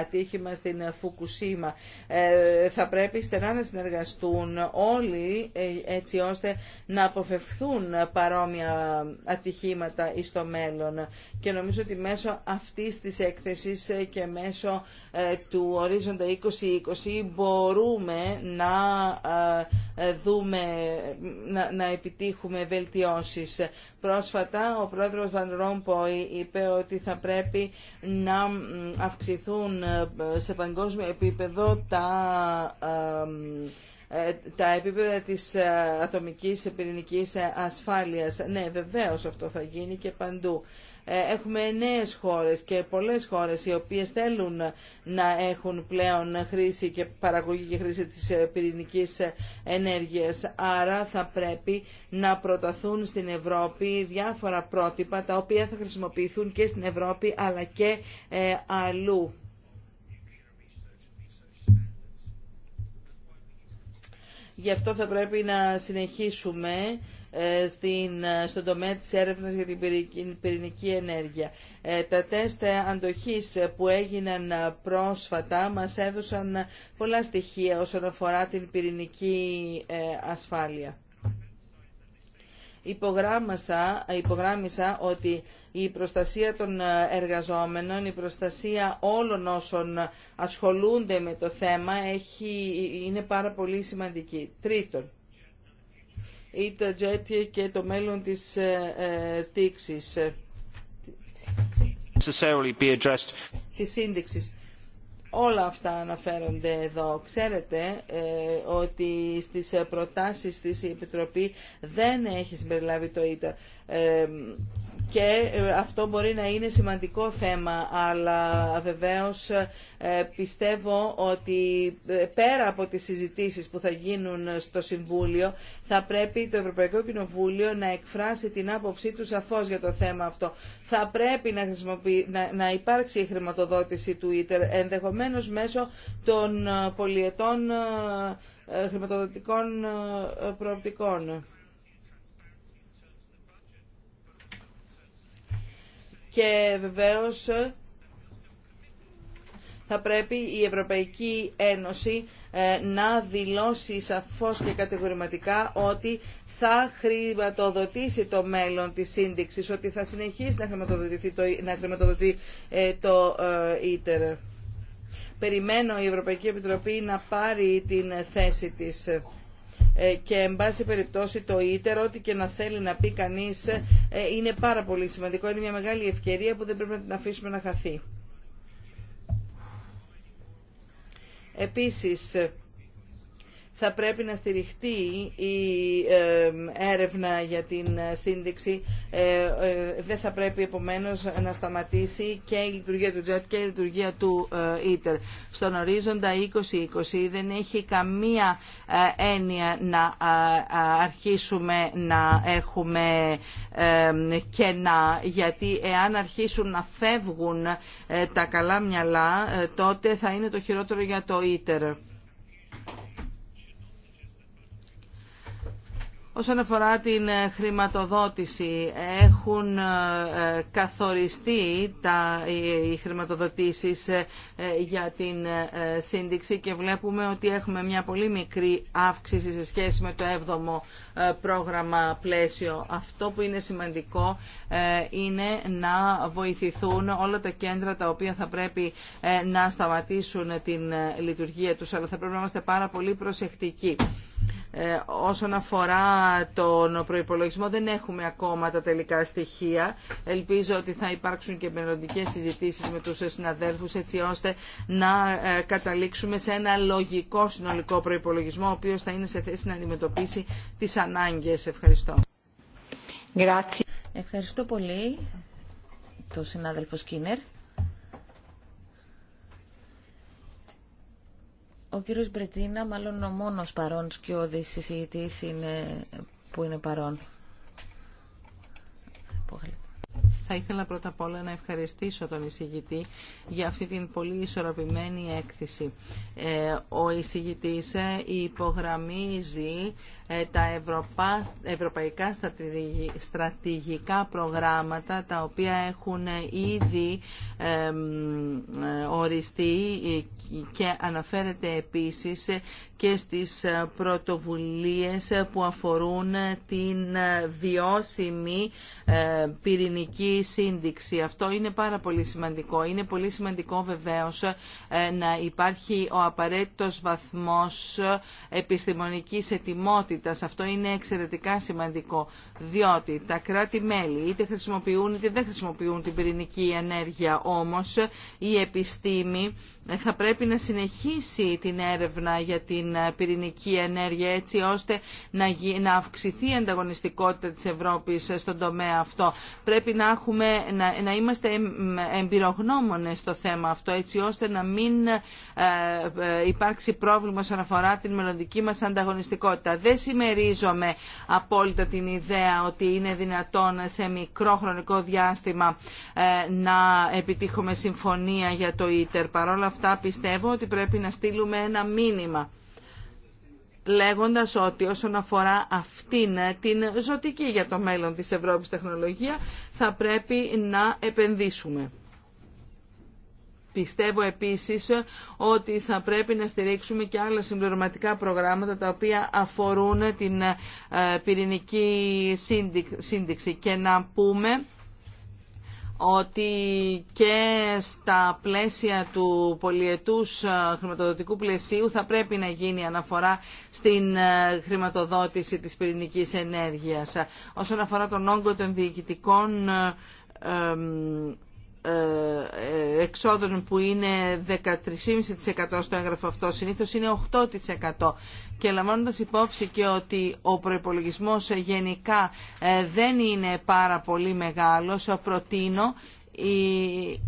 ατύχημα στην Φουκουσίμα ε, θα πρέπει στενά να συνεργαστούν όλοι ε, έτσι ώστε να αποφευθούν παρόμοια ατυχήματα εις το μέλλον και νομίζω ότι μέσω αυτής της έκθεσης ε, και μέσω του ορίζοντα 2020 μπορούμε να δούμε να, επιτύχουμε βελτιώσεις. Πρόσφατα ο πρόεδρος Βαν Ρόμποϊ είπε ότι θα πρέπει να αυξηθούν ε, σε παγκόσμιο επίπεδο τα ε, ε, τα επίπεδα της ατομικής πυρηνικής ασφάλειας. Ναι, βεβαίως αυτό θα γίνει και παντού. Ε, έχουμε νέες χώρες και πολλές χώρες οι οποίες θέλουν να έχουν πλέον χρήση και παραγωγή και χρήση της ε, πυρηνικής ε, ενέργειας. Άρα θα πρέπει να προταθούν στην Ευρώπη διάφορα πρότυπα τα οποία θα χρησιμοποιηθούν και στην Ευρώπη αλλά και αλλού. Γι' αυτό θα πρέπει να συνεχίσουμε ε, στην, ε, στον τομέα της έρευνας για την πυρηνική ενέργεια. Ε, τα τεστ αντοχής που έγιναν πρόσφατα μας έδωσαν πολλά στοιχεία όσον αφορά την πυρηνική ασφάλεια. Υπογράμμασα, υπογράμμισα ότι η προστασία των εργαζόμενων, η προστασία όλων όσων ασχολούνται με το θέμα έχει, είναι πάρα πολύ σημαντική. Τρίτον, ή τα και το μέλλον της ε, ε, τήξης, της σύνδεξης. Όλα αυτά αναφέρονται εδώ. Ξέρετε ε, ότι στις προτάσεις της η Επιτροπή δεν έχει συμπεριλάβει το ΙΤΑ και ε, αυτό μπορεί να είναι σημαντικό θέμα, αλλά βεβαίως ε, πιστεύω ότι ε, πέρα από τις συζητήσεις που θα γίνουν στο Συμβούλιο, θα πρέπει το Ευρωπαϊκό Κοινοβούλιο να εκφράσει την άποψή του σαφώς για το θέμα αυτό. Θα πρέπει να, να, να υπάρξει η χρηματοδότηση του ΙΤΕΡ, ενδεχομένως μέσω των πολιετών χρηματοδοτικών προοπτικών. και βεβαίως θα πρέπει η Ευρωπαϊκή Ένωση ε, να δηλώσει σαφώς και κατηγορηματικά ότι θα χρηματοδοτήσει το μέλλον της σύνδεξης, ότι θα συνεχίσει να χρηματοδοτεί το, να ε, το ε, ίτερ. Περιμένω η Ευρωπαϊκή Επιτροπή να πάρει την θέση της. Ε, και εν πάση περιπτώσει το ίτερο ό,τι και να θέλει να πει κανείς ε, είναι πάρα πολύ σημαντικό είναι μια μεγάλη ευκαιρία που δεν πρέπει να την αφήσουμε να χαθεί. Επίσης θα πρέπει να στηριχτεί η έρευνα για την σύνδεξη. Ε, ε, δεν θα πρέπει επομένως να σταματήσει και η λειτουργία του JET και η λειτουργία του ITER. Ε, Στον ορίζοντα 2020 δεν έχει καμία έννοια να αρχίσουμε να έχουμε κενά, γιατί εάν αρχίσουν να φεύγουν τα καλά μυαλά, τότε θα είναι το χειρότερο για το ΙΤΕΡ. Όσον αφορά την ε, χρηματοδότηση, έχουν ε, ε, καθοριστεί τα, οι χρηματοδοτήσεις για την σύνδεξη και βλέπουμε ότι έχουμε μια πολύ μικρή αύξηση σε σχέση με το 7ο πρόγραμμα πλαίσιο. Αυτό που είναι σημαντικό είναι να βοηθηθούν όλα τα κέντρα τα οποία θα πρέπει να σταματήσουν την λειτουργία τους, αλλά θα πρέπει να είμαστε πάρα πολύ προσεκτικοί. Ε, όσον αφορά τον προϋπολογισμό δεν έχουμε ακόμα τα τελικά στοιχεία. Ελπίζω ότι θα υπάρξουν και μελλοντικέ συζητήσεις με τους συναδέλφους έτσι ώστε να ε, καταλήξουμε σε ένα λογικό συνολικό προϋπολογισμό ο οποίος θα είναι σε θέση να αντιμετωπίσει τις ανάγκες. Ευχαριστώ. Ευχαριστώ πολύ, τον συνάδελφο Σκίνερ. Ο κύριος Μπρετζίνα, μάλλον ο μόνος παρόν σκιώδης εισηγητής είναι, που είναι παρόν. Θα ήθελα πρώτα απ' όλα να ευχαριστήσω τον εισηγητή για αυτή την πολύ ισορροπημένη έκθεση. Ε, ο εισηγητής υπογραμμίζει ε, τα ευρωπαϊκά στρατηγικά προγράμματα τα οποία έχουν ε, ήδη ε, οριστεί και αναφέρεται επίσης και στις πρωτοβουλίες που αφορούν την βιώσιμη πυρηνική σύνδεξη. Αυτό είναι πάρα πολύ σημαντικό. Είναι πολύ σημαντικό βεβαίως να υπάρχει ο απαραίτητος βαθμός επιστημονικής ετοιμότητας αυτό είναι εξαιρετικά σημαντικό, διότι τα κράτη-μέλη είτε χρησιμοποιούν είτε δεν χρησιμοποιούν την πυρηνική ενέργεια, όμως η επιστήμη ε, θα πρέπει να συνεχίσει την έρευνα για την ε, πυρηνική ενέργεια έτσι ώστε να αυξηθεί η ανταγωνιστικότητα της Ευρώπης ε, στον τομέα αυτό. Πρέπει να, έχουμε, να είμαστε εμπειρογνώμονες στο θέμα αυτό έτσι ώστε να μην υπάρξει πρόβλημα σε αφορά την μελλοντική μας ανταγωνιστικότητα. Δεν συμμερίζομαι απόλυτα την ιδέα ότι είναι δυνατόν σε μικρό χρονικό διάστημα να επιτύχουμε συμφωνία για το ΙΤΕΡ. Παρόλα αυτά πιστεύω ότι πρέπει να στείλουμε ένα μήνυμα λέγοντας ότι όσον αφορά αυτήν την ζωτική για το μέλλον της Ευρώπης τεχνολογία θα πρέπει να επενδύσουμε. Πιστεύω επίσης ότι θα πρέπει να στηρίξουμε και άλλα συμπληρωματικά προγράμματα τα οποία αφορούν την ε, πυρηνική σύνδεξη και να πούμε ότι και στα πλαίσια του πολιετούς ε, χρηματοδοτικού πλαισίου θα πρέπει να γίνει αναφορά στην ε, χρηματοδότηση της πυρηνικής ενέργειας. Ε, όσον αφορά τον όγκο των διοικητικών ε, ε, εξόδων που είναι 13,5% στο έγγραφο αυτό, συνήθως είναι 8% και λαμβάνοντας υπόψη και ότι ο προϋπολογισμός γενικά ε, δεν είναι πάρα πολύ μεγάλος, προτείνω η,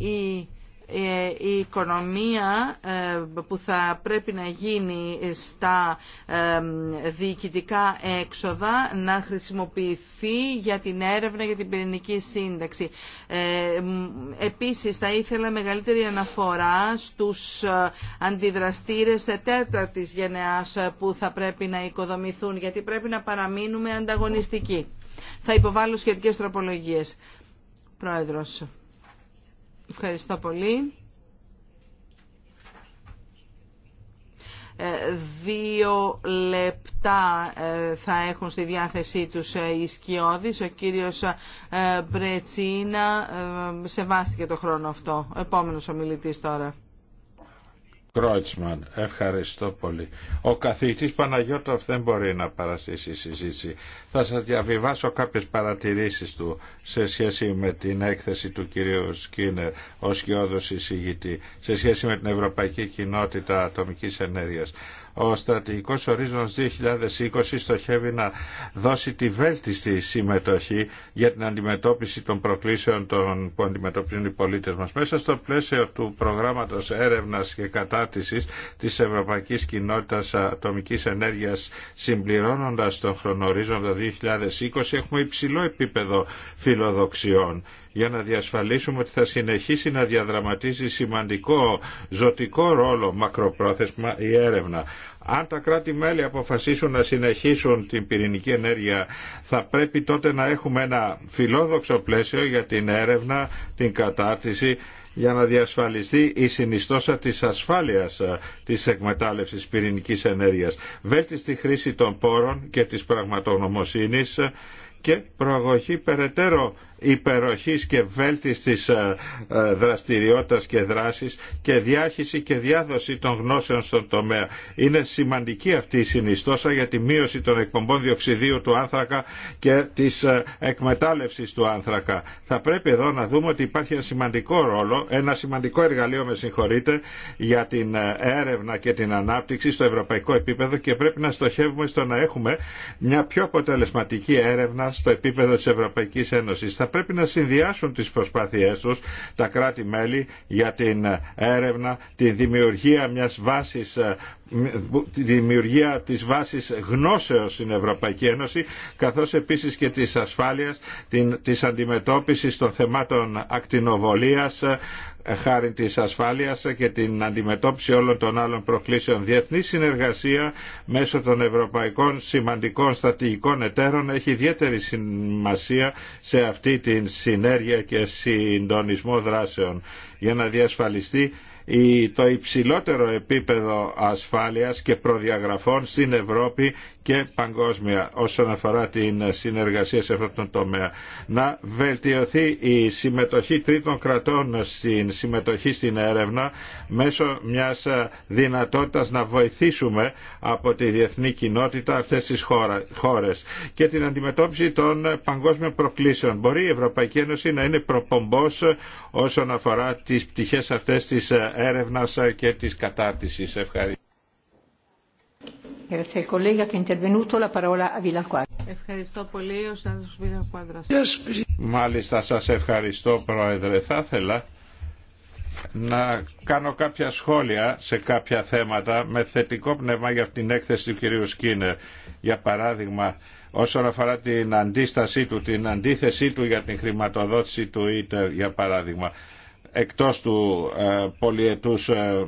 η ε, η οικονομία ε, που θα πρέπει να γίνει στα ε, διοικητικά έξοδα να χρησιμοποιηθεί για την έρευνα για την πυρηνική σύνταξη. Επίσης θα ήθελα μεγαλύτερη αναφορά στους αντιδραστήρες τέταρτης γενεάς που θα πρέπει να οικοδομηθούν γιατί πρέπει να παραμείνουμε ανταγωνιστικοί. Θα υποβάλω σχετικές τροπολογίες. Πρόεδρος. Ευχαριστώ πολύ. Ε, δύο λεπτά ε, θα έχουν στη διάθεσή τους ε, οι σκιώδεις. Ο κύριος Μπρετσίνα σεβάστηκε το χρόνο αυτό. Επόμενος ομιλητής τώρα. Κρότσμαν, ευχαριστώ πολύ. Ο καθηγητής Παναγιώτοφ δεν μπορεί να παρασύσει συζήτηση. Θα σας διαβιβάσω κάποιες παρατηρήσεις του σε σχέση με την έκθεση του κυρίου Σκίνερ ως γεώδος εισηγητή, σε σχέση με την Ευρωπαϊκή Κοινότητα Ατομικής Ενέργειας. Ο στρατηγικός ορίζοντας 2020 στοχεύει να δώσει τη βέλτιστη συμμετοχή για την αντιμετώπιση των προκλήσεων των, που αντιμετωπίζουν οι πολίτες μας. Μέσα στο πλαίσιο του προγράμματος έρευνας και κατάτησης της Ευρωπαϊκής Κοινότητας Ατομικής Ενέργειας συμπληρώνοντας τον χρονορίζοντα 2020 έχουμε υψηλό επίπεδο φιλοδοξιών για να διασφαλίσουμε ότι θα συνεχίσει να διαδραματίζει σημαντικό ζωτικό ρόλο μακροπρόθεσμα η έρευνα. Αν τα κράτη-μέλη αποφασίσουν να συνεχίσουν την πυρηνική ενέργεια, θα πρέπει τότε να έχουμε ένα φιλόδοξο πλαίσιο για την έρευνα, την κατάρτιση, για να διασφαλιστεί η συνιστόσα της ασφάλειας ε, της εκμετάλλευσης πυρηνικής ενέργειας, βέλτιστη χρήση των πόρων και της πραγματογνωμοσύνης ε, και προαγωγή περαιτέρω υπεροχής και βέλτιστης ε, ε, δραστηριότητας και δράσης και διάχυση και διάδοση των γνώσεων στον τομέα. Είναι σημαντική αυτή η συνιστόσα για τη μείωση των εκπομπών διοξιδίου του άνθρακα και της ε, εκμετάλλευσης του άνθρακα. Θα πρέπει εδώ να δούμε ότι υπάρχει ένα σημαντικό ρόλο, ένα σημαντικό εργαλείο με συγχωρείτε για την έρευνα και την ανάπτυξη στο ευρωπαϊκό επίπεδο και πρέπει να στοχεύουμε στο να έχουμε μια πιο αποτελεσματική έρευνα στο επίπεδο της Ευρωπαϊκής Ένωσης. Θα πρέπει να συνδυάσουν τις προσπάθειές τους τα κράτη-μέλη για την έρευνα, τη δημιουργία μιας βάσης ε, τη δημιουργία της βάσης γνώσεως στην Ευρωπαϊκή Ένωση καθώς επίσης και της ασφάλειας, την, της αντιμετώπισης των θεμάτων ακτινοβολίας ε, χάρη της ασφάλειας και την αντιμετώπιση όλων των άλλων προκλήσεων. Διεθνή συνεργασία μέσω των ευρωπαϊκών σημαντικών στατηγικών εταίρων έχει ιδιαίτερη σημασία σε αυτή την συνέργεια και συντονισμό δράσεων για να διασφαλιστεί το υψηλότερο επίπεδο ασφάλειας και προδιαγραφών στην Ευρώπη και παγκόσμια όσον αφορά την συνεργασία σε αυτόν τον τομέα. Να βελτιωθεί η συμμετοχή τρίτων κρατών στην συμμετοχή στην έρευνα μέσω μιας δυνατότητας να βοηθήσουμε από τη διεθνή κοινότητα αυτές τις χώρες και την αντιμετώπιση των παγκόσμιων προκλήσεων. Μπορεί η Ευρωπαϊκή Ένωση να είναι προπομπός όσον αφορά τις πτυχές αυτές της έρευνας και της κατάρτισης. Ευχαριστώ. Ευχαριστώ πολύ. Ο συνάδελφος Μάλιστα σας ευχαριστώ Πρόεδρε. Θα ήθελα να κάνω κάποια σχόλια σε κάποια θέματα με θετικό πνεύμα για την έκθεση του κυρίου Σκίνερ. Για παράδειγμα, όσον αφορά την αντίστασή του, την αντίθεσή του για την χρηματοδότηση του ΙΤΕΡ, για παράδειγμα, εκτός του ε, πολιετούς ε,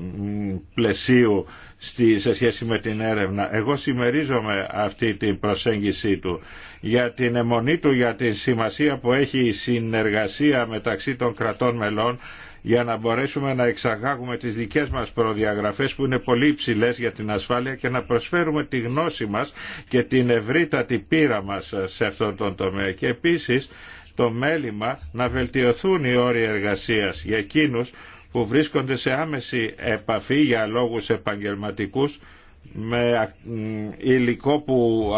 πλαισίου στη, σε σχέση με την έρευνα. Εγώ συμμερίζομαι αυτή την προσέγγιση του για την αιμονή του, για την σημασία που έχει η συνεργασία μεταξύ των κρατών μελών για να μπορέσουμε να εξαγάγουμε τις δικές μας προδιαγραφές που είναι πολύ υψηλέ για την ασφάλεια και να προσφέρουμε τη γνώση μας και την ευρύτατη πείρα μας σε αυτόν τον τομέα. Και επίσης το μέλημα να βελτιωθούν οι όροι εργασίας για εκείνους που βρίσκονται σε άμεση επαφή για λόγους επαγγελματικούς με υλικό που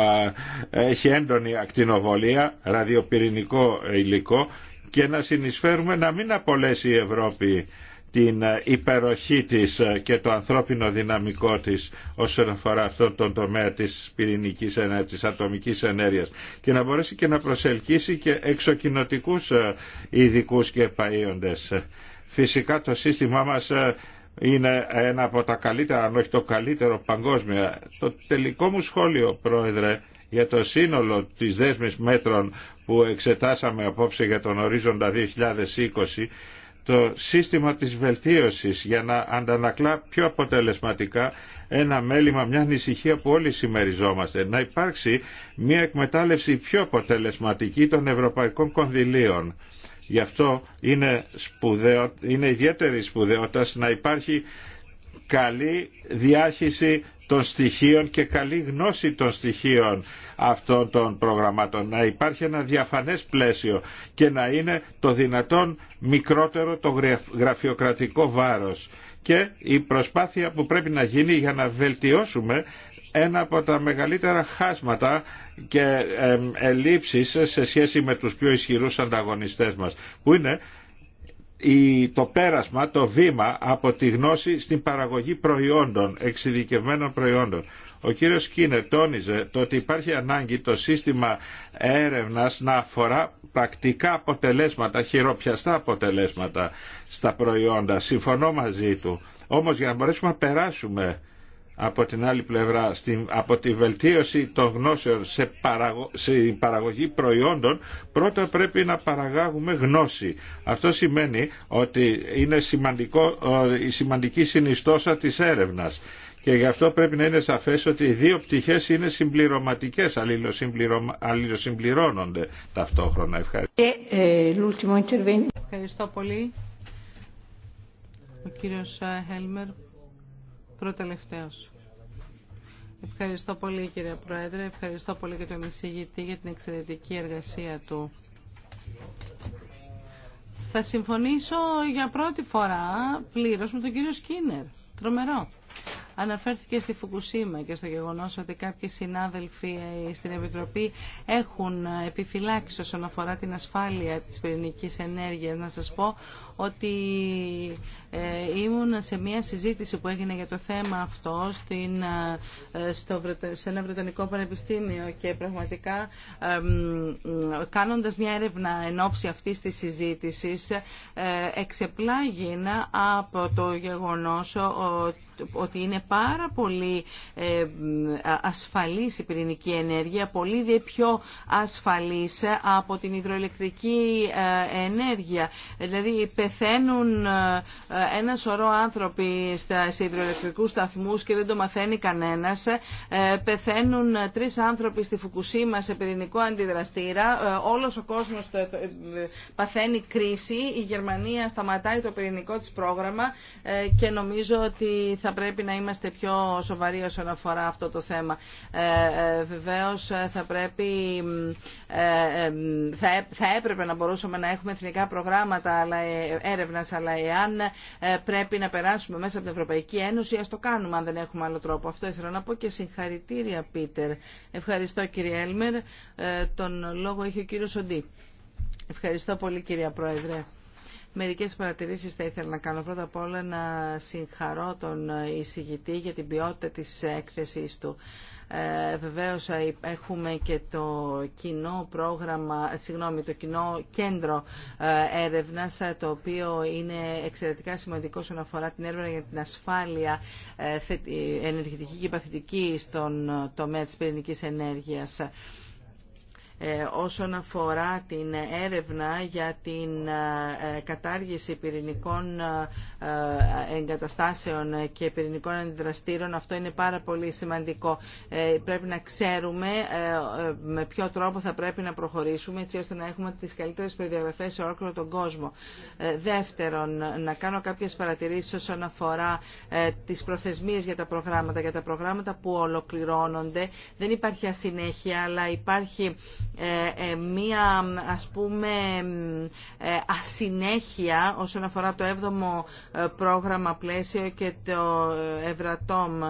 έχει έντονη ακτινοβολία, ραδιοπυρηνικό υλικό και να συνεισφέρουμε να μην απολέσει η Ευρώπη την υπεροχή της και το ανθρώπινο δυναμικό της όσον αφορά αυτόν τον τομέα της πυρηνικής της ατομικής ενέργειας και να μπορέσει και να προσελκύσει και εξοκοινωτικούς ειδικού και επαΐοντες. Φυσικά το σύστημά μας ε, είναι ένα από τα καλύτερα, αν όχι το καλύτερο παγκόσμια. Το τελικό μου σχόλιο, Πρόεδρε, για το σύνολο της δέσμης μέτρων που εξετάσαμε απόψε για τον ορίζοντα 2020, το σύστημα της βελτίωσης για να αντανακλά πιο αποτελεσματικά ένα μέλημα, μια ανησυχία που όλοι συμμεριζόμαστε. Να υπάρξει μια εκμετάλλευση πιο αποτελεσματική των ευρωπαϊκών κονδυλίων Γι' αυτό είναι, σπουδαίο, είναι ιδιαίτερη σπουδαιότητα να υπάρχει καλή διάχυση των στοιχείων και καλή γνώση των στοιχείων αυτών των προγραμμάτων. Να υπάρχει ένα διαφανές πλαίσιο και να είναι το δυνατόν μικρότερο το γραφειοκρατικό βάρος και η προσπάθεια που πρέπει να γίνει για να βελτιώσουμε ένα από τα μεγαλύτερα χάσματα και ελλείψεις σε σχέση με τους πιο ισχυρούς ανταγωνιστές μας που είναι το πέρασμα, το βήμα από τη γνώση στην παραγωγή προϊόντων, εξειδικευμένων προϊόντων. Ο κύριος Κίνερ τόνιζε το ότι υπάρχει ανάγκη το σύστημα έρευνας να αφορά πρακτικά αποτελέσματα, χειροπιαστά αποτελέσματα στα προϊόντα. Συμφωνώ μαζί του. Όμως για να μπορέσουμε να περάσουμε από την άλλη πλευρά στην, από τη βελτίωση των γνώσεων σε, σε παραγωγή προϊόντων πρώτα πρέπει να παραγάγουμε γνώση. Αυτό σημαίνει ότι είναι σημαντικό, η σημαντική συνιστόσα της έρευνας και γι' αυτό πρέπει να είναι σαφές ότι οι δύο πτυχές είναι συμπληρωματικές, αλληλοσυμπληρώνονται ταυτόχρονα. Ε, Ευχαριστώ. πολύ. Ο κύριος ε, Χέλμερ. Προτελευταίος. Ευχαριστώ πολύ κύριε Πρόεδρε, ευχαριστώ πολύ και τον εισηγητή για την εξαιρετική εργασία του. Θα συμφωνήσω για πρώτη φορά πλήρως με τον κύριο Σκίνερ. Τρομερό. Αναφέρθηκε στη Φουκουσίμα και στο γεγονός ότι κάποιοι συνάδελφοι ε, στην Επιτροπή έχουν επιφυλάξει όσον αφορά την ασφάλεια της πυρηνικής ενέργειας. Να σας πω ότι ε, ήμουν σε μια συζήτηση που έγινε για το θέμα αυτό στην, ε, στο, σε ένα Βρετανικό Πανεπιστήμιο και πραγματικά κάνοντας μια έρευνα εν ώψη αυτής της συζήτησης ε, εξεπλάγινα από το γεγονός ότι είναι πάρα πολύ ασφαλής η πυρηνική ενέργεια, πολύ πιο ασφαλής από την υδροελεκτρική ενέργεια. Δηλαδή πεθαίνουν ε, ένα σωρό άνθρωποι στα υδροελεκτρικούς σταθμούς και δεν το μαθαίνει κανένας. Ε, πεθαίνουν ε, τρεις άνθρωποι στη Φουκουσίμα σε πυρηνικό αντιδραστήρα. Όλος ο κόσμος παθαίνει κρίση. Η Γερμανία σταματάει το πυρηνικό της πρόγραμμα και νομίζω ότι θα πρέπει να είμαστε πιο σοβαροί όσον αφορά αυτό το θέμα. Βεβαίως θα πρέπει θα έπρεπε να μπορούσαμε να έχουμε εθνικά προγράμματα αλλά αλλά εάν ε, πρέπει να περάσουμε μέσα από την Ευρωπαϊκή Ένωση, α το κάνουμε αν δεν έχουμε άλλο τρόπο. Αυτό ήθελα να πω και συγχαρητήρια, Πίτερ. Ευχαριστώ, κύριε Έλμερ. Ε, τον λόγο έχει ο κύριο Σοντή. Ευχαριστώ πολύ, κυρία Πρόεδρε. Μερικές παρατηρήσεις θα ήθελα να κάνω. Πρώτα απ' όλα να συγχαρώ τον εισηγητή για την ποιότητα της έκθεσής του. Ε, βεβαίως ε, έχουμε και το κοινό πρόγραμμα, ε, συγγνώμη, το κοινό κέντρο ε, έρευνας, το οποίο είναι εξαιρετικά σημαντικό όσον αφορά την έρευνα για την ασφάλεια ενεργητική και παθητική στον τομέα της πυρηνικής ενέργειας. Ε, όσον αφορά την έρευνα για την ε, κατάργηση πυρηνικών ε, εγκαταστάσεων και πυρηνικών αντιδραστήρων, αυτό είναι πάρα πολύ σημαντικό. Πρέπει να ξέρουμε με ποιο τρόπο θα πρέπει να προχωρήσουμε έτσι ώστε να έχουμε τις καλύτερες προδιαγραφές σε όλο τον κόσμο. Δεύτερον, να κάνω κάποιες παρατηρήσεις όσον αφορά τις προθεσμίες για τα προγράμματα. Για τα προγράμματα που ολοκληρώνονται δεν υπάρχει ασυνέχεια, αλλά υπάρχει ε, ε, μία ας πούμε ε, ασυνέχεια όσον αφορά το 7ο πρόγραμμα πλαίσιο και το Ευρατόμ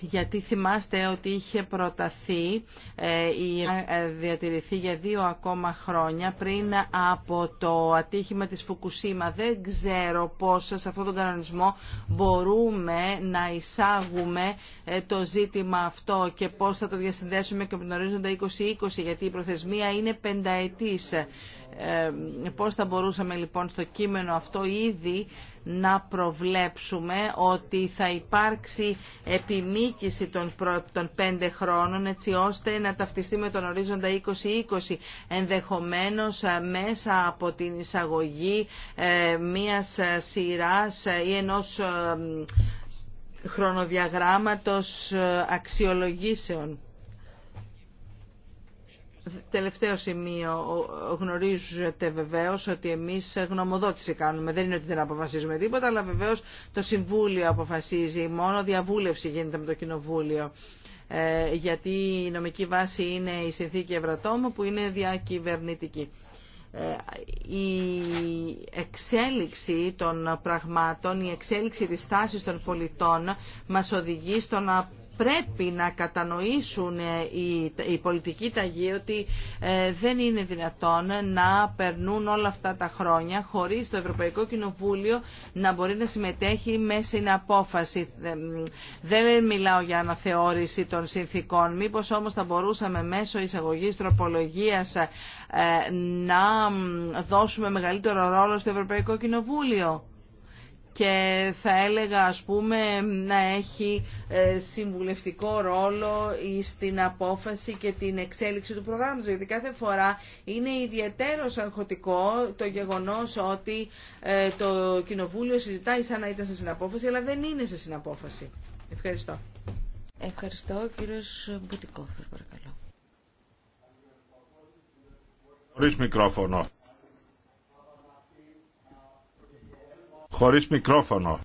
γιατί θυμάστε ότι είχε προταθεί ε, η ε, διατηρηθεί για δύο ακόμα χρόνια πριν από το ατύχημα της Φουκουσίμα. Δεν ξέρω πώς σε αυτόν τον κανονισμό μπορούμε να εισάγουμε ε, το ζήτημα αυτό και πώς θα το διασυνδέσουμε και με τον ορίζοντα 2020, γιατί η προθεσμία είναι πενταετής. Ε, πώς θα μπορούσαμε λοιπόν στο κείμενο αυτό ήδη να προβλέψουμε ότι θα υπάρξει επιμήκυση των, πέντε χρόνων έτσι ώστε να ταυτιστεί με τον ορίζοντα 2020 ενδεχομένως ε, μέσα από την εισαγωγή ε, μίας σειράς ή ενός χρονοδιαγράμματος αξιολογήσεων. Τελευταίο σημείο. Γνωρίζετε βεβαίω ότι εμεί γνωμοδότηση κάνουμε. Δεν είναι ότι δεν αποφασίζουμε τίποτα, αλλά βεβαίω το Συμβούλιο αποφασίζει. Μόνο διαβούλευση γίνεται με το Κοινοβούλιο. Ε, γιατί η νομική βάση είναι η συνθήκη Ευρωτόμου που είναι διακυβερνητική. Ε, η εξέλιξη των πραγμάτων, η εξέλιξη της τάση των πολιτών μας οδηγεί στο να πρέπει να κατανοήσουν ε, οι, οι πολιτικοί ταγοί ότι ε, δεν είναι δυνατόν να περνούν όλα αυτά τα χρόνια χωρίς το Ευρωπαϊκό Κοινοβούλιο να μπορεί να συμμετέχει με συναπόφαση. Ε, δεν μιλάω για αναθεώρηση των συνθήκων. Μήπως όμως θα μπορούσαμε μέσω εισαγωγής τροπολογίας να δώσουμε μεγαλύτερο ρόλο στο Ευρωπαϊκό Κοινοβούλιο και θα έλεγα ας πούμε να έχει ε, συμβουλευτικό ρόλο στην απόφαση και την εξέλιξη του προγράμματος. Γιατί κάθε φορά είναι ιδιαίτερο αγχωτικό το γεγονός ότι ε, το Κοινοβούλιο συζητάει σαν να ήταν σε συναπόφαση, αλλά δεν είναι σε συναπόφαση. Ευχαριστώ. Ευχαριστώ. Κύριος Μπουτικόφερ, παρακαλώ. Χωρίς μικρόφωνο. Χωρίς μικρόφωνο.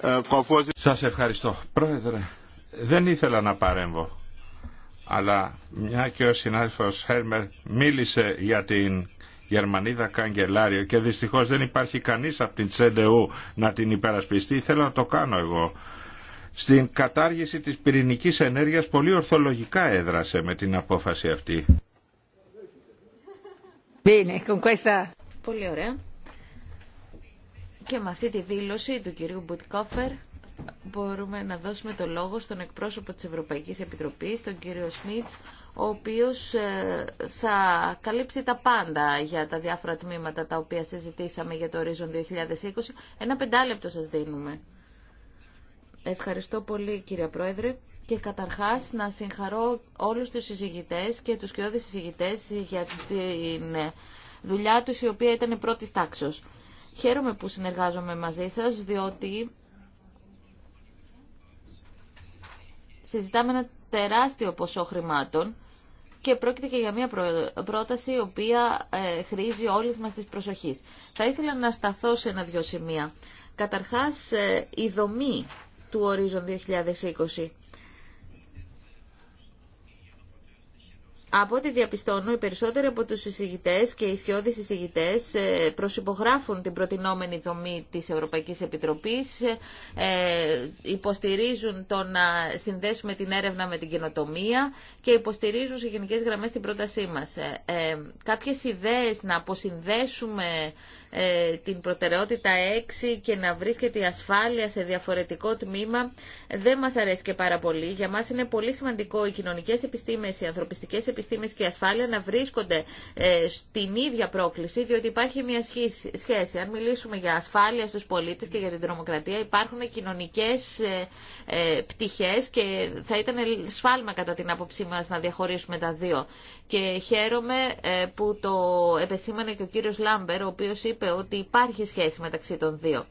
Ε, Σας ευχαριστώ. Πρόεδρε, δεν ήθελα να παρέμβω. Αλλά μια και ο συνάδελφος Χέρμερ μίλησε για την Γερμανίδα καγκελάριο και δυστυχώς δεν υπάρχει κανείς από την Τσεντεού να την υπερασπιστεί. Θέλω να το κάνω εγώ. Στην κατάργηση της πυρηνικής ενέργειας πολύ ορθολογικά έδρασε με την απόφαση αυτή. Πολύ ωραία. Και με αυτή τη δήλωση του κυρίου Μπουτκόφερ μπορούμε να δώσουμε το λόγο στον εκπρόσωπο της Ευρωπαϊκής Επιτροπής, τον κύριο Σμίτς, ο οποίος ε, θα καλύψει τα πάντα για τα διάφορα τμήματα τα οποία συζητήσαμε για το Horizon 2020. Ένα πεντάλεπτο σας δίνουμε. Ευχαριστώ πολύ κύριε Πρόεδρε. Και καταρχάς να συγχαρώ όλους τους συζηγητές και τους κοιόδης συζηγητές για την δουλειά τους η οποία ήταν πρώτης τάξος. Χαίρομαι που συνεργάζομαι μαζί σας, διότι συζητάμε ένα τεράστιο ποσό χρημάτων και πρόκειται και για μια πρόταση η οποία ε, χρήζει όλης μας της προσοχής. Θα ήθελα να σταθώ σε ένα-δυο σημεία. Καταρχάς, ε, η δομή του Horizon 2020. από ό,τι διαπιστώνω, οι περισσότεροι από τους εισηγητές και οι σκιώδεις εισηγητές ε, προσυπογράφουν την προτινόμενη δομή της Ευρωπαϊκής Επιτροπής, ε, υποστηρίζουν το να συνδέσουμε την έρευνα με την καινοτομία και υποστηρίζουν σε γενικές γραμμές την πρότασή μας. Ε, κάποιες ιδέες να αποσυνδέσουμε ε, την προτεραιότητα 6 και να βρίσκεται η ασφάλεια σε διαφορετικό τμήμα δεν μας αρέσει και πάρα πολύ. Για μας είναι πολύ σημαντικό οι κοινωνικές επιστήμες, οι ανθρωπιστικές επιστήμες και η ασφάλεια να βρίσκονται ε, στην ίδια πρόκληση διότι υπάρχει μια σχέση. Αν μιλήσουμε για ασφάλεια στους πολίτες και για την τρομοκρατία υπάρχουν κοινωνικές ε, πτυχές και θα ήταν σφάλμα κατά την άποψή μας να διαχωρίσουμε τα δύο και χαίρομαι ε, που το επεσήμανε και ο κύριος Λάμπερ, ο οποίος είπε ότι υπάρχει σχέση μεταξύ των δύο.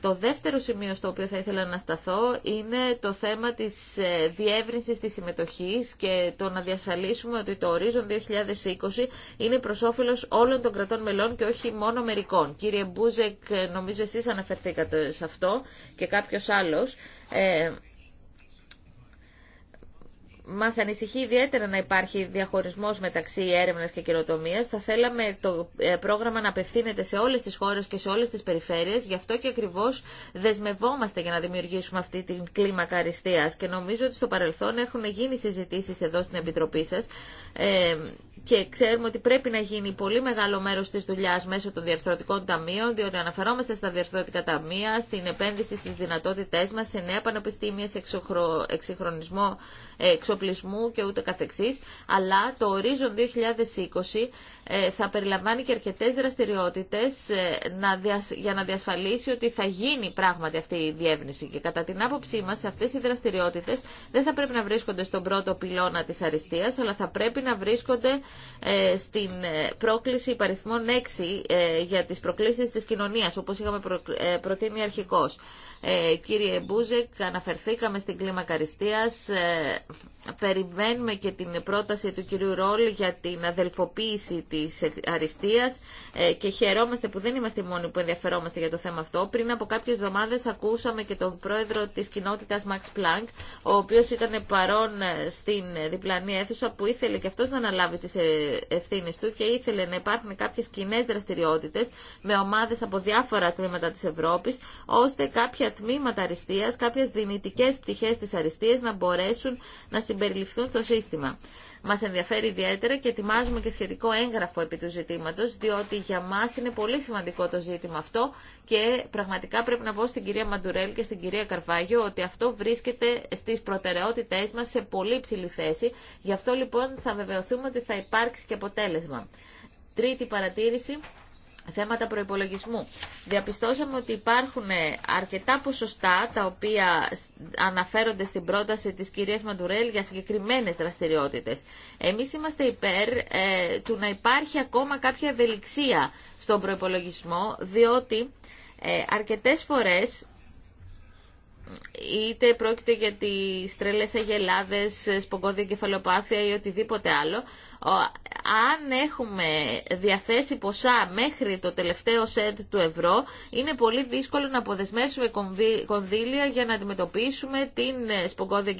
Το δεύτερο σημείο στο οποίο θα ήθελα να σταθώ είναι το θέμα της ε, διεύρυνσης της συμμετοχής και το να διασφαλίσουμε ότι το ορίζον 2020 είναι προς όφελος όλων των κρατών μελών και όχι μόνο μερικών. Κύριε Μπούζεκ, νομίζω εσείς αναφερθήκατε σε αυτό και κάποιος άλλος. Ε, Μα ανησυχεί ιδιαίτερα να υπάρχει διαχωρισμό μεταξύ έρευνα και καινοτομία. Θα θέλαμε το ε, πρόγραμμα να απευθύνεται σε όλε τι χώρε και σε όλε τι περιφέρειες. Γι' αυτό και ακριβώ δεσμευόμαστε για να δημιουργήσουμε αυτή την κλίμακα αριστεία. Και νομίζω ότι στο παρελθόν έχουν γίνει συζητήσει εδώ στην Επιτροπή σα. Ε, και ξέρουμε ότι πρέπει να γίνει πολύ μεγάλο μέρο τη δουλειά μέσω των διαρθρωτικών ταμείων, διότι αναφερόμαστε στα διαρθρωτικά ταμεία, στην επένδυση στι δυνατότητέ μα, σε νέα πανεπιστήμια, σε εξυγχρονισμό εξοπλισμού και ούτε καθεξής, αλλά το ορίζον 2020 ε, θα περιλαμβάνει και αρκετέ δραστηριότητε ε, για να διασφαλίσει ότι θα γίνει πράγματι αυτή η διεύνηση. Και κατά την άποψή μα, αυτέ οι δραστηριότητε δεν θα πρέπει να βρίσκονται στον πρώτο πυλώνα τη αριστεία, αλλά θα πρέπει να βρίσκονται ε, στην πρόκληση υπαριθμών 6 για τι προκλήσει τη κοινωνία, όπω είχαμε προτείνει αρχικώ. Κύριε Μπούζεκ, αναφερθήκαμε στην κλίμακα αριστεία. Περιμένουμε και την πρόταση του κυρίου Ρόλ για την αδελφοποίηση της αριστείας ε, και χαιρόμαστε που δεν είμαστε οι μόνοι που ενδιαφερόμαστε για το θέμα αυτό. Πριν από κάποιες εβδομάδες ακούσαμε και τον πρόεδρο της κοινότητας Max Planck, ο οποίος ήταν παρόν ε, στην διπλανή αίθουσα που ήθελε και αυτός να αναλάβει τις ε, ευθύνε του και ήθελε να υπάρχουν κάποιες κοινέ δραστηριότητες με ομάδες από διάφορα τμήματα της Ευρώπης, ώστε κάποια τμήματα αριστείας, κάποιες δυνητικές πτυχές της αριστείας να μπορέσουν να συμπεριληφθούν στο σύστημα μας ενδιαφέρει ιδιαίτερα και ετοιμάζουμε και σχετικό έγγραφο επί του ζητήματος, διότι για μας είναι πολύ σημαντικό το ζήτημα αυτό και πραγματικά πρέπει να πω στην κυρία Μαντουρέλ και στην κυρία Καρβάγιο ότι αυτό βρίσκεται στις προτεραιότητές μας σε πολύ ψηλή θέση. Γι' αυτό λοιπόν θα βεβαιωθούμε ότι θα υπάρξει και αποτέλεσμα. Τρίτη παρατήρηση, θέματα προϋπολογισμού. Διαπιστώσαμε ότι υπάρχουν αρκετά ποσοστά τα οποία αναφέρονται στην πρόταση της κυρίας Μαντουρέλ για συγκεκριμένες δραστηριότητες. Εμείς είμαστε υπέρ ε, του να υπάρχει ακόμα κάποια ευελιξία στον προϋπολογισμό, διότι ε, αρκετές φορές είτε πρόκειται για τις τρελές αγελάδες, σπογγόδια κεφαλοπάθεια ή οτιδήποτε άλλο, αν έχουμε διαθέσει ποσά μέχρι το τελευταίο σετ του ευρώ, είναι πολύ δύσκολο να αποδεσμεύσουμε κονδύλια για να αντιμετωπίσουμε την ε, σπογγόδια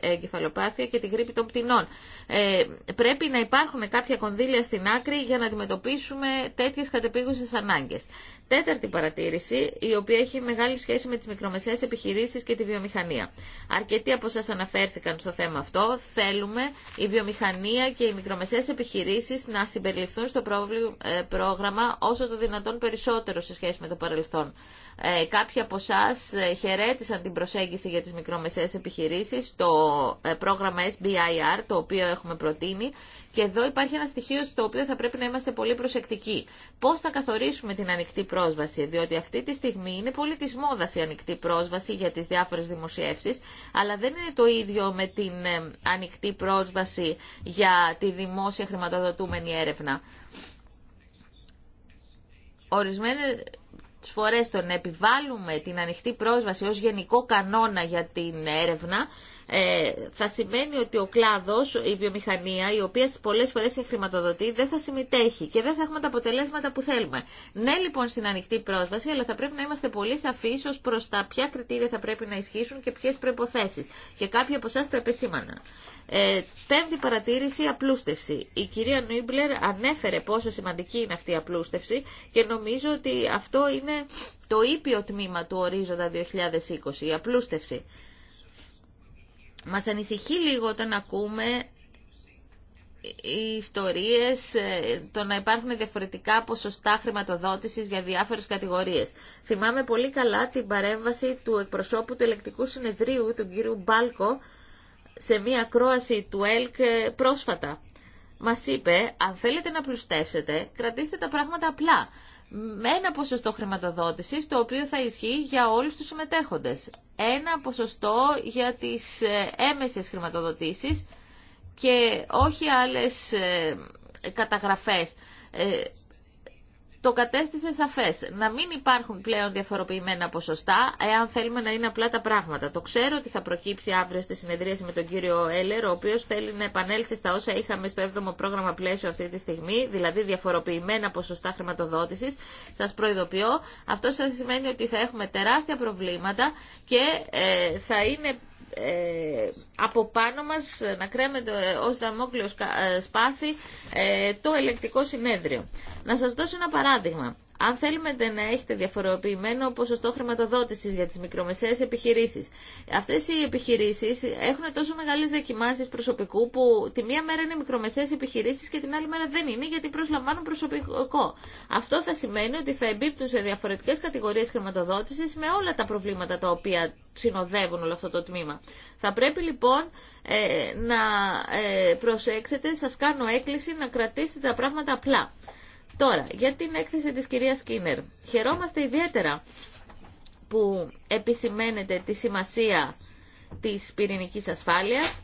ε, κεφαλοπάθεια και την γρήπη των πτηνών. Ε, πρέπει να υπάρχουν κάποια κονδύλια στην άκρη για να αντιμετωπίσουμε τέτοιες κατεπήγουσες ανάγκες. Τέταρτη παρατήρηση, η οποία έχει μεγάλη σχέση με τις μικρομεσαίες επιχειρήσεις και τη βιομηχανία. Αρκετοί από σας αναφέρθηκαν στο θέμα αυτό. Θέλουμε η βιομηχανία και οι μικρομεσαίες επιχειρήσεις να συμπεριληφθούν στο ε, πρόγραμμα όσο το δυνατόν περισσότερο σε σχέση με το παρελθόν. Ε, κάποιοι από εσά χαιρέτησαν την προσέγγιση για τι μικρομεσαίε επιχειρήσει, το ε, πρόγραμμα SBIR, το οποίο έχουμε προτείνει και εδώ υπάρχει ένα στοιχείο στο οποίο θα πρέπει να είμαστε πολύ προσεκτικοί. Πώ θα καθορίσουμε την ανοιχτή πρόσβαση, διότι αυτή τη στιγμή είναι πολύ τη μόδα η ανοιχτή πρόσβαση για τι διάφορε δημοσιεύσει, αλλά δεν είναι το ίδιο με την ε, ανοιχτή πρόσβαση για τη δημόσια χρηματοδοτούμενη έρευνα. Ορισμένε φορέ το να επιβάλλουμε την ανοιχτή πρόσβαση ω γενικό κανόνα για την έρευνα ε, θα σημαίνει ότι ο κλάδος, η βιομηχανία, η οποία πολλές φορές χρηματοδοτεί, δεν θα συμμετέχει και δεν θα έχουμε τα αποτελέσματα που θέλουμε. Ναι λοιπόν στην ανοιχτή πρόσβαση, αλλά θα πρέπει να είμαστε πολύ σαφείς ως προς τα ποια κριτήρια θα πρέπει να ισχύσουν και ποιες προϋποθέσεις. Και κάποιοι από εσά το επεσήμαναν. Ε, πέμπτη παρατήρηση, απλούστευση. Η κυρία Νούιμπλερ ανέφερε πόσο σημαντική είναι αυτή η απλούστευση και νομίζω ότι αυτό είναι το ήπιο τμήμα του ορίζοντα 2020, η απλούστευση. Μας ανησυχεί λίγο όταν ακούμε οι ιστορίες, ε, το να υπάρχουν διαφορετικά ποσοστά χρηματοδότησης για διάφορες κατηγορίες. Θυμάμαι πολύ καλά την παρέμβαση του εκπροσώπου του Ελεκτικού Συνεδρίου, του κύριου Μπάλκο, σε μία ακρόαση του ΕΛΚ ε, πρόσφατα. Μας είπε, αν θέλετε να πλουστεύσετε, κρατήστε τα πράγματα απλά με ένα ποσοστό χρηματοδότησης το οποίο θα ισχύει για όλους τους συμμετέχοντες. Ένα ποσοστό για τις ε, έμεσες χρηματοδοτήσεις και όχι άλλες ε, καταγραφές. Ε, το κατέστησε σαφέ. Να μην υπάρχουν πλέον διαφοροποιημένα ποσοστά, εάν θέλουμε να είναι απλά τα πράγματα. Το ξέρω ότι θα προκύψει αύριο στη συνεδρίαση με τον κύριο Έλερ, ο οποίο θέλει να επανέλθει στα όσα είχαμε στο 7ο πρόγραμμα πλαίσιο αυτή τη στιγμή, δηλαδή διαφοροποιημένα ποσοστά χρηματοδότηση, σα προειδοποιώ, αυτό σα σημαίνει ότι θα έχουμε τεράστια προβλήματα και ε, θα είναι ε, από πάνω μας ε, να κρέμεται ως δαμόκλειο ε, σπάθη ε, το ελεκτικό συνέδριο. Να σας δώσω ένα παράδειγμα. Αν θέλουμε να έχετε διαφοροποιημένο ποσοστό χρηματοδότηση για τι μικρομεσαίε επιχειρήσει, αυτέ οι επιχειρήσει έχουν τόσο μεγάλε δοκιμάσει προσωπικού που τη μία μέρα είναι μικρομεσαίε επιχειρήσει και την άλλη μέρα δεν είναι γιατί προσλαμβάνουν προσωπικό. Αυτό θα σημαίνει ότι θα εμπίπτουν σε διαφορετικέ κατηγορίε χρηματοδότηση με όλα τα προβλήματα τα οποία συνοδεύουν όλο αυτό το τμήμα. Θα πρέπει λοιπόν ε, να ε, προσέξετε, σα κάνω έκκληση να κρατήσετε τα πράγματα απλά. Τώρα, για την έκθεση της κυρίας Σκίνερ. Χαιρόμαστε ιδιαίτερα που επισημαίνεται τη σημασία της πυρηνικής ασφάλειας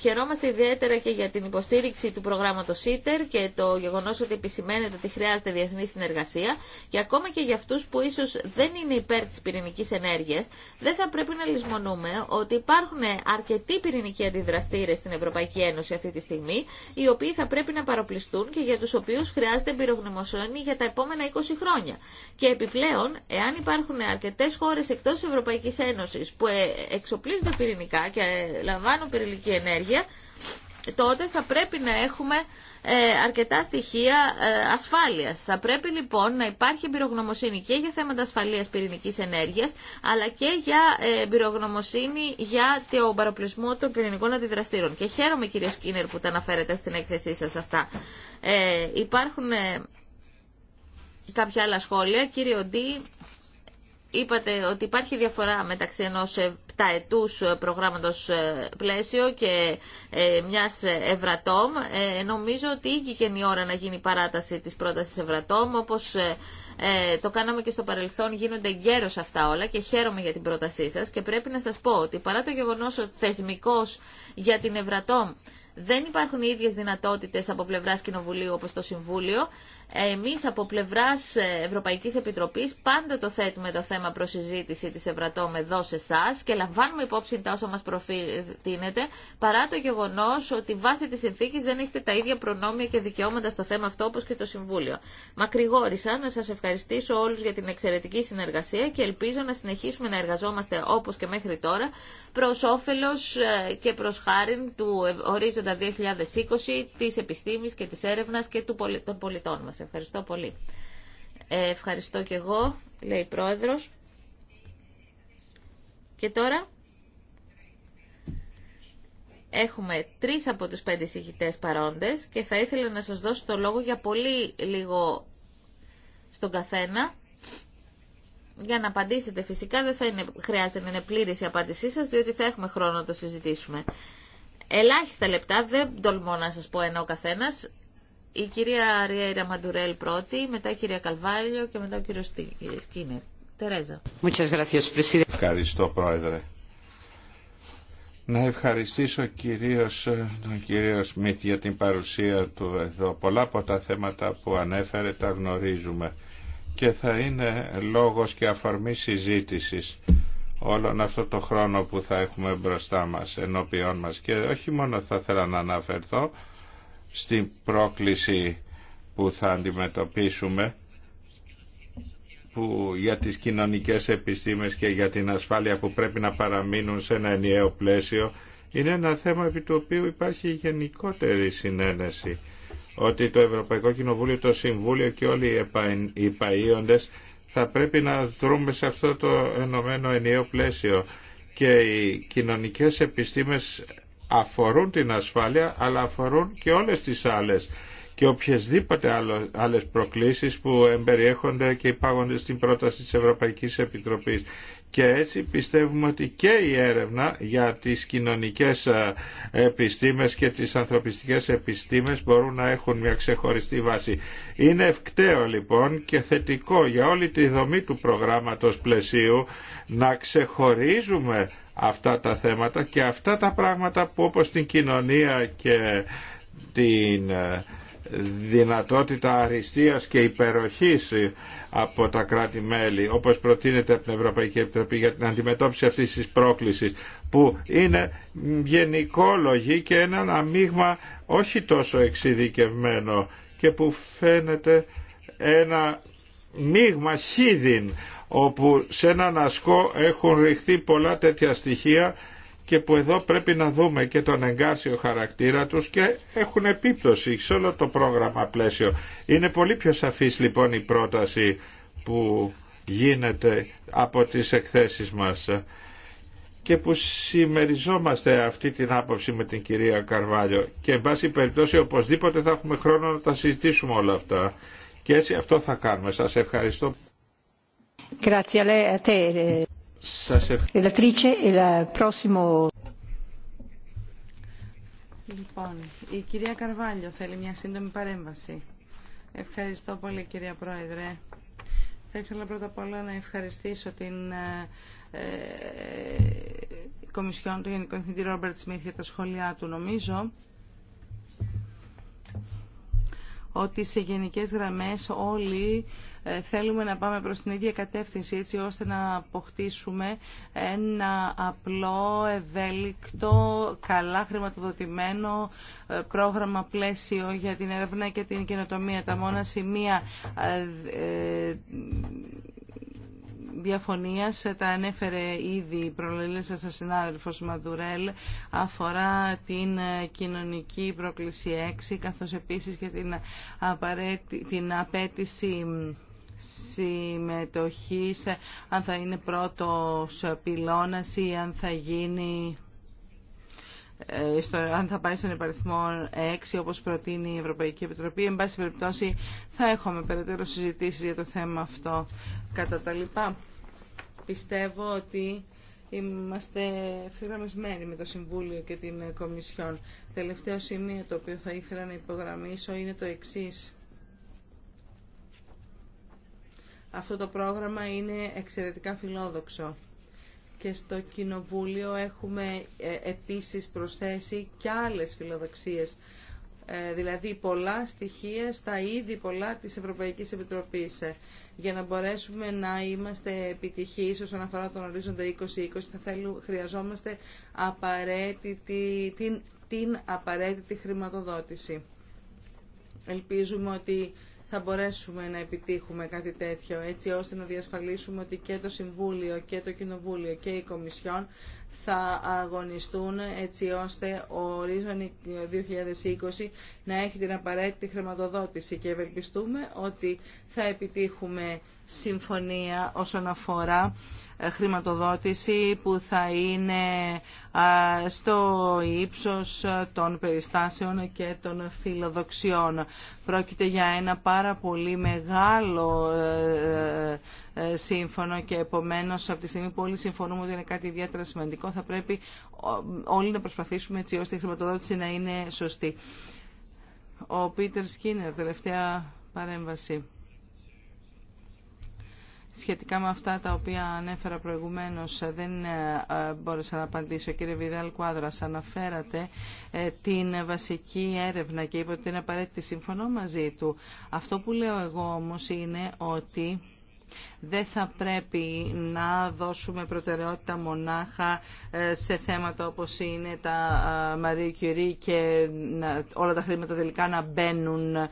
Χαιρόμαστε ιδιαίτερα και για την υποστήριξη του προγράμματο ΣΥΤΕΡ και το γεγονό ότι επισημαίνεται ότι χρειάζεται διεθνή συνεργασία και ακόμα και για αυτού που ίσω δεν είναι υπέρ τη πυρηνική ενέργεια, δεν θα πρέπει να λησμονούμε ότι υπάρχουν αρκετοί πυρηνικοί αντιδραστήρε στην Ευρωπαϊκή Ένωση αυτή τη στιγμή, οι οποίοι θα πρέπει να παροπλιστούν και για του οποίου χρειάζεται εμπειρογνωμοσύνη για τα επόμενα 20 χρόνια. Και επιπλέον, εάν υπάρχουν αρκετέ χώρε εκτό Ευρωπαϊκή Ένωση που ε, εξοπλίζονται πυρηνικά και ε, λαμβάνουν πυρηνική ενέργεια, τότε θα πρέπει να έχουμε ε, αρκετά στοιχεία ε, ασφάλειας. Θα πρέπει λοιπόν να υπάρχει εμπειρογνωμοσύνη και για θέματα ασφαλείας πυρηνικής ενέργειας, αλλά και για ε, εμπειρογνωμοσύνη για τον παροπλισμό των πυρηνικών αντιδραστήρων. Και χαίρομαι κύριε Σκίνερ που τα αναφέρετε στην έκθεσή σας αυτά. Ε, υπάρχουν κάποια άλλα σχόλια. Κύριε Οντή, είπατε ότι υπάρχει διαφορά μεταξύ ενός πταετούς ε, προγράμματος ε, πλαίσιο και ε, μιας Ευρατόμ. Νομίζω ότι ήγηκε η ώρα να γίνει η παράταση της πρότασης Ευρατόμ, όπως το κάναμε και στο παρελθόν, γίνονται γέρος αυτά όλα και χαίρομαι για την πρότασή σας και πρέπει να σας πω ότι παρά το γεγονός ότι θεσμικό για την Ευρατόμ δεν υπάρχουν οι ίδιες δυνατότητες από πλευρά Κοινοβουλίου όπω το Συμβούλιο, εμείς από πλευράς Ευρωπαϊκής Επιτροπής πάντα το θέτουμε το θέμα προς συζήτηση της Ευρατόμ εδώ σε εσά και λαμβάνουμε υπόψη τα όσα μας προτείνεται παρά το γεγονός ότι βάσει της συνθήκης δεν έχετε τα ίδια προνόμια και δικαιώματα στο θέμα αυτό όπως και το Συμβούλιο. Μακρηγόρησα να σας ευχαριστήσω όλους για την εξαιρετική συνεργασία και ελπίζω να συνεχίσουμε να εργαζόμαστε όπως και μέχρι τώρα προς όφελος ε, και προς χάρη του ορίζοντα 2020 της επιστήμης και της έρευνας και των πολιτών μας. Σας ευχαριστώ πολύ. Ε, ευχαριστώ και εγώ, λέει η Πρόεδρος. Και τώρα έχουμε τρεις από τους πέντε συγχυτές παρόντες και θα ήθελα να σας δώσω το λόγο για πολύ λίγο στον καθένα για να απαντήσετε φυσικά δεν θα είναι, χρειάζεται να είναι πλήρης η απάντησή σας διότι θα έχουμε χρόνο να το συζητήσουμε ελάχιστα λεπτά δεν τολμώ να σας πω ένα ο καθένας η κυρία Ριέρα Μαντουρέλ πρώτη, μετά η κυρία Καλβάλιο και μετά ο κύριο Σκίνερ. Τερέζα. Ευχαριστώ πρόεδρε. Να ευχαριστήσω κυρίως ε, τον κύριο Σμιθ για την παρουσία του εδώ. Πολλά από τα θέματα που ανέφερε τα γνωρίζουμε και θα είναι λόγος και αφορμή συζήτησης όλον αυτό το χρόνο που θα έχουμε μπροστά μας, ενώπιόν μας. Και όχι μόνο θα ήθελα να αναφερθώ στην πρόκληση που θα αντιμετωπίσουμε που για τις κοινωνικές επιστήμες και για την ασφάλεια που πρέπει να παραμείνουν σε ένα ενιαίο πλαίσιο είναι ένα θέμα επί του οποίου υπάρχει γενικότερη συνένεση ότι το Ευρωπαϊκό Κοινοβούλιο, το Συμβούλιο και όλοι οι υπαΐοντες θα πρέπει να δρούμε σε αυτό το ενωμένο ενιαίο πλαίσιο και οι κοινωνικές επιστήμες αφορούν την ασφάλεια αλλά αφορούν και όλες τις άλλες και οποιασδήποτε άλλες προκλήσεις που εμπεριέχονται και υπάγονται στην πρόταση της Ευρωπαϊκής Επιτροπής. Και έτσι πιστεύουμε ότι και η έρευνα για τις κοινωνικές ε, επιστήμες και τις ανθρωπιστικές επιστήμες μπορούν να έχουν μια ξεχωριστή βάση. Είναι ευκταίο λοιπόν και θετικό για όλη τη δομή του προγράμματος πλαισίου να ξεχωρίζουμε αυτά τα θέματα και αυτά τα πράγματα που όπως την κοινωνία και την ε, δυνατότητα αριστείας και υπεροχής ε, από τα κράτη-μέλη όπως προτείνεται από την Ευρωπαϊκή Επιτροπή για την αντιμετώπιση αυτής της πρόκλησης που είναι γενικόλογη και ένα αμίγμα όχι τόσο εξειδικευμένο και που φαίνεται ένα μείγμα χίδιν όπου σε έναν ασκό έχουν ρηχθεί πολλά τέτοια στοιχεία και που εδώ πρέπει να δούμε και τον εγκάρσιο χαρακτήρα τους και έχουν επίπτωση σε όλο το πρόγραμμα πλαίσιο. Είναι πολύ πιο σαφής λοιπόν η πρόταση που γίνεται από τις εκθέσεις μας και που συμμεριζόμαστε αυτή την άποψη με την κυρία Καρβάλιο και εν πάση περιπτώσει οπωσδήποτε θα έχουμε χρόνο να τα συζητήσουμε όλα αυτά και έτσι αυτό θα κάνουμε. Σας ευχαριστώ. Grazie a lei, e a te, eh, e Λοιπόν, η κυρία Καρβάλιο θέλει μια σύντομη παρέμβαση. Ευχαριστώ πολύ κυρία Πρόεδρε. Θα ήθελα πρώτα απ' όλα να ευχαριστήσω την ε, ε Κομισιόν του Γενικού Εθνητή Ρόμπερτ Σμίθ για τα σχόλιά του. Νομίζω ότι σε γενικές γραμμές όλοι ε, θέλουμε να πάμε προς την ίδια κατεύθυνση έτσι ώστε να αποκτήσουμε ένα απλό, ευέλικτο, καλά χρηματοδοτημένο ε, πρόγραμμα πλαίσιο για την έρευνα και την καινοτομία. Τα μόνα σημεία ε, διαφωνίας, τα ανέφερε ήδη προλελήσα σας συνάδελφος Μαδουρέλ, αφορά την κοινωνική πρόκληση 6, καθώς επίσης και την, την απέτηση συμμετοχής, αν θα είναι πρώτος πυλώνας ή αν θα γίνει ε, στο, αν θα πάει στον υπαριθμό 6 όπως προτείνει η Ευρωπαϊκή Επιτροπή εν πάση περιπτώσει θα έχουμε περαιτέρω συζητήσεις για το θέμα αυτό κατά τα λοιπά πιστεύω ότι είμαστε ευθυγραμμισμένοι με το Συμβούλιο και την Κομισιόν τελευταίο σημείο το οποίο θα ήθελα να υπογραμμίσω είναι το εξής Αυτό το πρόγραμμα είναι εξαιρετικά φιλόδοξο. Και στο Κοινοβούλιο έχουμε ε, επίσης προσθέσει και άλλες φιλοδοξίες. Ε, δηλαδή πολλά στοιχεία στα ήδη πολλά της Ευρωπαϊκής Επιτροπής ε, για να μπορέσουμε να είμαστε επιτυχείς όσον αφορά τον ορίζοντα 2020 θα θέλουμε, χρειαζόμαστε απαραίτητη, την, την απαραίτητη χρηματοδότηση. Ελπίζουμε ότι θα μπορέσουμε να επιτύχουμε κάτι τέτοιο, έτσι ώστε να διασφαλίσουμε ότι και το Συμβούλιο και το Κοινοβούλιο και η Κομισιόν θα αγωνιστούν έτσι ώστε ο Ρίζων 2020 να έχει την απαραίτητη χρηματοδότηση και ευελπιστούμε ότι θα επιτύχουμε συμφωνία όσον αφορά ε, χρηματοδότηση που θα είναι στο ύψος ε, των περιστάσεων και των φιλοδοξιών. Πρόκειται για ένα πάρα πολύ μεγάλο ε, σύμφωνο και επομένως από τη στιγμή που όλοι συμφωνούμε ότι είναι κάτι ιδιαίτερα σημαντικό σημαντικό. Θα πρέπει όλοι να προσπαθήσουμε έτσι ώστε η χρηματοδότηση να είναι σωστή. Ο Πίτερ Σκίνερ, τελευταία παρέμβαση. Σχετικά με αυτά τα οποία ανέφερα προηγουμένως δεν ε, μπόρεσα να απαντήσω. Κύριε Βιδάλ Κουάδρας, αναφέρατε ε, την βασική έρευνα και είπε ότι είναι απαραίτητη. Συμφωνώ μαζί του. Αυτό που λέω εγώ όμως είναι ότι δεν θα πρέπει να δώσουμε προτεραιότητα μονάχα ε, σε θέματα όπως είναι τα ε, Marie Curie και όλα τα χρήματα τελικά να μπαίνουν, ε,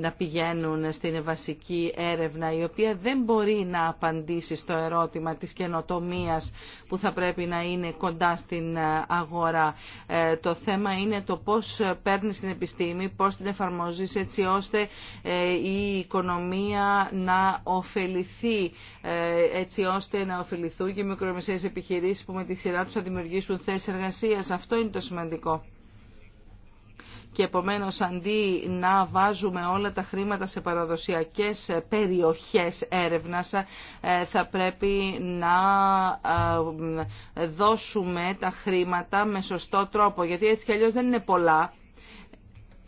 να πηγαίνουν στην βασική έρευνα η οποία δεν μπορεί να απαντήσει στο ερώτημα της καινοτομίας που θα πρέπει να είναι κοντά στην αγορά. Το θέμα είναι το πώς παίρνει την επιστήμη, πώς την εφαρμόζεις έτσι ώστε η οικονομία να ωφεληθεί ε, έτσι ώστε να ωφεληθούν και οι μικρομεσαίες επιχειρήσεις που με τη σειρά τους θα δημιουργήσουν θέσεις εργασίας. Αυτό είναι το σημαντικό. Και επομένως αντί να βάζουμε όλα τα χρήματα σε παραδοσιακές περιοχές έρευνας ε, θα πρέπει να ε, δώσουμε τα χρήματα με σωστό τρόπο γιατί έτσι κι αλλιώς δεν είναι πολλά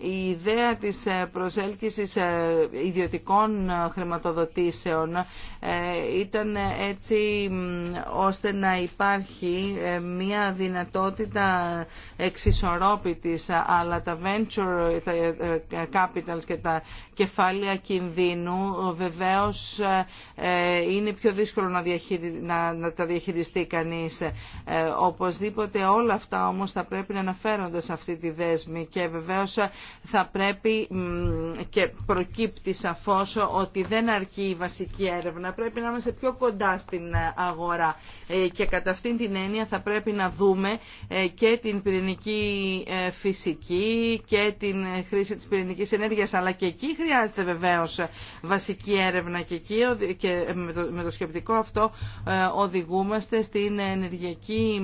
η ιδέα της ε, προσέλκυσης ε, ιδιωτικών ε, χρηματοδοτήσεων ήταν έτσι ώστε να υπάρχει μια δυνατότητα εξισορρόπητης αλλά τα venture τα capitals και τα κεφάλαια κινδύνου βεβαίως είναι πιο δύσκολο να, να, τα διαχειριστεί κανείς. Οπωσδήποτε όλα αυτά όμως θα πρέπει να αναφέρονται σε αυτή τη δέσμη και βεβαίως θα πρέπει και προκύπτει σαφώς ότι δεν αρκεί η βασική έρευνα. Πρέπει να είμαστε πιο κοντά στην ε, αγορά ε, και κατά αυτήν την έννοια θα πρέπει να δούμε ε, και την πυρηνική φυσική και την χρήση της πυρηνικής ενέργειας. Αλλά και εκεί χρειάζεται βεβαίως βασική έρευνα και εκεί και με το σκεπτικό αυτό οδηγούμαστε στην ενεργειακή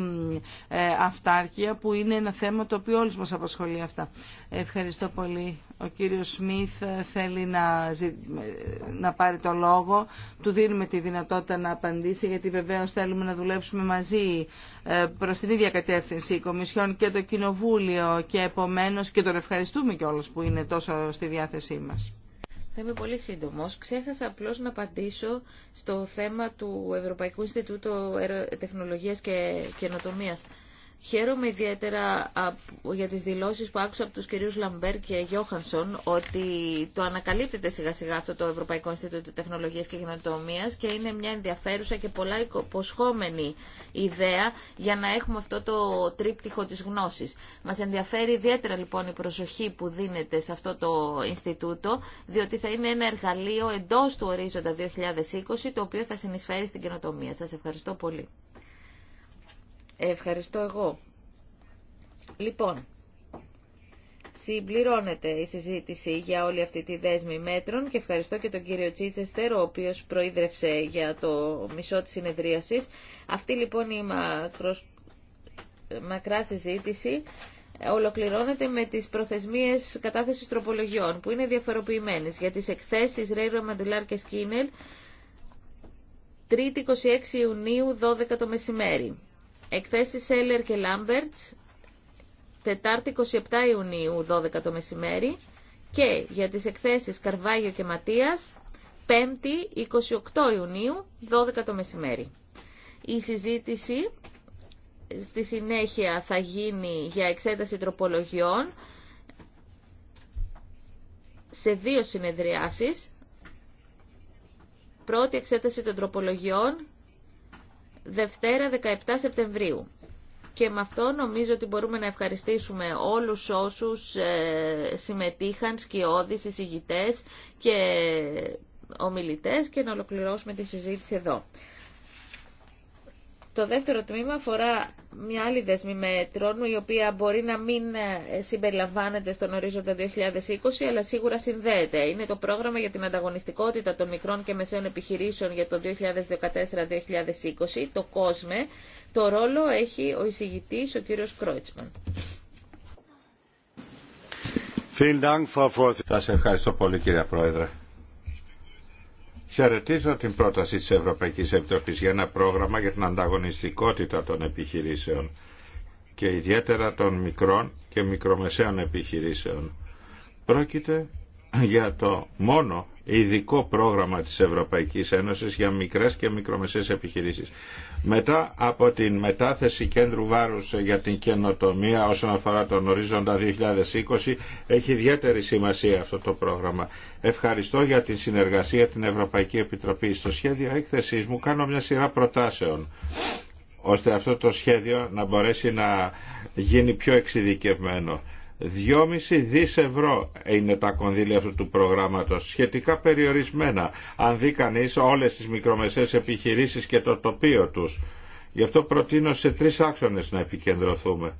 αυτάρκεια που είναι ένα θέμα το οποίο όλους μας απασχολεί αυτά. Ευχαριστώ. Ευχαριστώ πολύ. Ο κύριος Σμιθ ε, θέλει να, ε, να πάρει το λόγο. Του δίνουμε τη δυνατότητα να απαντήσει, γιατί βεβαίως θέλουμε να δουλέψουμε μαζί ε, προς την ίδια κατεύθυνση η Κομισιόν και το Κοινοβούλιο και επομένως και τον ευχαριστούμε κιόλας που είναι τόσο στη διάθεσή μας. Θα είμαι πολύ σύντομο. Ξέχασα απλώ να απαντήσω στο θέμα του Ευρωπαϊκού Ινστιτούτου Τεχνολογία και Καινοτομία. Χαίρομαι ιδιαίτερα για τις δηλώσεις που άκουσα από τους κυρίους Λαμπέρ και Γιώχανσον ότι το ανακαλύπτεται σιγά σιγά αυτό το Ευρωπαϊκό Ινστιτούτο Τεχνολογίας και Γενοτομίας και είναι μια ενδιαφέρουσα και πολλά υποσχόμενη ιδέα για να έχουμε αυτό το τρίπτυχο της γνώσης. Μας ενδιαφέρει ιδιαίτερα λοιπόν η προσοχή που δίνεται σε αυτό το Ινστιτούτο διότι θα είναι ένα εργαλείο εντός του ορίζοντα 2020 το οποίο θα συνεισφέρει στην καινοτομία. Σας ευχαριστώ πολύ. Ευχαριστώ εγώ. Λοιπόν, συμπληρώνεται η συζήτηση για όλη αυτή τη δέσμη μέτρων και ευχαριστώ και τον κύριο Τσίτσεστερ, ο οποίος προείδρευσε για το μισό της συνεδρίασης. Αυτή λοιπόν η μακρά συζήτηση ολοκληρώνεται με τις προθεσμίες κατάθεσης τροπολογιών, που είναι διαφοροποιημένες για τις εκθέσεις Ρέιρο Μαντιλάρ και Σκίνελ, 3η 26 Ιουνίου 12 το μεσημέρι. Εκθέσει Έλερ και Λάμπερτ. Τετάρτη 27 Ιουνίου, 12 το μεσημέρι. Και για τις εκθέσεις Καρβάγιο και Ματίας, 5η 28 Ιουνίου, 12 το μεσημέρι. Η συζήτηση στη συνέχεια θα γίνει για εξέταση τροπολογιών σε δύο συνεδριάσεις. Πρώτη εξέταση των τροπολογιών Δευτέρα 17 Σεπτεμβρίου. Και με αυτό νομίζω ότι μπορούμε να ευχαριστήσουμε όλους όσους ε, συμμετείχαν, σκιώδεις, εισηγητές και ομιλητές και να ολοκληρώσουμε τη συζήτηση εδώ. Το δεύτερο τμήμα αφορά μια άλλη δεσμή μέτρων, η οποία μπορεί να μην ε, συμπεριλαμβάνεται στον ορίζοντα 2020, αλλά σίγουρα συνδέεται. Είναι το πρόγραμμα για την ανταγωνιστικότητα των μικρών και μεσαίων επιχειρήσεων για το 2014-2020, το COSME. Το ρόλο έχει ο εισηγητής, ο κύριος Κρόιτσμαν. Σας ευχαριστώ πολύ κύριε Πρόεδρε. Χαιρετίζω την πρόταση της Ευρωπαϊκής Επιτροπής για ένα πρόγραμμα για την ανταγωνιστικότητα των επιχειρήσεων και ιδιαίτερα των μικρών και μικρομεσαίων επιχειρήσεων. Πρόκειται για το μόνο ειδικό πρόγραμμα της Ευρωπαϊκής Ένωσης για μικρές και μικρομεσαίες επιχειρήσεις. Μετά από την μετάθεση κέντρου βάρους για την καινοτομία όσον αφορά τον ορίζοντα 2020 έχει ιδιαίτερη σημασία αυτό το πρόγραμμα. Ευχαριστώ για τη συνεργασία την Ευρωπαϊκή Επιτροπή. Στο σχέδιο έκθεσής μου κάνω μια σειρά προτάσεων ώστε αυτό το σχέδιο να μπορέσει να γίνει πιο εξειδικευμένο. 2,5 δις ευρώ είναι τα κονδύλια αυτού του προγράμματος, σχετικά περιορισμένα, αν δει κανείς όλες τις μικρομεσαίες επιχειρήσεις και το τοπίο τους. Γι' αυτό προτείνω σε τρεις άξονες να επικεντρωθούμε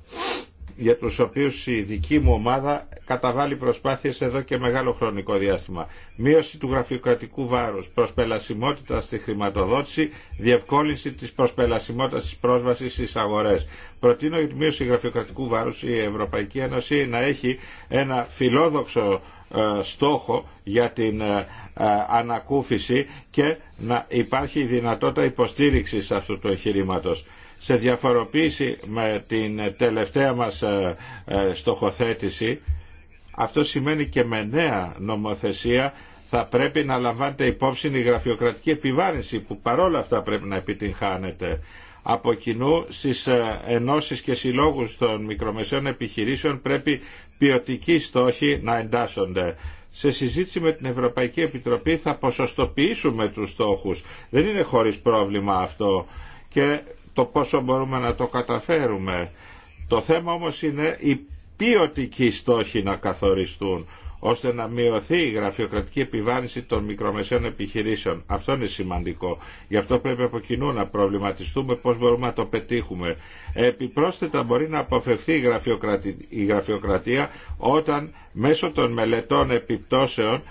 για τους οποίους η δική μου ομάδα καταβάλει προσπάθειες εδώ και μεγάλο χρονικό διάστημα. Μείωση του γραφειοκρατικού βάρους, προσπελασιμότητα στη χρηματοδότηση, διευκόλυνση της προσπελασιμότητας της πρόσβασης στις αγορές. Προτείνω για τη μείωση γραφειοκρατικού βάρους η Ευρωπαϊκή Ένωση να έχει ένα φιλόδοξο ε, στόχο για την ε, ε, ανακούφιση και να υπάρχει δυνατότητα υποστήριξης αυτού του εγχειρήματος σε διαφοροποίηση με την τελευταία μας ε, ε, στοχοθέτηση αυτό σημαίνει και με νέα νομοθεσία θα πρέπει να λαμβάνετε υπόψη η γραφειοκρατική επιβάρυνση που παρόλα αυτά πρέπει να επιτυγχάνεται από κοινού στις ε, ενώσεις και συλλόγους των μικρομεσαίων επιχειρήσεων πρέπει ποιοτικοί στόχοι να εντάσσονται. Σε συζήτηση με την Ευρωπαϊκή Επιτροπή θα ποσοστοποιήσουμε τους στόχους. Δεν είναι χωρίς πρόβλημα αυτό. Και το πόσο μπορούμε να το καταφέρουμε. Το θέμα όμως είναι οι ποιοτικοί στόχοι να καθοριστούν ώστε να μειωθεί η γραφειοκρατική επιβάρυνση των μικρομεσαίων επιχειρήσεων. Αυτό είναι σημαντικό. Γι' αυτό πρέπει από κοινού να προβληματιστούμε πώς μπορούμε να το πετύχουμε. Επιπρόσθετα μπορεί να αποφευθεί η, γραφειοκρατη... η γραφειοκρατία όταν μέσω των μελετών επιπτώσεων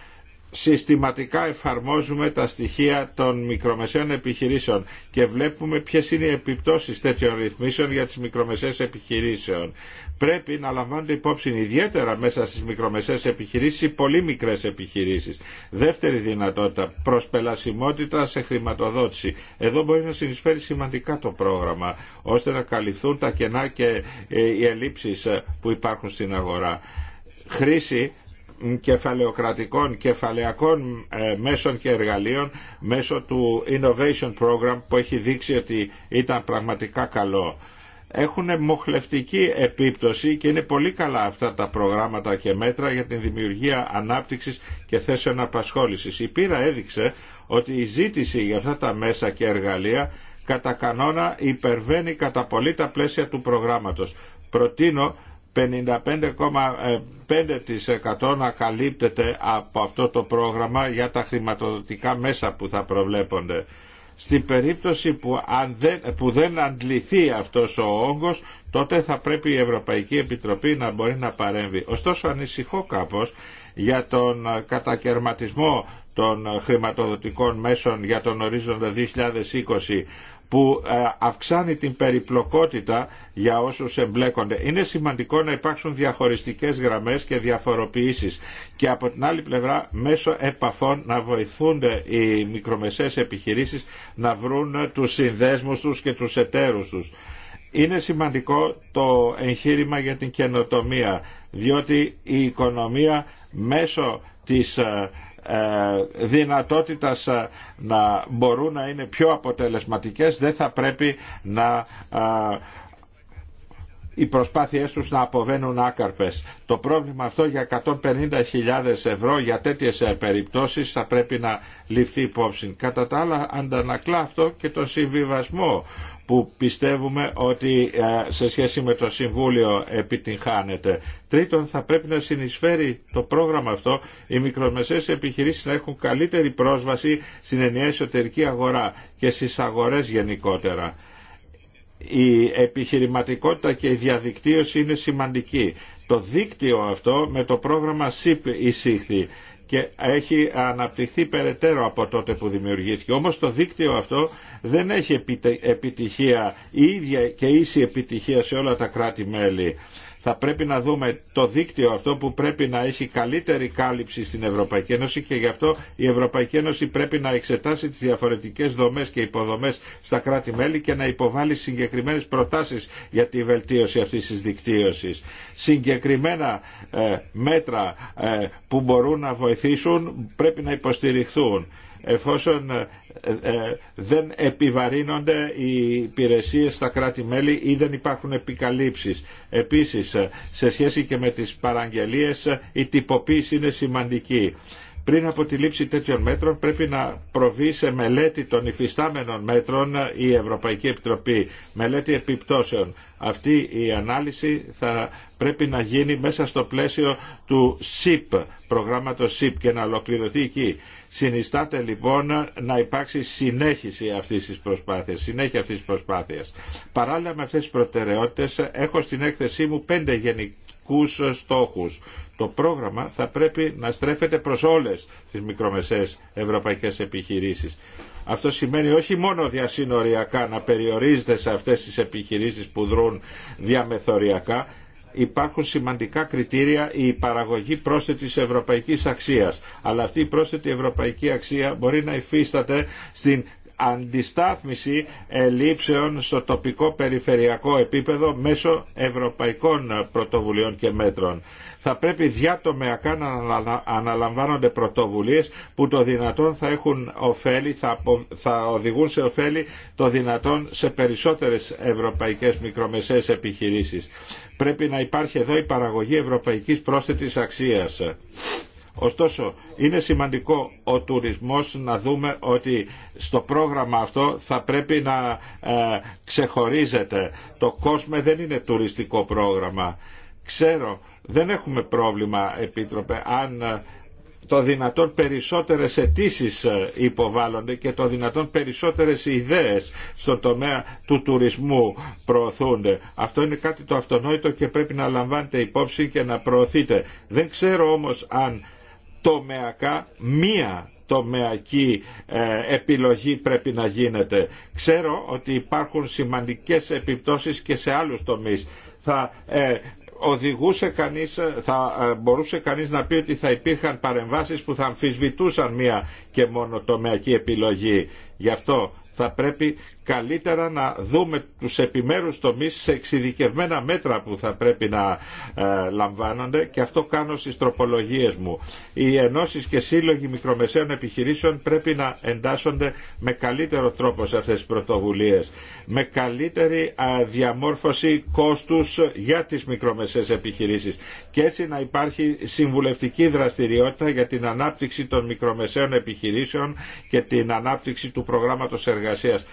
συστηματικά εφαρμόζουμε τα στοιχεία των μικρομεσαίων επιχειρήσεων και βλέπουμε ποιες είναι οι επιπτώσεις τέτοιων ρυθμίσεων για τις μικρομεσαίες επιχειρήσεων. Πρέπει να λαμβάνονται υπόψη ιδιαίτερα μέσα στις μικρομεσαίες επιχειρήσεις οι πολύ μικρές επιχειρήσεις. Δεύτερη δυνατότητα, προσπελασιμότητα σε χρηματοδότηση. Εδώ μπορεί να συνεισφέρει σημαντικά το πρόγραμμα, ώστε να καλυφθούν τα κενά και ε, οι ελλείψεις ε, που υπάρχουν στην αγορά. Χρήση κεφαλαιοκρατικών, κεφαλαιακών ε, μέσων και εργαλείων μέσω του Innovation Program που έχει δείξει ότι ήταν πραγματικά καλό. Έχουν μοχλευτική επίπτωση και είναι πολύ καλά αυτά τα προγράμματα και μέτρα για την δημιουργία ανάπτυξης και θέσεων απασχόλησης. Η πείρα έδειξε ότι η ζήτηση για αυτά τα μέσα και εργαλεία κατά κανόνα υπερβαίνει κατά πολύ τα πλαίσια του προγράμματος. Προτείνω 55,5% ε, να καλύπτεται από αυτό το πρόγραμμα για τα χρηματοδοτικά μέσα που θα προβλέπονται. Στην περίπτωση που, αν δεν, που δεν αντληθεί αυτός ο όγκος, τότε θα πρέπει η Ευρωπαϊκή Επιτροπή να μπορεί να παρέμβει. Ωστόσο ανησυχώ κάπως για τον κατακαιρματισμό των χρηματοδοτικών μέσων για τον ορίζοντα 2020 που ε, αυξάνει την περιπλοκότητα για όσους εμπλέκονται. Είναι σημαντικό να υπάρξουν διαχωριστικές γραμμές και διαφοροποιήσεις και από την άλλη πλευρά μέσω επαφών να βοηθούνται οι μικρομεσαίες επιχειρήσεις να βρουν τους συνδέσμους τους και τους εταίρους τους. Είναι σημαντικό το εγχείρημα για την καινοτομία, διότι η οικονομία μέσω της ε, ε, δυνατότητας ε, να μπορούν να είναι πιο αποτελεσματικές δεν θα πρέπει να ε, οι προσπάθειές τους να αποβαίνουν άκαρπες. Το πρόβλημα αυτό για 150.000 ευρώ για τέτοιες περιπτώσεις θα πρέπει να ληφθεί υπόψη. Κατά τα άλλα αντανακλά αυτό και τον συμβιβασμό που πιστεύουμε ότι ε, σε σχέση με το Συμβούλιο επιτυγχάνεται. Τρίτον, θα πρέπει να συνεισφέρει το πρόγραμμα αυτό οι μικρομεσαίες επιχειρήσεις να έχουν καλύτερη πρόσβαση στην ενιαία εσωτερική αγορά και στις αγορές γενικότερα. Η επιχειρηματικότητα και η διαδικτύωση είναι σημαντική. Το δίκτυο αυτό με το πρόγραμμα SIP εισήχθη και έχει αναπτυχθεί περαιτέρω από τότε που δημιουργήθηκε. Όμως το δίκτυο αυτό δεν έχει επιτυχία, η ίδια και ίση επιτυχία σε όλα τα κράτη-μέλη θα πρέπει να δούμε το δίκτυο αυτό που πρέπει να έχει καλύτερη κάλυψη στην Ευρωπαϊκή Ένωση και γι' αυτό η Ευρωπαϊκή Ένωση πρέπει να εξετάσει τις διαφορετικές δομές και υποδομές στα κράτη-μέλη και να υποβάλει συγκεκριμένες προτάσεις για τη βελτίωση αυτής της δικτύωσης. Συγκεκριμένα ε, μέτρα ε, που μπορούν να βοηθήσουν πρέπει να υποστηριχθούν εφόσον ε, ε, δεν επιβαρύνονται οι υπηρεσίες στα κράτη-μέλη ή δεν υπάρχουν επικαλύψεις. Επίσης, ε, σε σχέση και με τις παραγγελίες, η τυποποίηση είναι σημαντική πριν από τη λήψη τέτοιων μέτρων πρέπει να προβεί σε μελέτη των υφιστάμενων μέτρων η Ευρωπαϊκή Επιτροπή, μελέτη επιπτώσεων. Αυτή η ανάλυση θα πρέπει να γίνει μέσα στο πλαίσιο του ΣΥΠ, προγράμματος ΣΥΠ και να ολοκληρωθεί εκεί. Συνιστάται λοιπόν να υπάρξει συνέχιση αυτής της προσπάθειας, συνέχεια αυτής της προσπάθειας. Παράλληλα με αυτές τις προτεραιότητες έχω στην έκθεσή μου πέντε γενικούς στόχους το πρόγραμμα θα πρέπει να στρέφεται προς όλες τις μικρομεσαίες ευρωπαϊκές επιχειρήσεις. Αυτό σημαίνει όχι μόνο διασυνοριακά να περιορίζεται σε αυτές τις επιχειρήσεις που δρούν διαμεθοριακά, υπάρχουν σημαντικά κριτήρια η παραγωγή πρόσθετης ευρωπαϊκής αξίας. Αλλά αυτή η πρόσθετη ευρωπαϊκή αξία μπορεί να υφίσταται στην αντιστάθμιση ελλείψεων στο τοπικό περιφερειακό επίπεδο μέσω ευρωπαϊκών πρωτοβουλειών και μέτρων. Θα πρέπει διατομεακά να αναλαμβάνονται πρωτοβουλίες που το δυνατόν θα έχουν ωφέλη, θα, θα οδηγούν σε ωφέλη το δυνατόν σε περισσότερες ευρωπαϊκές μικρομεσαίες επιχειρήσεις. Πρέπει να υπάρχει εδώ η παραγωγή ευρωπαϊκής πρόσθετης αξίας Ωστόσο, είναι σημαντικό ο τουρισμός να δούμε ότι στο πρόγραμμα αυτό θα πρέπει να ε, ξεχωρίζεται. Το κόσμο δεν είναι τουριστικό πρόγραμμα. Ξέρω, δεν έχουμε πρόβλημα, Επίτροπε, αν ε, το δυνατόν περισσότερες αιτήσει ε, υποβάλλονται και το δυνατόν περισσότερες ιδέες στον τομέα του τουρισμού προωθούνται. Αυτό είναι κάτι το αυτονόητο και πρέπει να λαμβάνετε υπόψη και να προωθείτε. Δεν ξέρω όμως αν τομεακά μία τομεακή ε, επιλογή πρέπει να γίνεται. Ξέρω ότι υπάρχουν σημαντικές επιπτώσεις και σε άλλους τομείς. Θα ε, οδηγούσε κανείς, ε, θα μπορούσε κανείς να πει ότι θα υπήρχαν παρεμβάσεις που θα αμφισβητούσαν μία και μόνο τομεακή επιλογή. Γι' αυτό θα πρέπει καλύτερα να δούμε τους επιμέρους τομείς σε εξειδικευμένα μέτρα που θα πρέπει να ε, λαμβάνονται και αυτό κάνω στις τροπολογίες μου. Οι ενώσεις και σύλλογοι μικρομεσαίων επιχειρήσεων πρέπει να εντάσσονται με καλύτερο τρόπο σε αυτές τις πρωτοβουλίες. Με καλύτερη ε, διαμόρφωση κόστους για τις μικρομεσαίες επιχειρήσεις και έτσι να υπάρχει συμβουλευτική δραστηριότητα για την ανάπτυξη των μικρομεσαίων επιχειρήσεων και την ανάπτυξη του προγράμματος εργασίας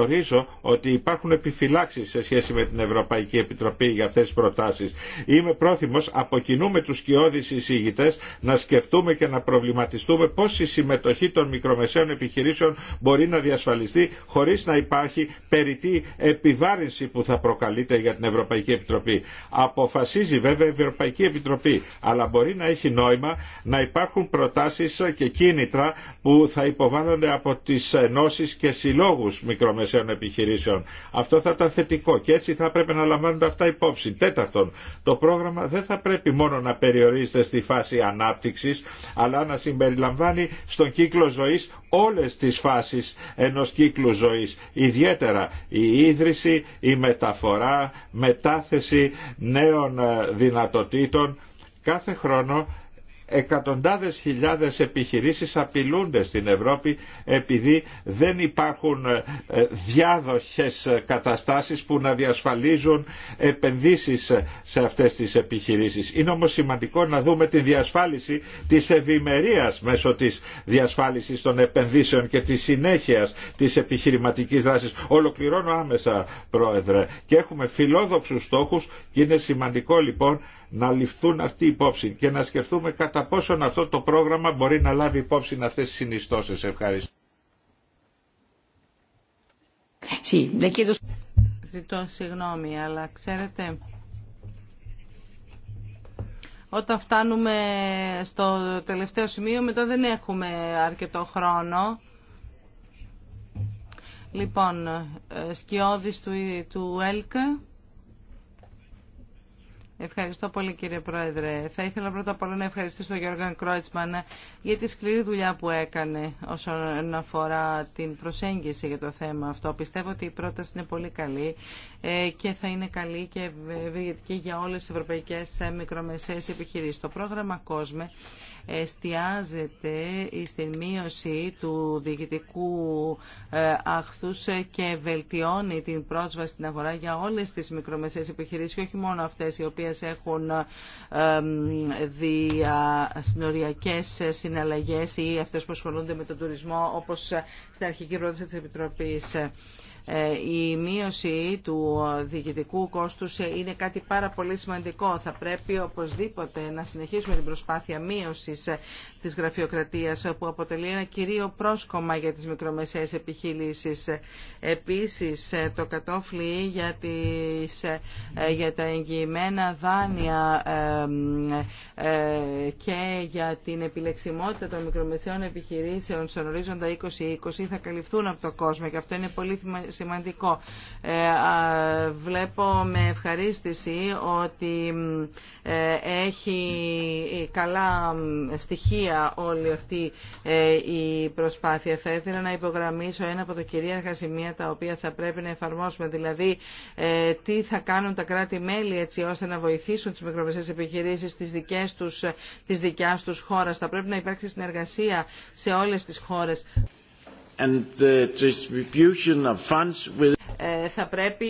γνωρίζω ότι υπάρχουν επιφυλάξεις σε σχέση με την Ευρωπαϊκή Επιτροπή για αυτές τις προτάσεις. Είμαι πρόθυμος από κοινού με τους κοιόδης εισηγητές να σκεφτούμε και να προβληματιστούμε πώς η συμμετοχή των μικρομεσαίων επιχειρήσεων μπορεί να διασφαλιστεί χωρίς να υπάρχει περιττή επιβάρυνση που θα προκαλείται για την Ευρωπαϊκή Επιτροπή. Αποφασίζει βέβαια η Ευρωπαϊκή Επιτροπή, αλλά μπορεί να έχει νόημα να υπάρχουν προτάσεις και κίνητρα που θα υποβάλλονται από τις ενώσεις και συλλόγους μικρομεσαίων επιχειρήσεων. Αυτό θα ήταν θετικό και έτσι θα πρέπει να λαμβάνονται αυτά υπόψη. Τέταρτον, το πρόγραμμα δεν θα πρέπει μόνο να περιορίζεται στη φάση ανάπτυξης, αλλά να συμπεριλαμβάνει στον κύκλο ζωής όλες τις φάσεις ενός κύκλου ζωής. Ιδιαίτερα η ίδρυση, η μεταφορά, μετάθεση νέων ε, δυνατοτήτων κάθε χρόνο εκατοντάδες χιλιάδες επιχειρήσεις απειλούνται στην Ευρώπη επειδή δεν υπάρχουν ε, ε, διάδοχες ε, καταστάσεις που να διασφαλίζουν επενδύσεις σε αυτές τις επιχειρήσεις. Είναι όμως σημαντικό να δούμε τη διασφάλιση της ευημερία μέσω της διασφάλισης των επενδύσεων και της συνέχειας της επιχειρηματικής δράσης. Ολοκληρώνω άμεσα Πρόεδρε και έχουμε φιλόδοξους στόχους και είναι σημαντικό λοιπόν να ληφθούν αυτοί υπόψη και να σκεφτούμε κατά πόσον αυτό το πρόγραμμα μπορεί να λάβει υπόψη αυτές τις συνιστώσεις. Ευχαριστώ. Ζητώ συγγνώμη, αλλά ξέρετε, όταν φτάνουμε στο τελευταίο σημείο, μετά δεν έχουμε αρκετό χρόνο. Λοιπόν, ε, σκιώδης του, του ΕΛΚΑ. Ευχαριστώ πολύ κύριε Πρόεδρε. Θα ήθελα πρώτα απ' όλα να ευχαριστήσω τον Γιώργαν Κρότσμαν για τη σκληρή δουλειά που έκανε όσον αφορά την προσέγγιση για το θέμα αυτό. Πιστεύω ότι η πρόταση είναι πολύ καλή ε, και θα είναι καλή και ευεργετική για όλες τις ευρωπαϊκές ε, μικρομεσαίες επιχειρήσεις. Το πρόγραμμα COSME εστιάζεται στην μείωση του διοικητικού ε, άχθους και βελτιώνει την πρόσβαση στην αγορά για όλες τις μικρομεσαίες επιχειρήσεις και όχι μόνο αυτές οι οποίες έχουν διασυνοριακές συναλλαγές ή αυτές που ασχολούνται με τον τουρισμό όπως στην αρχική πρόταση της Επιτροπής. Ε, η μείωση του διοικητικού κόστους είναι κάτι πάρα πολύ σημαντικό. Θα πρέπει οπωσδήποτε να συνεχίσουμε την προσπάθεια μείωσης της γραφειοκρατίας που αποτελεί ένα κυρίο πρόσκομα για τις μικρομεσαίες επιχειρήσεις. Επίσης, το κατόφλι για, ε, για τα εγγυημένα δάνεια ε, και για την επιλεξιμότητα των μικρομεσαίων επιχειρήσεων στον ορίζοντα 2020 θα καλυφθούν από το κόσμο και αυτό είναι πολύ σημαντικό. Ε, βλέπω με ευχαρίστηση ότι ε, έχει καλά στοιχεία όλη αυτή ε, η προσπάθεια. Θα ήθελα να υπογραμμίσω ένα από τα κυρίαρχα σημεία τα οποία θα πρέπει να εφαρμόσουμε, δηλαδή τι θα κάνουν τα κράτη-μέλη έτσι ώστε να βοηθήσουν τις μικρομεσαίες επιχειρήσεις της, δικές τους, της δικιάς τους χώρας. Θα πρέπει να υπάρξει συνεργασία σε όλες τις χώρες. Ε, θα πρέπει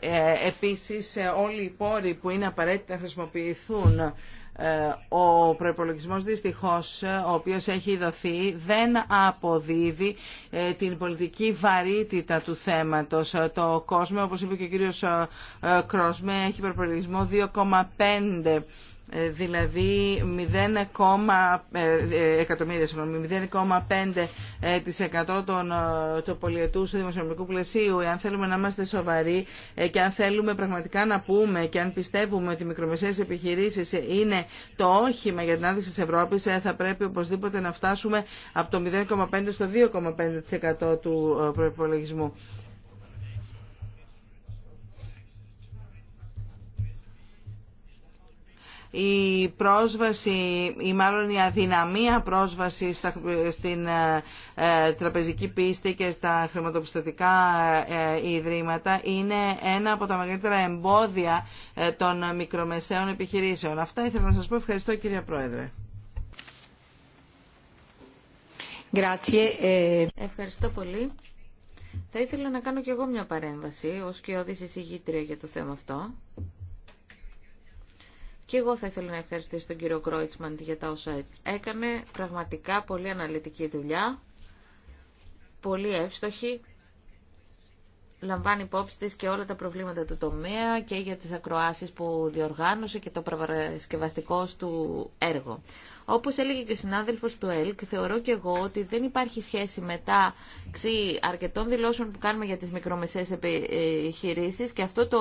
ε, επίσης ε, όλοι οι πόροι που είναι απαραίτητοι να χρησιμοποιηθούν ο προϋπολογισμός δυστυχώς ο οποίος έχει δοθεί δεν αποδίδει την πολιτική βαρύτητα του θέματος. Το κόσμο, όπως είπε και ο κύριος Κρόσμε, έχει προϋπολογισμό 2,5 ε, δηλαδή 0,5% ε, ε, των, του πολιετού του δημοσιονομικού πλαισίου. Αν θέλουμε να είμαστε σοβαροί και αν θέλουμε πραγματικά να πούμε και αν πιστεύουμε ότι οι μικρομεσαίες επιχειρήσεις είναι το όχημα για την άδειξη της Ευρώπης, θα πρέπει οπωσδήποτε να φτάσουμε από το 0,5% στο 2,5% του προπολογισμού. η πρόσβαση ή μάλλον η αδυναμία πρόσβαση στην ε, ε, τραπεζική πίστη και στα χρηματοπιστωτικά ε, ιδρύματα είναι ένα από τα μεγαλύτερα εμπόδια των μικρομεσαίων επιχειρήσεων. Αυτά ήθελα να σας πω. Ευχαριστώ κυρία Πρόεδρε. Ευχαριστώ πολύ. Θα ήθελα να κάνω και εγώ μια παρέμβαση ως και όδηση για το θέμα αυτό. Και εγώ θα ήθελα να ευχαριστήσω τον κύριο Κρόιτσμαντ για τα όσα έκανε. Πραγματικά πολύ αναλυτική δουλειά, πολύ εύστοχη. Λαμβάνει υπόψη της και όλα τα προβλήματα του τομέα και για τις ακροάσεις που διοργάνωσε και το προσκευαστικό του έργο. Όπω έλεγε και ο συνάδελφος του ΕΛΚ, θεωρώ και εγώ ότι δεν υπάρχει σχέση μετά ξύ αρκετών δηλώσεων που κάνουμε για τις μικρομεσαίες επιχειρήσει και αυτό το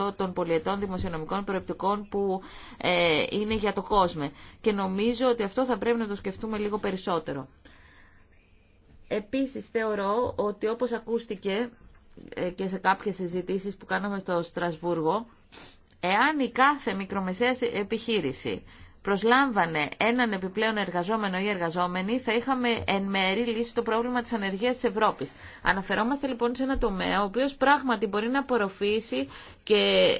0,2% των πολιετών δημοσιονομικών προεπτικών που ε, είναι για το κόσμο. Και νομίζω ότι αυτό θα πρέπει να το σκεφτούμε λίγο περισσότερο. Επίσης θεωρώ ότι όπως ακούστηκε ε, και σε κάποιες συζητήσεις που κάναμε στο Στρασβούργο, Εάν η κάθε μικρομεσαία επιχείρηση προσλάμβανε έναν επιπλέον εργαζόμενο ή εργαζόμενη, θα είχαμε εν μέρη λύσει το πρόβλημα τη ανεργία τη Ευρώπη. Αναφερόμαστε λοιπόν σε ένα τομέα ο οποίο πράγματι μπορεί να απορροφήσει και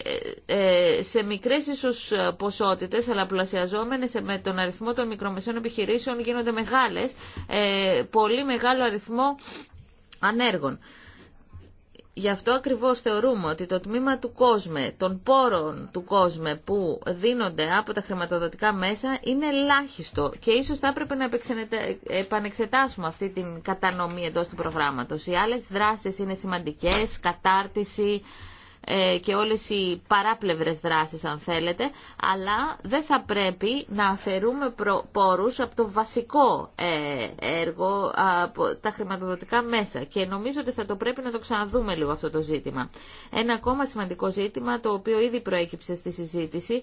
ε, σε μικρέ ίσω ποσότητε, αλλά πλασιαζόμενε με τον αριθμό των μικρομεσαίων επιχειρήσεων γίνονται μεγάλε, ε, πολύ μεγάλο αριθμό ανέργων. Γι' αυτό ακριβώς θεωρούμε ότι το τμήμα του κόσμου, των πόρων του κόσμου που δίνονται από τα χρηματοδοτικά μέσα είναι ελάχιστο και ίσως θα έπρεπε να επανεξετάσουμε αυτή την κατανομή εντός του προγράμματος. Οι άλλες δράσεις είναι σημαντικές, κατάρτιση, ε, και όλες οι παράπλευρες δράσεις αν θέλετε, αλλά δεν θα πρέπει να αφαιρούμε πόρους από το βασικό ε, έργο, από τα χρηματοδοτικά μέσα και νομίζω ότι θα το πρέπει να το ξαναδούμε λίγο αυτό το ζήτημα. Ένα ακόμα σημαντικό ζήτημα το οποίο ήδη προέκυψε στη συζήτηση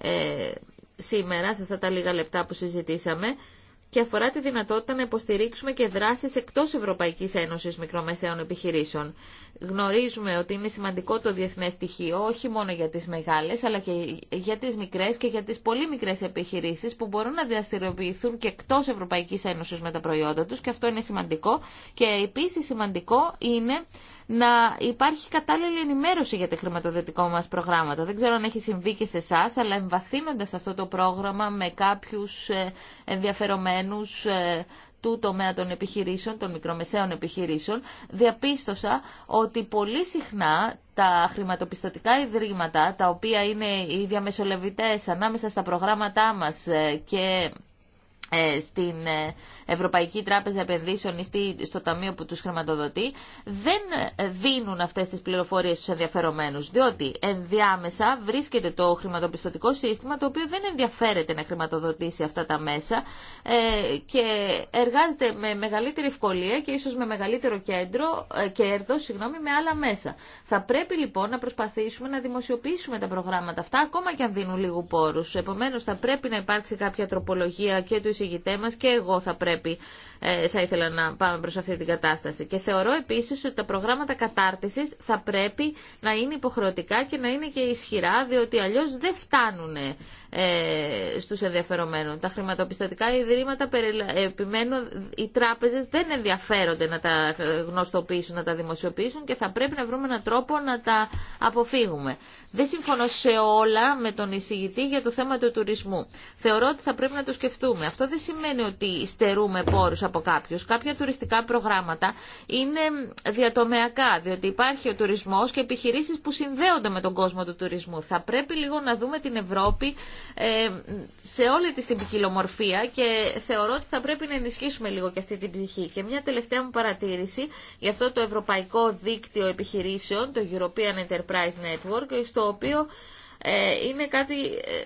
ε, σήμερα, σε αυτά τα λίγα λεπτά που συζητήσαμε, και αφορά τη δυνατότητα να υποστηρίξουμε και δράσεις εκτός Ευρωπαϊκής Ένωσης μικρομεσαίων επιχειρήσεων. Γνωρίζουμε ότι είναι σημαντικό το διεθνές στοιχείο, όχι μόνο για τις μεγάλες, αλλά και για τις μικρές και για τις πολύ μικρές επιχειρήσεις που μπορούν να διαστηριοποιηθούν και εκτός Ευρωπαϊκής Ένωσης με τα προϊόντα τους και αυτό είναι σημαντικό. Και επίσης σημαντικό είναι να υπάρχει κατάλληλη ενημέρωση για τα χρηματοδοτικό μας προγράμματα. Δεν ξέρω αν έχει συμβεί και σε εσά, αλλά εμβαθύνοντας αυτό το πρόγραμμα με κάποιους ε, ενδιαφερομένους ε, του τομέα των επιχειρήσεων, των μικρομεσαίων επιχειρήσεων, διαπίστωσα ότι πολύ συχνά τα χρηματοπιστωτικά ιδρύματα, τα οποία είναι οι διαμεσολευητές ανάμεσα στα προγράμματά μας ε, και ε, στην ε, Ευρωπαϊκή Τράπεζα Επενδύσεων ή στο ταμείο που τους χρηματοδοτεί, δεν ε, δίνουν αυτές τις πληροφορίες στους ενδιαφερομένους, διότι ενδιάμεσα βρίσκεται το χρηματοπιστωτικό σύστημα το οποίο δεν ενδιαφέρεται να χρηματοδοτήσει αυτά τα μέσα και εργάζεται με μεγαλύτερη ευκολία και ίσως με μεγαλύτερο κέντρο, κέρδο συγγνώμη, με άλλα μέσα. Θα πρέπει λοιπόν να προσπαθήσουμε να δημοσιοποιήσουμε τα προγράμματα αυτά, ακόμα και αν δίνουν λίγου πόρους. Επομένως θα πρέπει να υπάρξει κάποια τροπολογία και του και εγώ θα πρέπει, ε, θα ήθελα να πάμε προ αυτή την κατάσταση. Και θεωρώ επίσης ότι τα προγράμματα κατάρτισης θα πρέπει να είναι υποχρεωτικά και να είναι και ισχυρά, διότι αλλιώς δεν φτάνουν ε, στους ενδιαφερομένους. Τα χρηματοπιστωτικά ιδρύματα επιμένουν, οι τράπεζες δεν ενδιαφέρονται να τα γνωστοποιήσουν, να τα δημοσιοποιήσουν και θα πρέπει να βρούμε έναν τρόπο να τα αποφύγουμε. Δεν συμφωνώ σε όλα με τον εισηγητή για το θέμα του τουρισμού. Θεωρώ ότι θα πρέπει να το σκεφτούμε. Αυτό δεν σημαίνει ότι στερούμε πόρους από κάποιους. Κάποια τουριστικά προγράμματα είναι διατομεακά, διότι υπάρχει ο τουρισμός και επιχειρήσεις που συνδέονται με τον κόσμο του τουρισμού. Θα πρέπει λίγο να δούμε την Ευρώπη ε, σε όλη τη την ποικιλομορφία και θεωρώ ότι θα πρέπει να ενισχύσουμε λίγο και αυτή την ψυχή. Και μια τελευταία μου παρατήρηση για αυτό το Ευρωπαϊκό Δίκτυο Επιχειρήσεων, το European Enterprise Network, στο οποίο ε, είναι κάτι ε,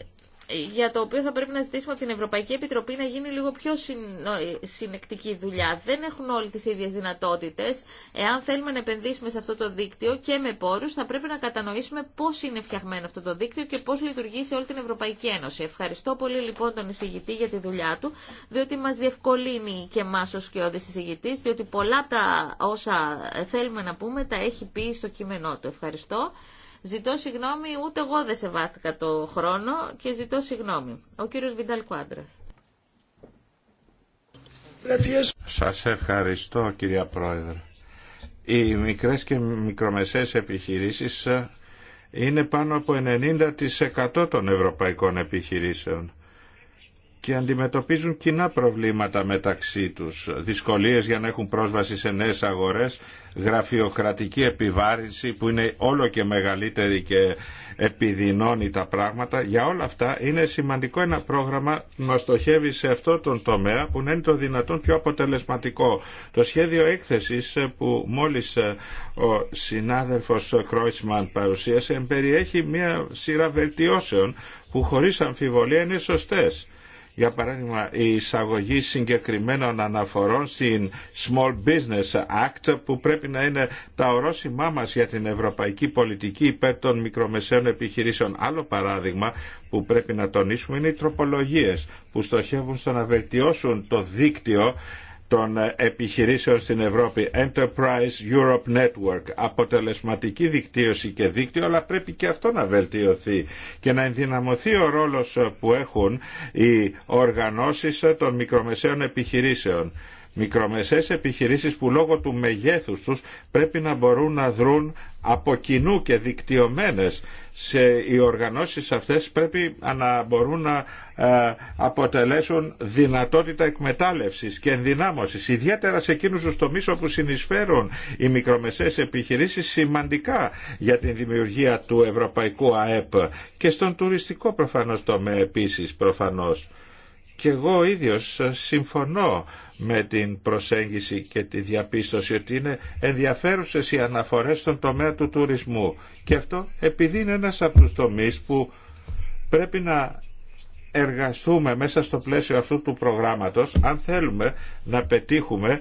για το οποίο θα πρέπει να ζητήσουμε από την Ευρωπαϊκή Επιτροπή να γίνει λίγο πιο ε, συνεκτική δουλειά. Δεν έχουν όλοι τις ίδιες δυνατότητες. Εάν θέλουμε να επενδύσουμε σε αυτό το δίκτυο και με πόρους, θα πρέπει να κατανοήσουμε πώς είναι φτιαγμένο αυτό το δίκτυο και πώς λειτουργεί σε όλη την Ευρωπαϊκή Ένωση. Ευχαριστώ πολύ λοιπόν τον εισηγητή για τη δουλειά του, διότι μας διευκολύνει και εμάς ως σκιώδης εισηγητής, διότι πολλά τα όσα θέλουμε να πούμε τα έχει πει στο κείμενό του. Ευχαριστώ. Ζητώ συγγνώμη, ούτε εγώ δεν σεβάστηκα το χρόνο και ζητώ συγγνώμη. Ο κύριος Βινταλ Κουάντρας. Σας ευχαριστώ κυρία Πρόεδρε. Οι μικρές και μικρομεσαίες επιχειρήσεις ε, είναι πάνω από 90% των ευρωπαϊκών επιχειρήσεων και αντιμετωπίζουν κοινά προβλήματα μεταξύ τους. Δυσκολίες για να έχουν πρόσβαση σε νέες αγορές, γραφειοκρατική επιβάρυνση που είναι όλο και μεγαλύτερη και επιδεινώνει τα πράγματα. Για όλα αυτά είναι σημαντικό ένα πρόγραμμα να στοχεύει σε αυτό τον τομέα που να είναι το δυνατόν πιο αποτελεσματικό. Το σχέδιο έκθεσης που μόλις ο συνάδελφος Κρόισμαν παρουσίασε περιέχει μια σειρά βελτιώσεων που χωρίς αμφιβολία είναι σωστές για παράδειγμα η εισαγωγή συγκεκριμένων αναφορών στην Small Business Act που πρέπει να είναι τα ορόσημά μας για την ευρωπαϊκή πολιτική υπέρ των μικρομεσαίων επιχειρήσεων. Άλλο παράδειγμα που πρέπει να τονίσουμε είναι οι τροπολογίες που στοχεύουν στο να βελτιώσουν το δίκτυο των επιχειρήσεων στην Ευρώπη, Enterprise Europe Network, αποτελεσματική δικτύωση και δίκτυο, αλλά πρέπει και αυτό να βελτιωθεί και να ενδυναμωθεί ο ρόλος που έχουν οι οργανώσεις των μικρομεσαίων επιχειρήσεων μικρομεσαίες επιχειρήσεις που λόγω του μεγέθους τους πρέπει να μπορούν να δρουν από κοινού και δικτυωμένες σε οι οργανώσεις αυτές πρέπει να μπορούν να ε, αποτελέσουν δυνατότητα εκμετάλλευσης και ενδυνάμωσης ιδιαίτερα σε εκείνους τους τομείς όπου συνεισφέρουν οι μικρομεσαίες επιχειρήσεις σημαντικά για την δημιουργία του ευρωπαϊκού ΑΕΠ και στον τουριστικό προφανώς τομέα επίσης προφανώς και εγώ ίδιος ε, συμφωνώ με την προσέγγιση και τη διαπίστωση ότι είναι ενδιαφέρουσες οι αναφορές στον τομέα του τουρισμού. Και αυτό επειδή είναι ένας από τους τομείς που πρέπει να εργαστούμε μέσα στο πλαίσιο αυτού του προγράμματος αν θέλουμε να πετύχουμε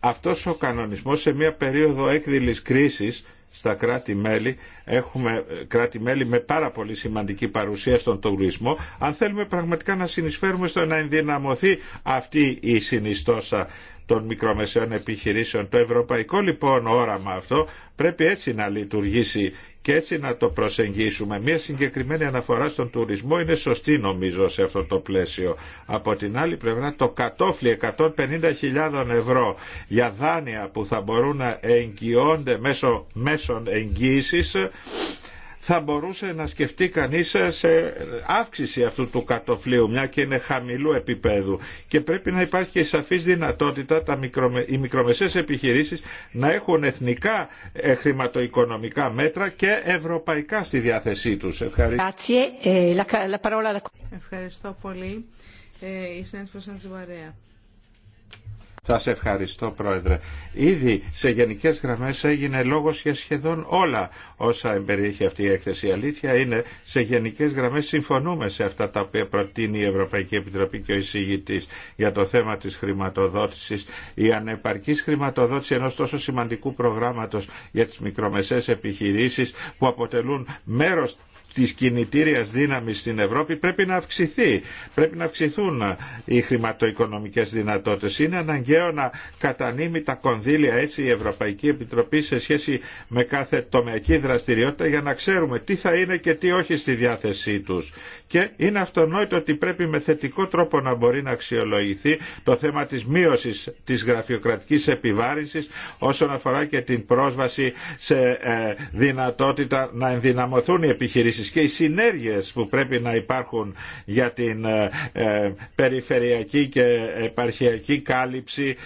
αυτός ο κανονισμός σε μια περίοδο έκδηλης κρίσης στα κράτη-μέλη. Έχουμε ε, κράτη-μέλη με πάρα πολύ σημαντική παρουσία στον τουρισμό. Αν θέλουμε πραγματικά να συνεισφέρουμε στο να ενδυναμωθεί αυτή η συνιστόσα των μικρομεσαίων επιχειρήσεων. Το ευρωπαϊκό λοιπόν όραμα αυτό πρέπει έτσι να λειτουργήσει και έτσι να το προσεγγίσουμε. Μία συγκεκριμένη αναφορά στον τουρισμό είναι σωστή νομίζω σε αυτό το πλαίσιο. Από την άλλη πλευρά το κατόφλι 150.000 ευρώ για δάνεια που θα μπορούν να εγγυώνται μέσω μέσων εγγύησης θα μπορούσε να σκεφτεί κανείς σε αύξηση αυτού του κατοφλίου, μια και είναι χαμηλού επίπεδου. Και πρέπει να υπάρχει και σαφής δυνατότητα τα οι μικρομεσαίες επιχειρήσεις να έχουν εθνικά ε, χρηματοοικονομικά μέτρα και ευρωπαϊκά στη διάθεσή τους. Ε, Ευχαριστώ. πολύ. Ε, σας ευχαριστώ Πρόεδρε. Ήδη σε γενικές γραμμές έγινε λόγος για σχεδόν όλα όσα εμπεριέχει αυτή η έκθεση. Η αλήθεια είναι σε γενικές γραμμές συμφωνούμε σε αυτά τα οποία προτείνει η Ευρωπαϊκή Επιτροπή και ο εισηγητής για το θέμα της χρηματοδότησης. Η ανεπαρκής χρηματοδότηση ενός τόσο σημαντικού προγράμματος για τις μικρομεσαίες επιχειρήσεις που αποτελούν μέρος της κινητήριας δύναμης στην Ευρώπη πρέπει να αυξηθεί. Πρέπει να αυξηθούν οι χρηματοοικονομικές δυνατότητες. Είναι αναγκαίο να κατανείμει τα κονδύλια έτσι η Ευρωπαϊκή Επιτροπή σε σχέση με κάθε τομεακή δραστηριότητα για να ξέρουμε τι θα είναι και τι όχι στη διάθεσή τους. Και είναι αυτονόητο ότι πρέπει με θετικό τρόπο να μπορεί να αξιολογηθεί το θέμα της μείωσης της γραφειοκρατικής επιβάρηση όσον αφορά και την πρόσβαση σε ε, δυνατότητα να ενδυναμωθούν οι επιχειρήσεις και οι συνέργειες που πρέπει να υπάρχουν για την ε, ε, περιφερειακή και επαρχιακή κάλυψη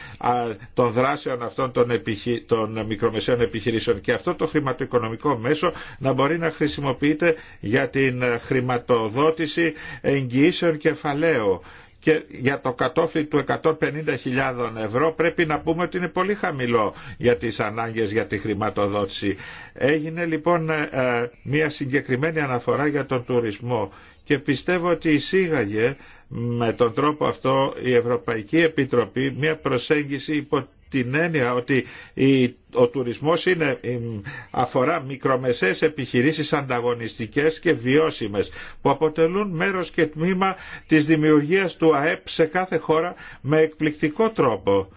των δράσεων αυτών των, επιχει... των μικρομεσαίων επιχειρήσεων και αυτό το χρηματοοικονομικό μέσο να μπορεί να χρησιμοποιείται για την χρηματοδότηση εγγυήσεων κεφαλαίου και για το κατόφλι του 150.000 ευρώ πρέπει να πούμε ότι είναι πολύ χαμηλό για τις ανάγκες για τη χρηματοδότηση. Έγινε λοιπόν ε, μια συγκεκριμένη αναφορά για τον τουρισμό και πιστεύω ότι εισήγαγε με τον τρόπο αυτό η Ευρωπαϊκή Επιτροπή μια προσέγγιση υπό την έννοια ότι ο τουρισμός είναι, αφορά μικρομεσαίες επιχειρήσεις ανταγωνιστικές και βιώσιμες που αποτελούν μέρος και τμήμα της δημιουργίας του ΑΕΠ σε κάθε χώρα με εκπληκτικό τρόπο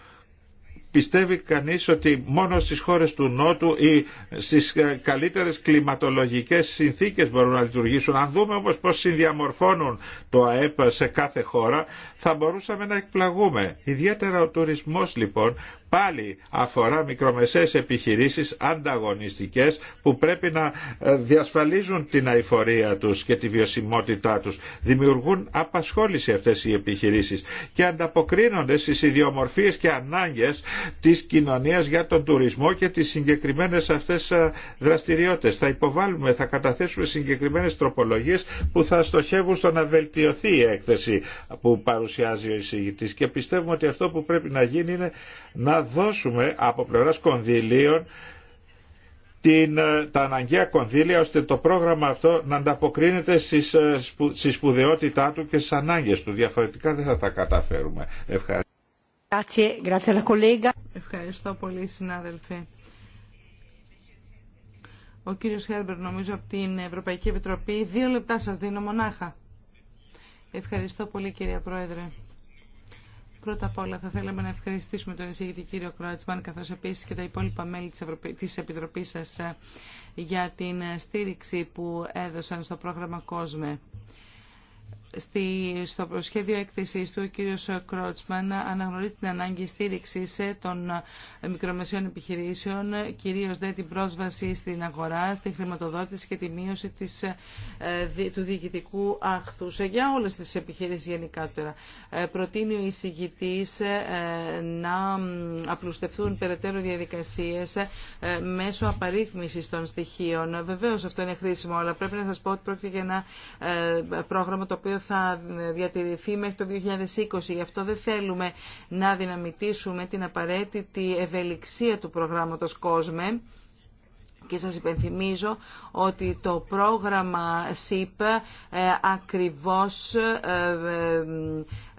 πιστεύει κανείς ότι μόνο στις χώρες του Νότου ή στις ε, καλύτερες κλιματολογικές συνθήκες μπορούν να λειτουργήσουν. Αν δούμε όμως πώς συνδιαμορφώνουν το ΑΕΠ σε κάθε χώρα θα μπορούσαμε να εκπλαγούμε. Ιδιαίτερα ο τουρισμός λοιπόν πάλι αφορά μικρομεσαίες επιχειρήσεις ανταγωνιστικές που πρέπει να ε, διασφαλίζουν την αηφορία τους και τη βιωσιμότητά τους. Δημιουργούν απασχόληση αυτές οι επιχειρήσεις και ανταποκρίνονται στις ιδιομορφίες και ανάγκες της κοινωνίας για τον τουρισμό και τις συγκεκριμένες αυτές ε, δραστηριότητες. Θα υποβάλουμε, θα καταθέσουμε συγκεκριμένες τροπολογίες που θα στοχεύουν στο να βελτιωθεί η έκθεση που παρουσιάζει ο εισηγητής και πιστεύουμε ότι αυτό που πρέπει να γίνει είναι να δώσουμε από πλευράς κονδυλίων ε, τα αναγκαία κονδύλια ώστε το πρόγραμμα αυτό να ανταποκρίνεται ε, στη σπουδαιότητά του και στις ανάγκες του. Διαφορετικά δεν θα τα καταφέρουμε. Ευχαριστώ. Ευχαριστώ πολύ συνάδελφε. Ο κύριος Χέρμπερ νομίζω από την Ευρωπαϊκή Επιτροπή. Δύο λεπτά σας δίνω μονάχα. Ευχαριστώ πολύ κυρία Πρόεδρε. Πρώτα απ' όλα θα θέλαμε να ευχαριστήσουμε τον εισηγητή κύριο Κρότσμαν καθώς επίσης και τα υπόλοιπα μέλη της, Ευρωπη... της Επιτροπής σας ε, για την στήριξη που έδωσαν στο πρόγραμμα COSME στο σχέδιο έκθεσης του ο κύριος Κρότσμαν αναγνωρίζει την ανάγκη στήριξης των ε, μικρομεσαίων επιχειρήσεων, κυρίως δε την πρόσβαση στην αγορά, στη χρηματοδότηση και τη μείωση της, ε, του διοικητικού άχθους ε, για όλες τις επιχειρήσεις γενικά τώρα. Προτείνει ο εισηγητής να απλουστευτούν περαιτέρω διαδικασίες μέσω απαρίθμησης των στοιχείων. Βεβαίως αυτό είναι χρήσιμο, αλλά πρέπει να σας πω ότι πρόκειται για ένα πρόγραμμα το οποίο θα διατηρηθεί μέχρι το 2020. Γι' αυτό δεν θέλουμε να δυναμητήσουμε την απαραίτητη ευελιξία του προγράμματος COSME και σας υπενθυμίζω ότι το πρόγραμμα SIP ε, ακριβώς ε,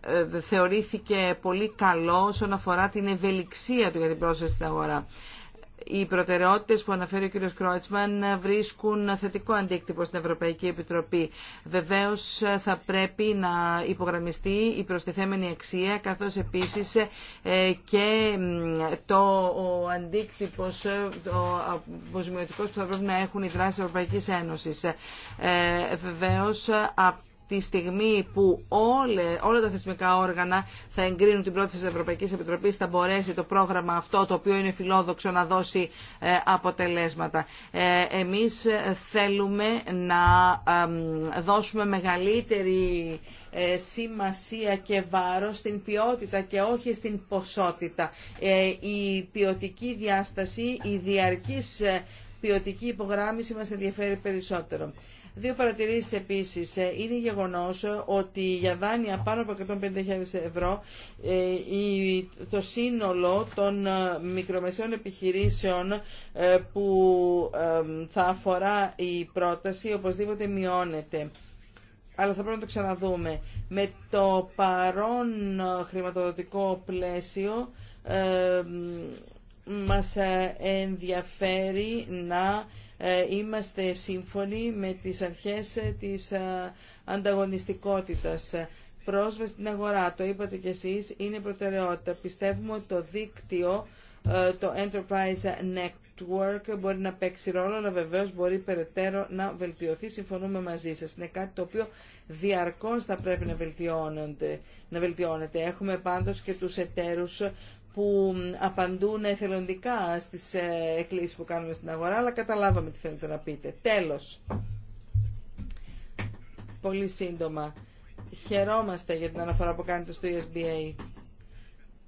ε, θεωρήθηκε πολύ καλό όσον αφορά την ευελιξία του για την πρόσβαση στην αγορά οι προτεραιότητε που αναφέρει ο κ. Κρότσμαν βρίσκουν θετικό αντίκτυπο στην Ευρωπαϊκή Επιτροπή. Βεβαίω θα πρέπει να υπογραμμιστεί η προστιθέμενη αξία καθώς επίσης ε, και το ο αντίκτυπος, ε, ο που θα πρέπει να έχουν οι δράσει της Ευρωπαϊκής Ένωσης. Ε, βεβαίως από τη στιγμή που όλε, όλα τα θεσμικά όργανα θα εγκρίνουν την πρόταση τη Ευρωπαϊκής Επιτροπής θα μπορέσει το πρόγραμμα αυτό το οποίο είναι φιλόδοξο να δώσει ε, αποτελέσματα. Ε, εμείς θέλουμε να δώσουμε μεγαλύτερη ε, σημασία και βάρος στην ποιότητα και όχι στην ποσότητα. Η ποιοτική διάσταση, η διαρκής ποιοτική υπογράμμιση μας ενδιαφέρει περισσότερο. Δύο παρατηρήσεις επίσης. Ε, είναι γεγονός ότι για δάνεια πάνω από 150.000 ευρώ ε, το σύνολο των ε, μικρομεσαίων επιχειρήσεων που θα αφορά η πρόταση οπωσδήποτε μειώνεται αλλά θα πρέπει να το ξαναδούμε. Με το παρόν χρηματοδοτικό πλαίσιο μας ενδιαφέρει να ε, είμαστε σύμφωνοι με τις αρχές ε, της ε, ανταγωνιστικότητας. Πρόσβαση στην αγορά, το είπατε κι εσείς, είναι προτεραιότητα. Πιστεύουμε ότι το δίκτυο, το Enterprise Network μπορεί να παίξει ρόλο, αλλά βεβαίως μπορεί περαιτέρω να βελτιωθεί. Συμφωνούμε μαζί σας. Είναι κάτι το οποίο διαρκώς θα πρέπει να, να βελτιώνεται. Έχουμε πάντως και τους εταίρους που απαντούν εθελοντικά στις ε, εκκλήσεις που κάνουμε στην αγορά, αλλά καταλάβαμε τι θέλετε να πείτε. Τέλος, πολύ σύντομα, χαιρόμαστε για την αναφορά που κάνετε στο ESBA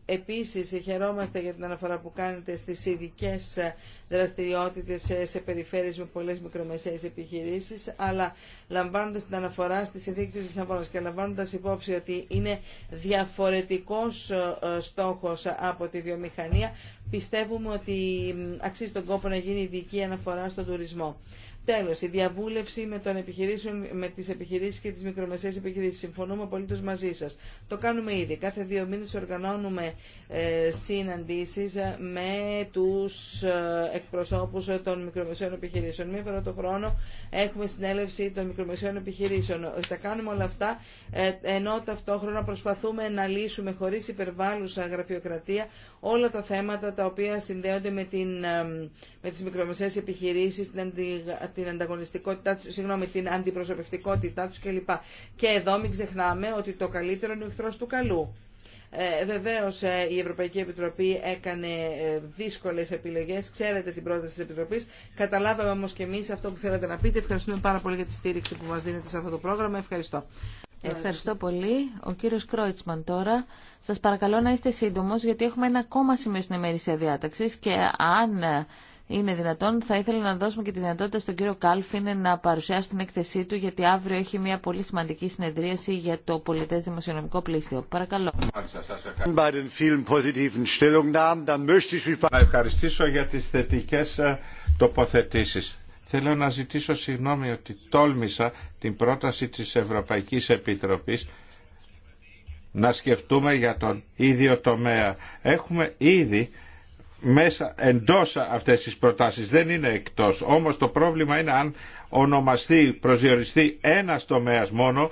Επίσης, χαιρόμαστε για την αναφορά που κάνετε στις ειδικέ δραστηριότητες σε περιφέρειες με πολλές μικρομεσαίες επιχειρήσεις, αλλά λαμβάνοντας την αναφορά στις συνθήκη της Λισαβόνας και λαμβάνοντας υπόψη ότι είναι διαφορετικός ε, στόχος από τη βιομηχανία, πιστεύουμε ότι αξίζει τον κόπο να γίνει ειδική αναφορά στον τουρισμό. Τέλος, η διαβούλευση με, τον επιχειρήσεων, με τις επιχειρήσεις και τις μικρομεσαίες επιχειρήσεις. Συμφωνούμε απολύτως μαζί σας. Το κάνουμε ήδη. Κάθε δύο μήνες οργανώνουμε ε, συναντήσεις ε, με τους εκπροσώπου εκπροσώπους ε, των μικρομεσαίων επιχειρήσεων. Μία φορά το χρόνο έχουμε συνέλευση των μικρομεσαίων επιχειρήσεων. Θα κάνουμε όλα αυτά ε, ενώ ταυτόχρονα προσπαθούμε να λύσουμε χωρίς υπερβάλλουσα γραφειοκρατία όλα τα θέματα τα οποία συνδέονται με, την, ε, με τις μικρομεσαίες επιχειρήσεις, την την ανταγωνιστικότητά τους, συγγνώμη, την αντιπροσωπευτικότητά του κλπ. Και εδώ μην ξεχνάμε ότι το καλύτερο είναι ο εχθρό του καλού. Ε, Βεβαίω ε, η Ευρωπαϊκή Επιτροπή έκανε ε, δύσκολε επιλογέ. Ξέρετε την πρόταση τη Επιτροπή. Καταλάβαμε όμω και εμεί αυτό που θέλατε να πείτε. Ευχαριστούμε πάρα πολύ για τη στήριξη που μα δίνετε σε αυτό το πρόγραμμα. Ευχαριστώ. Ευχαριστώ πολύ. Ο κύριο Κρόιτσμαν τώρα. σα παρακαλώ να είστε σύντομο, γιατί έχουμε ένα ακόμα σημείο στην ημερήσια διάταξη και αν ε, είναι δυνατόν. Θα ήθελα να δώσουμε και τη δυνατότητα στον κύριο Κάλφιν να παρουσιάσει την έκθεσή του, γιατί αύριο έχει μια πολύ σημαντική συνεδρίαση για το πολιτέ δημοσιονομικό πλήστιο. Παρακαλώ. Να ευχαριστήσω για τι θετικέ ε, τοποθετήσει. Θέλω να ζητήσω συγγνώμη ότι τόλμησα την πρόταση της Ευρωπαϊκής Επιτροπής να σκεφτούμε για τον ίδιο τομέα. Έχουμε ήδη μέσα εντός αυτές τις προτάσεις, δεν είναι εκτός. Όμως το πρόβλημα είναι αν ονομαστεί, προσδιοριστεί ένας τομέας μόνο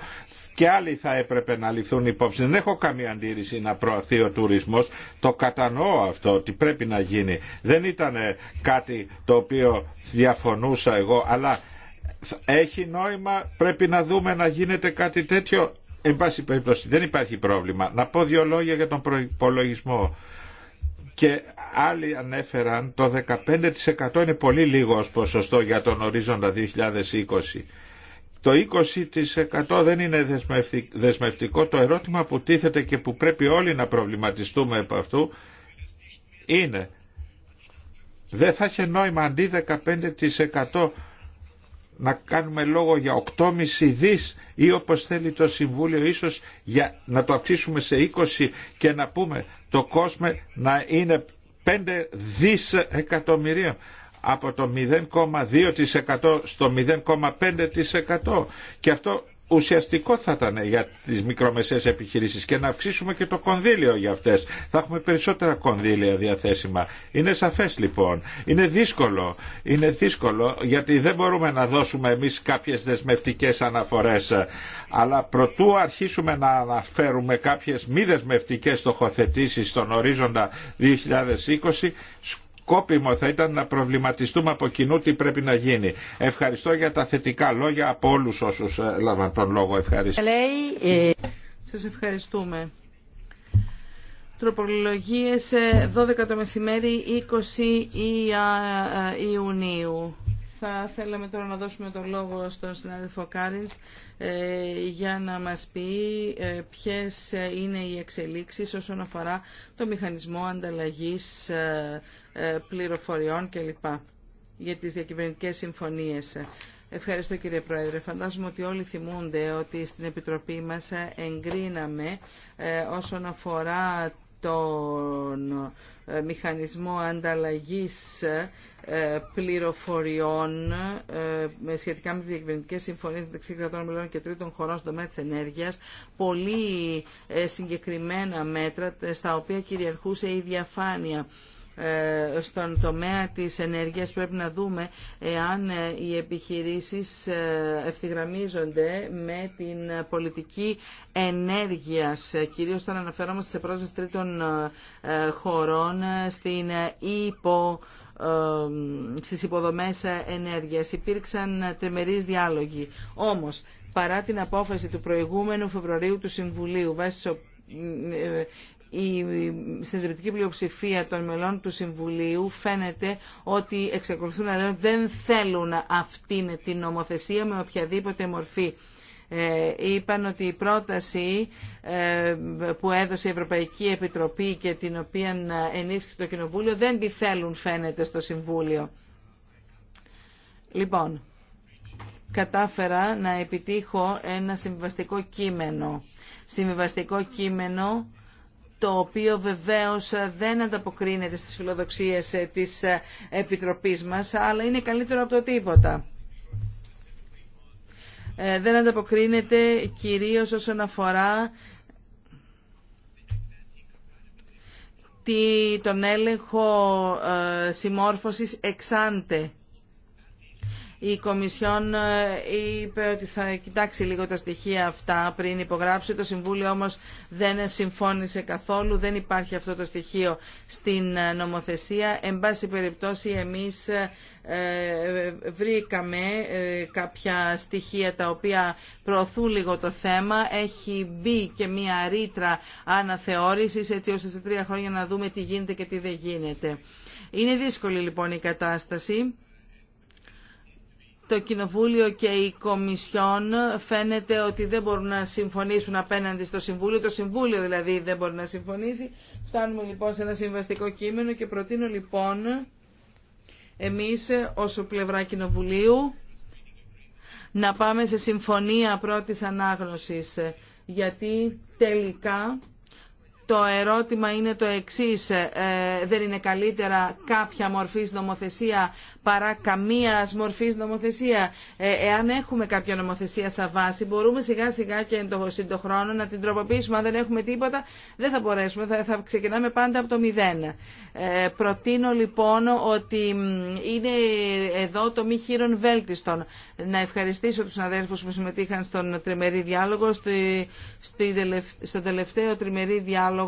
και άλλοι θα έπρεπε να ληφθούν υπόψη. Δεν έχω καμία αντίρρηση να προαθεί ο τουρισμός. Το κατανοώ αυτό ότι πρέπει να γίνει. Δεν ήταν κάτι το οποίο διαφωνούσα εγώ, αλλά έχει νόημα, πρέπει να δούμε να γίνεται κάτι τέτοιο. Εν πάση περίπτωση δεν υπάρχει πρόβλημα. Να πω δύο λόγια για τον προπολογισμό. Και Άλλοι ανέφεραν το 15% είναι πολύ λίγο ως ποσοστό για τον ορίζοντα 2020. Το 20% δεν είναι δεσμευτικό. Το ερώτημα που τίθεται και που πρέπει όλοι να προβληματιστούμε από αυτού είναι δεν θα είχε νόημα αντί 15% να κάνουμε λόγο για 8,5 δις ή όπως θέλει το Συμβούλιο ίσως για να το αυξήσουμε σε 20 και να πούμε το κόσμο να είναι 5 δισεκατομμυρίων από το 0,2% στο 0,5% και αυτό ουσιαστικό θα ήταν για τις μικρομεσαίες επιχειρήσεις και να αυξήσουμε και το κονδύλιο για αυτές. Θα έχουμε περισσότερα κονδύλια διαθέσιμα. Είναι σαφές λοιπόν. Είναι δύσκολο. Είναι δύσκολο γιατί δεν μπορούμε να δώσουμε εμείς κάποιες δεσμευτικές αναφορές. Αλλά προτού αρχίσουμε να αναφέρουμε κάποιες μη δεσμευτικές στοχοθετήσεις στον ορίζοντα 2020 σκόπιμο θα ήταν να προβληματιστούμε από κοινού τι πρέπει να γίνει. Ευχαριστώ για τα θετικά λόγια από όλους όσους ε, έλαβαν τον λόγο. Ευχαριστώ. Ε, σας ευχαριστούμε. Τροπολογίες 12 ε, το μεσημέρι 20 Ιουνίου. Θα θέλαμε τώρα να δώσουμε τον λόγο στον συνάδελφο Κάρινς ε, για να μας πει ε, ποιες είναι οι εξελίξεις όσον αφορά το μηχανισμό ανταλλαγής ε, πληροφοριών κλπ. για τις διακυβερνητικές συμφωνίες. Ευχαριστώ κύριε Πρόεδρε. Φαντάζομαι ότι όλοι θυμούνται ότι στην Επιτροπή μας εγκρίναμε όσον αφορά τον μηχανισμό ανταλλαγής ε, πληροφοριών ε, σχετικά με τις διακυβερνητικές συμφωνίες μεταξύ κρατών Μελών και τρίτων χωρών στον τομέα της ενέργειας πολύ ε, συγκεκριμένα μέτρα στα οποία κυριαρχούσε η διαφάνεια στον τομέα της ενέργειας πρέπει να δούμε εάν οι επιχειρήσεις ευθυγραμμίζονται με την πολιτική ενέργειας. Κυρίως όταν αναφερόμαστε σε πρόσβαση τρίτων χωρών στην υπο στις υποδομές ενέργειας. Υπήρξαν τριμερείς διάλογοι. Όμως, παρά την απόφαση του προηγούμενου Φεβρουαρίου του Συμβουλίου, βάσει ε, η συντηρητική πλειοψηφία των μελών του Συμβουλίου φαίνεται ότι εξακολουθούν να λένε δεν θέλουν αυτήν την νομοθεσία με οποιαδήποτε μορφή. Ε, είπαν ότι η πρόταση ε, που έδωσε η Ευρωπαϊκή Επιτροπή και την οποία ενίσχυσε το Κοινοβούλιο δεν τη θέλουν φαίνεται στο Συμβούλιο. Λοιπόν, κατάφερα να επιτύχω ένα συμβιβαστικό κείμενο. Συμβιβαστικό κείμενο το οποίο βεβαίως δεν ανταποκρίνεται στις φιλοδοξίες της Επιτροπής μας, αλλά είναι καλύτερο από το τίποτα. Ε, δεν ανταποκρίνεται κυρίως όσον αφορά τον έλεγχο ε, συμμόρφωσης εξάντε. Η Κομισιόν ε, είπε ότι θα κοιτάξει λίγο τα στοιχεία αυτά πριν υπογράψει. Το Συμβούλιο όμως δεν συμφώνησε καθόλου. Δεν υπάρχει αυτό το στοιχείο στην ε, νομοθεσία. Εν πάση περιπτώσει εμείς ε, βρήκαμε κάποια στοιχεία τα οποία προωθούν λίγο το θέμα. Έχει μπει και μία ρήτρα αναθεώρησης έτσι ώστε σε τρία χρόνια να δούμε τι γίνεται και τι δεν γίνεται. Είναι δύσκολη λοιπόν η κατάσταση το Κοινοβούλιο και η Κομισιόν φαίνεται ότι δεν μπορούν να συμφωνήσουν απέναντι στο Συμβούλιο. Το Συμβούλιο δηλαδή δεν μπορεί να συμφωνήσει. Φτάνουμε λοιπόν σε ένα συμβαστικό κείμενο και προτείνω λοιπόν εμείς ως πλευρά Κοινοβουλίου να πάμε σε συμφωνία πρώτης ανάγνωσης γιατί τελικά το ερώτημα είναι το εξής. Ε, δεν είναι καλύτερα κάποια μορφής νομοθεσία παρά καμία μορφής νομοθεσία. Ε, εάν έχουμε κάποια νομοθεσία σαν βάση μπορούμε σιγά σιγά και εν το χρόνο να την τροποποιήσουμε. Αν δεν έχουμε τίποτα δεν θα μπορέσουμε. Θα ξεκινάμε πάντα από το μηδέν. Ε, προτείνω λοιπόν ότι είναι εδώ το μη χείρον βέλτιστον. Να ευχαριστήσω τους αδέλφους που συμμετείχαν στον τριμερή διάλογο, στο τελευταίο τριμερή διάλογο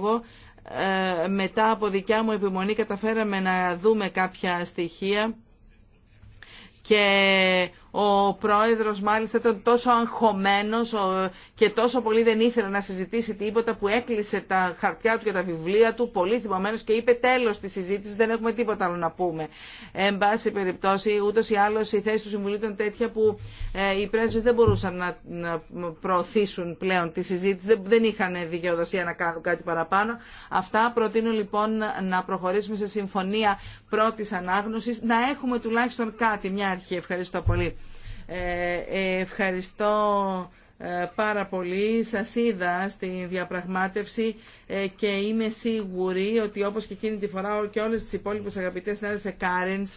ε, μετά από δικιά μου επιμονή καταφέραμε να δούμε κάποια στοιχεία και ο πρόεδρος μάλιστα ήταν τόσο αγχωμένος και τόσο πολύ δεν ήθελε να συζητήσει τίποτα που έκλεισε τα χαρτιά του και τα βιβλία του πολύ θυμωμένος και είπε τέλος τη συζήτηση, δεν έχουμε τίποτα άλλο να πούμε. Εν πάση περιπτώσει ούτως ή άλλως η θέση του Συμβουλίου ήταν τέτοια που ε, οι πρέσβες δεν μπορούσαν να προωθήσουν πλέον τη συζήτηση, δεν είχαν δικαιοδοσία να κάνουν κάτι παραπάνω. Αυτά προτείνω λοιπόν να προχωρήσουμε σε συμφωνία πρώτης ανάγνωσης, να έχουμε τουλάχιστον κάτι, μια αρχή. Ευχαριστώ πολύ. Ε, ευχαριστώ ε, πάρα πολύ. Σας είδα στη διαπραγμάτευση ε, και είμαι σίγουρη ότι όπως και εκείνη τη φορά και όλες τις υπόλοιπες αγαπητές συνάδελφε Κάρινς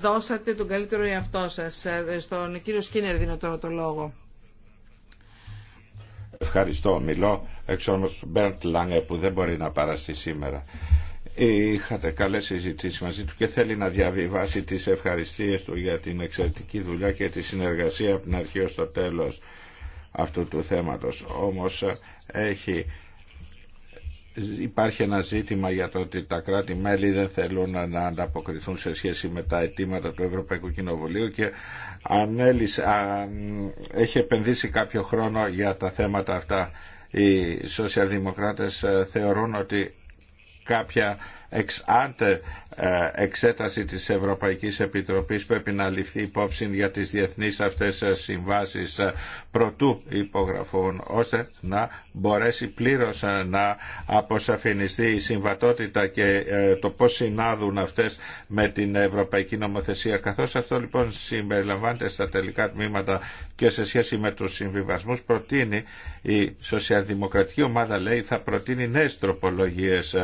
δώσατε τον καλύτερο εαυτό σας. Στον κύριο Σκίνερ δίνω τώρα το λόγο. Ευχαριστώ. Μιλώ εξ όνος Μπέρντ Λάγκε που δεν μπορεί να παραστεί σήμερα είχατε καλέ συζητήσει μαζί του και θέλει να διαβιβάσει τις ευχαριστίες του για την εξαιρετική δουλειά και τη συνεργασία από την αρχή ω το τέλος αυτού του θέματος. Όμως ε, έχει υπάρχει ένα ζήτημα για το ότι τα κράτη-μέλη δεν θέλουν να ανταποκριθούν σε σχέση με τα αιτήματα του Ευρωπαϊκού Κοινοβουλίου και αν, έχει επενδύσει κάποιο χρόνο για τα θέματα αυτά οι σοσιαλδημοκράτες ε, θεωρούν ότι κάποια εξ ε, εξέταση της Ευρωπαϊκής Επιτροπής πρέπει να ληφθεί υπόψη για τις διεθνείς αυτές συμβάσεις ε, προτού υπογραφούν ώστε να μπορέσει πλήρως ε, να αποσαφινιστεί η συμβατότητα και το πώς συνάδουν αυτές με την Ευρωπαϊκή Νομοθεσία καθώς αυτό λοιπόν συμπεριλαμβάνεται στα τελικά τμήματα και σε σχέση με τους συμβιβασμούς προτείνει η Σοσιαλδημοκρατική Ομάδα λέει θα προτείνει νέες τροπολογίες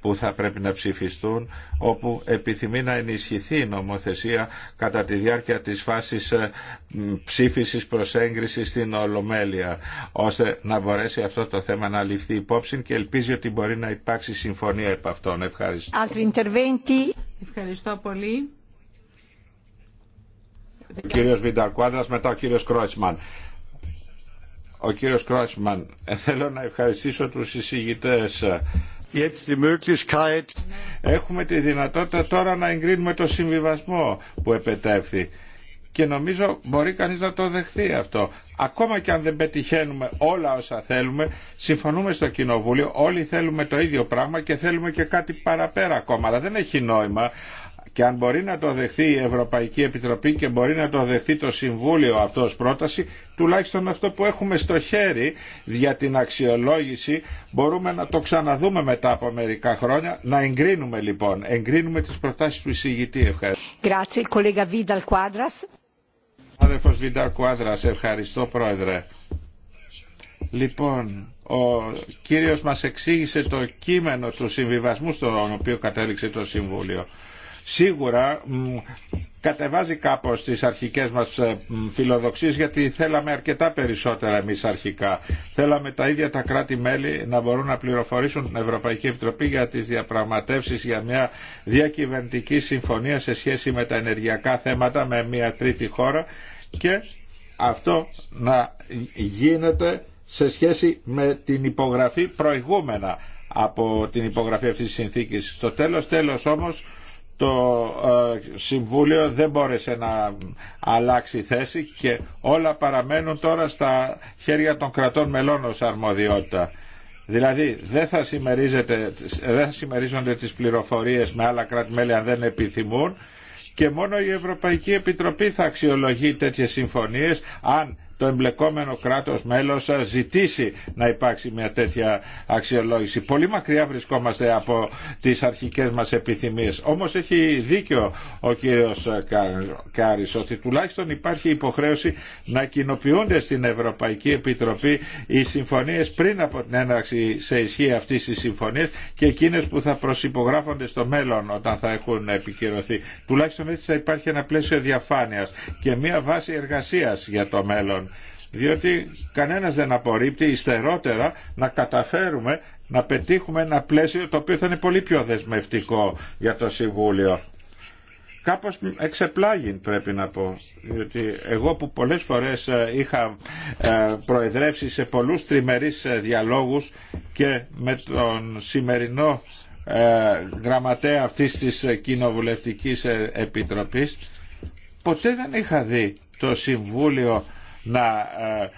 που θα πρέπει να ψηφιστούν όπου επιθυμεί να ενισχυθεί η νομοθεσία κατά τη διάρκεια της φάσης ε, ψήφισης προς έγκριση στην Ολομέλεια ώστε να μπορέσει αυτό το θέμα να ληφθεί υπόψη και ελπίζει ότι μπορεί να υπάρξει συμφωνία επ' αυτών. Ευχαριστώ. Ευχαριστώ πολύ. Ο κύριος Βινταρκουάδρας, μετά ο κύριος Κρόισμαν. Ο κύριος Κρόισμαν, ε, θέλω να ευχαριστήσω τους εισηγητές Έχουμε τη δυνατότητα τώρα να εγκρίνουμε το συμβιβασμό που επετέφθη και νομίζω μπορεί κανείς να το δεχθεί αυτό. Ακόμα και αν δεν πετυχαίνουμε όλα όσα θέλουμε, συμφωνούμε στο Κοινοβούλιο, όλοι θέλουμε το ίδιο πράγμα και θέλουμε και κάτι παραπέρα ακόμα, αλλά δεν έχει νόημα και αν μπορεί να το δεχθεί η Ευρωπαϊκή Επιτροπή και μπορεί να το δεχθεί το Συμβούλιο αυτό ως πρόταση, τουλάχιστον αυτό που έχουμε στο χέρι για την αξιολόγηση μπορούμε να το ξαναδούμε μετά από μερικά χρόνια, να εγκρίνουμε λοιπόν, εγκρίνουμε τις προτάσεις του εισηγητή. Ευχαριστώ. Άδελφος Βιντάρ Κουάδρας, ευχαριστώ πρόεδρε. Λοιπόν, ο κύριος μας εξήγησε το κείμενο του συμβιβασμού στον οποίο κατέληξε το Συμβούλιο σίγουρα κατεβάζει κάπως τις αρχικές μας ε, φιλοδοξίες γιατί θέλαμε αρκετά περισσότερα εμείς αρχικά. Θέλαμε τα ίδια τα κράτη-μέλη να μπορούν να πληροφορήσουν την Ευρωπαϊκή Επιτροπή για τις διαπραγματεύσεις για μια διακυβερνητική συμφωνία σε σχέση με τα ενεργειακά θέματα με μια τρίτη χώρα και αυτό να γίνεται σε σχέση με την υπογραφή προηγούμενα από την υπογραφή αυτής της συνθήκης. Στο τέλος, τέλος όμως το ε, Συμβούλιο δεν μπόρεσε να αλλάξει θέση και όλα παραμένουν τώρα στα χέρια των κρατών μελών ως αρμοδιότητα. Δηλαδή δεν θα, δεν θα συμμερίζονται τις πληροφορίες με άλλα κράτη-μέλη αν δεν επιθυμούν και μόνο η Ευρωπαϊκή Επιτροπή θα αξιολογεί τέτοιες συμφωνίες αν το εμπλεκόμενο κράτος μέλος ζητήσει να υπάρξει μια τέτοια αξιολόγηση. Πολύ μακριά βρισκόμαστε από τις αρχικές μας επιθυμίες. Όμως έχει δίκιο ο κύριος Κάρης ότι τουλάχιστον υπάρχει υποχρέωση να κοινοποιούνται στην Ευρωπαϊκή Επιτροπή οι συμφωνίες πριν από την έναρξη σε ισχύ αυτής της συμφωνίας και εκείνες που θα προσυπογράφονται στο μέλλον όταν θα έχουν επικυρωθεί. Τουλάχιστον έτσι θα υπάρχει ένα πλαίσιο διαφάνειας και μια βάση εργασίας για το μέλλον διότι κανένας δεν απορρίπτει ιστερότερα να καταφέρουμε να πετύχουμε ένα πλαίσιο το οποίο θα είναι πολύ πιο δεσμευτικό για το Συμβούλιο. Κάπως εξεπλάγει πρέπει να πω, διότι εγώ που πολλές φορές ε, είχα ε, προεδρεύσει σε πολλούς τριμερείς ε, διαλόγους και με τον σημερινό γραμματέα αυτής της Κοινοβουλευτικής Επιτροπής, ποτέ δεν είχα δει το Συμβούλιο να ε,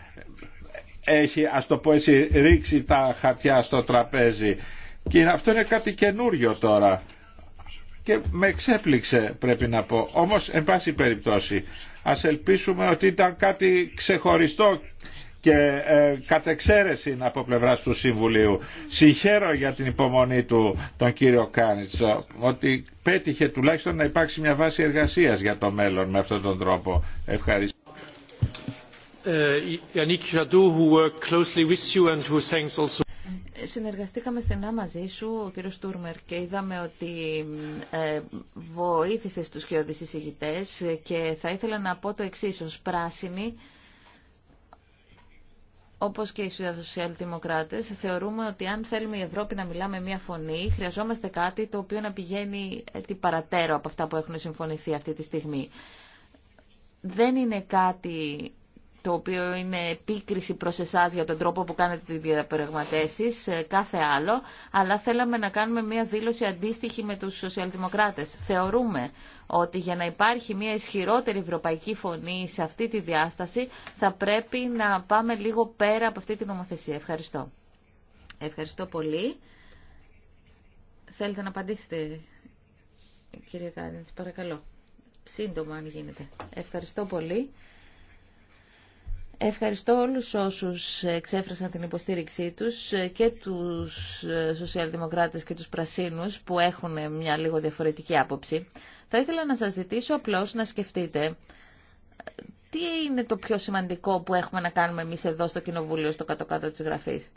έχει, ας το πω έτσι, ρίξει τα χαρτιά στο τραπέζι. Και αυτό είναι κάτι καινούριο τώρα. Και με εξέπληξε πρέπει να πω. Όμως, εν πάση περιπτώσει, ας ελπίσουμε ότι ήταν κάτι ξεχωριστό και ε, κατεξαίρεση από πλευρά του Συμβουλίου. Συγχαίρω για την υπομονή του τον κύριο Κάνιτσο ότι πέτυχε τουλάχιστον να υπάρξει μια βάση εργασίας για το μέλλον με αυτόν τον τρόπο. Ευχαριστώ συνεργαστήκαμε στενά μαζί σου, ο κύριο Τούρμερ, και είδαμε ότι ε, βοήθησε στους ηγέτες εισηγητέ, και θα ήθελα να πω το εξή Ω πράσινη, όπως και οι σοσιαλδημοκράτε, θεωρούμε ότι αν θέλουμε η Ευρώπη να μιλά με μία φωνή, χρειαζόμαστε κάτι το οποίο να πηγαίνει ε, την παρατέρω από αυτά που έχουν συμφωνηθεί αυτή τη στιγμή. Δεν είναι κάτι το οποίο είναι επίκριση προς εσάς για τον τρόπο που κάνετε τις διαπραγματεύσεις, ε, κάθε άλλο, αλλά θέλαμε να κάνουμε μια δήλωση αντίστοιχη με τους σοσιαλδημοκράτες. Θεωρούμε ότι για να υπάρχει μια ισχυρότερη ευρωπαϊκή φωνή σε αυτή τη διάσταση θα πρέπει να πάμε λίγο πέρα από αυτή τη νομοθεσία. Ευχαριστώ. Ευχαριστώ πολύ. Θέλετε να απαντήσετε, κύριε Κάντινς, παρακαλώ. Σύντομα, αν γίνεται. Ευχαριστώ πολύ. Ευχαριστώ όλους όσους εξέφρασαν την υποστήριξή τους και τους σοσιαλδημοκράτες και τους πρασίνους που έχουν μια λίγο διαφορετική άποψη. Θα ήθελα να σας ζητήσω απλώς να σκεφτείτε τι είναι το πιο σημαντικό που έχουμε να κάνουμε εμείς εδώ στο Κοινοβούλιο, στο κάτω-κάτω της γραφής.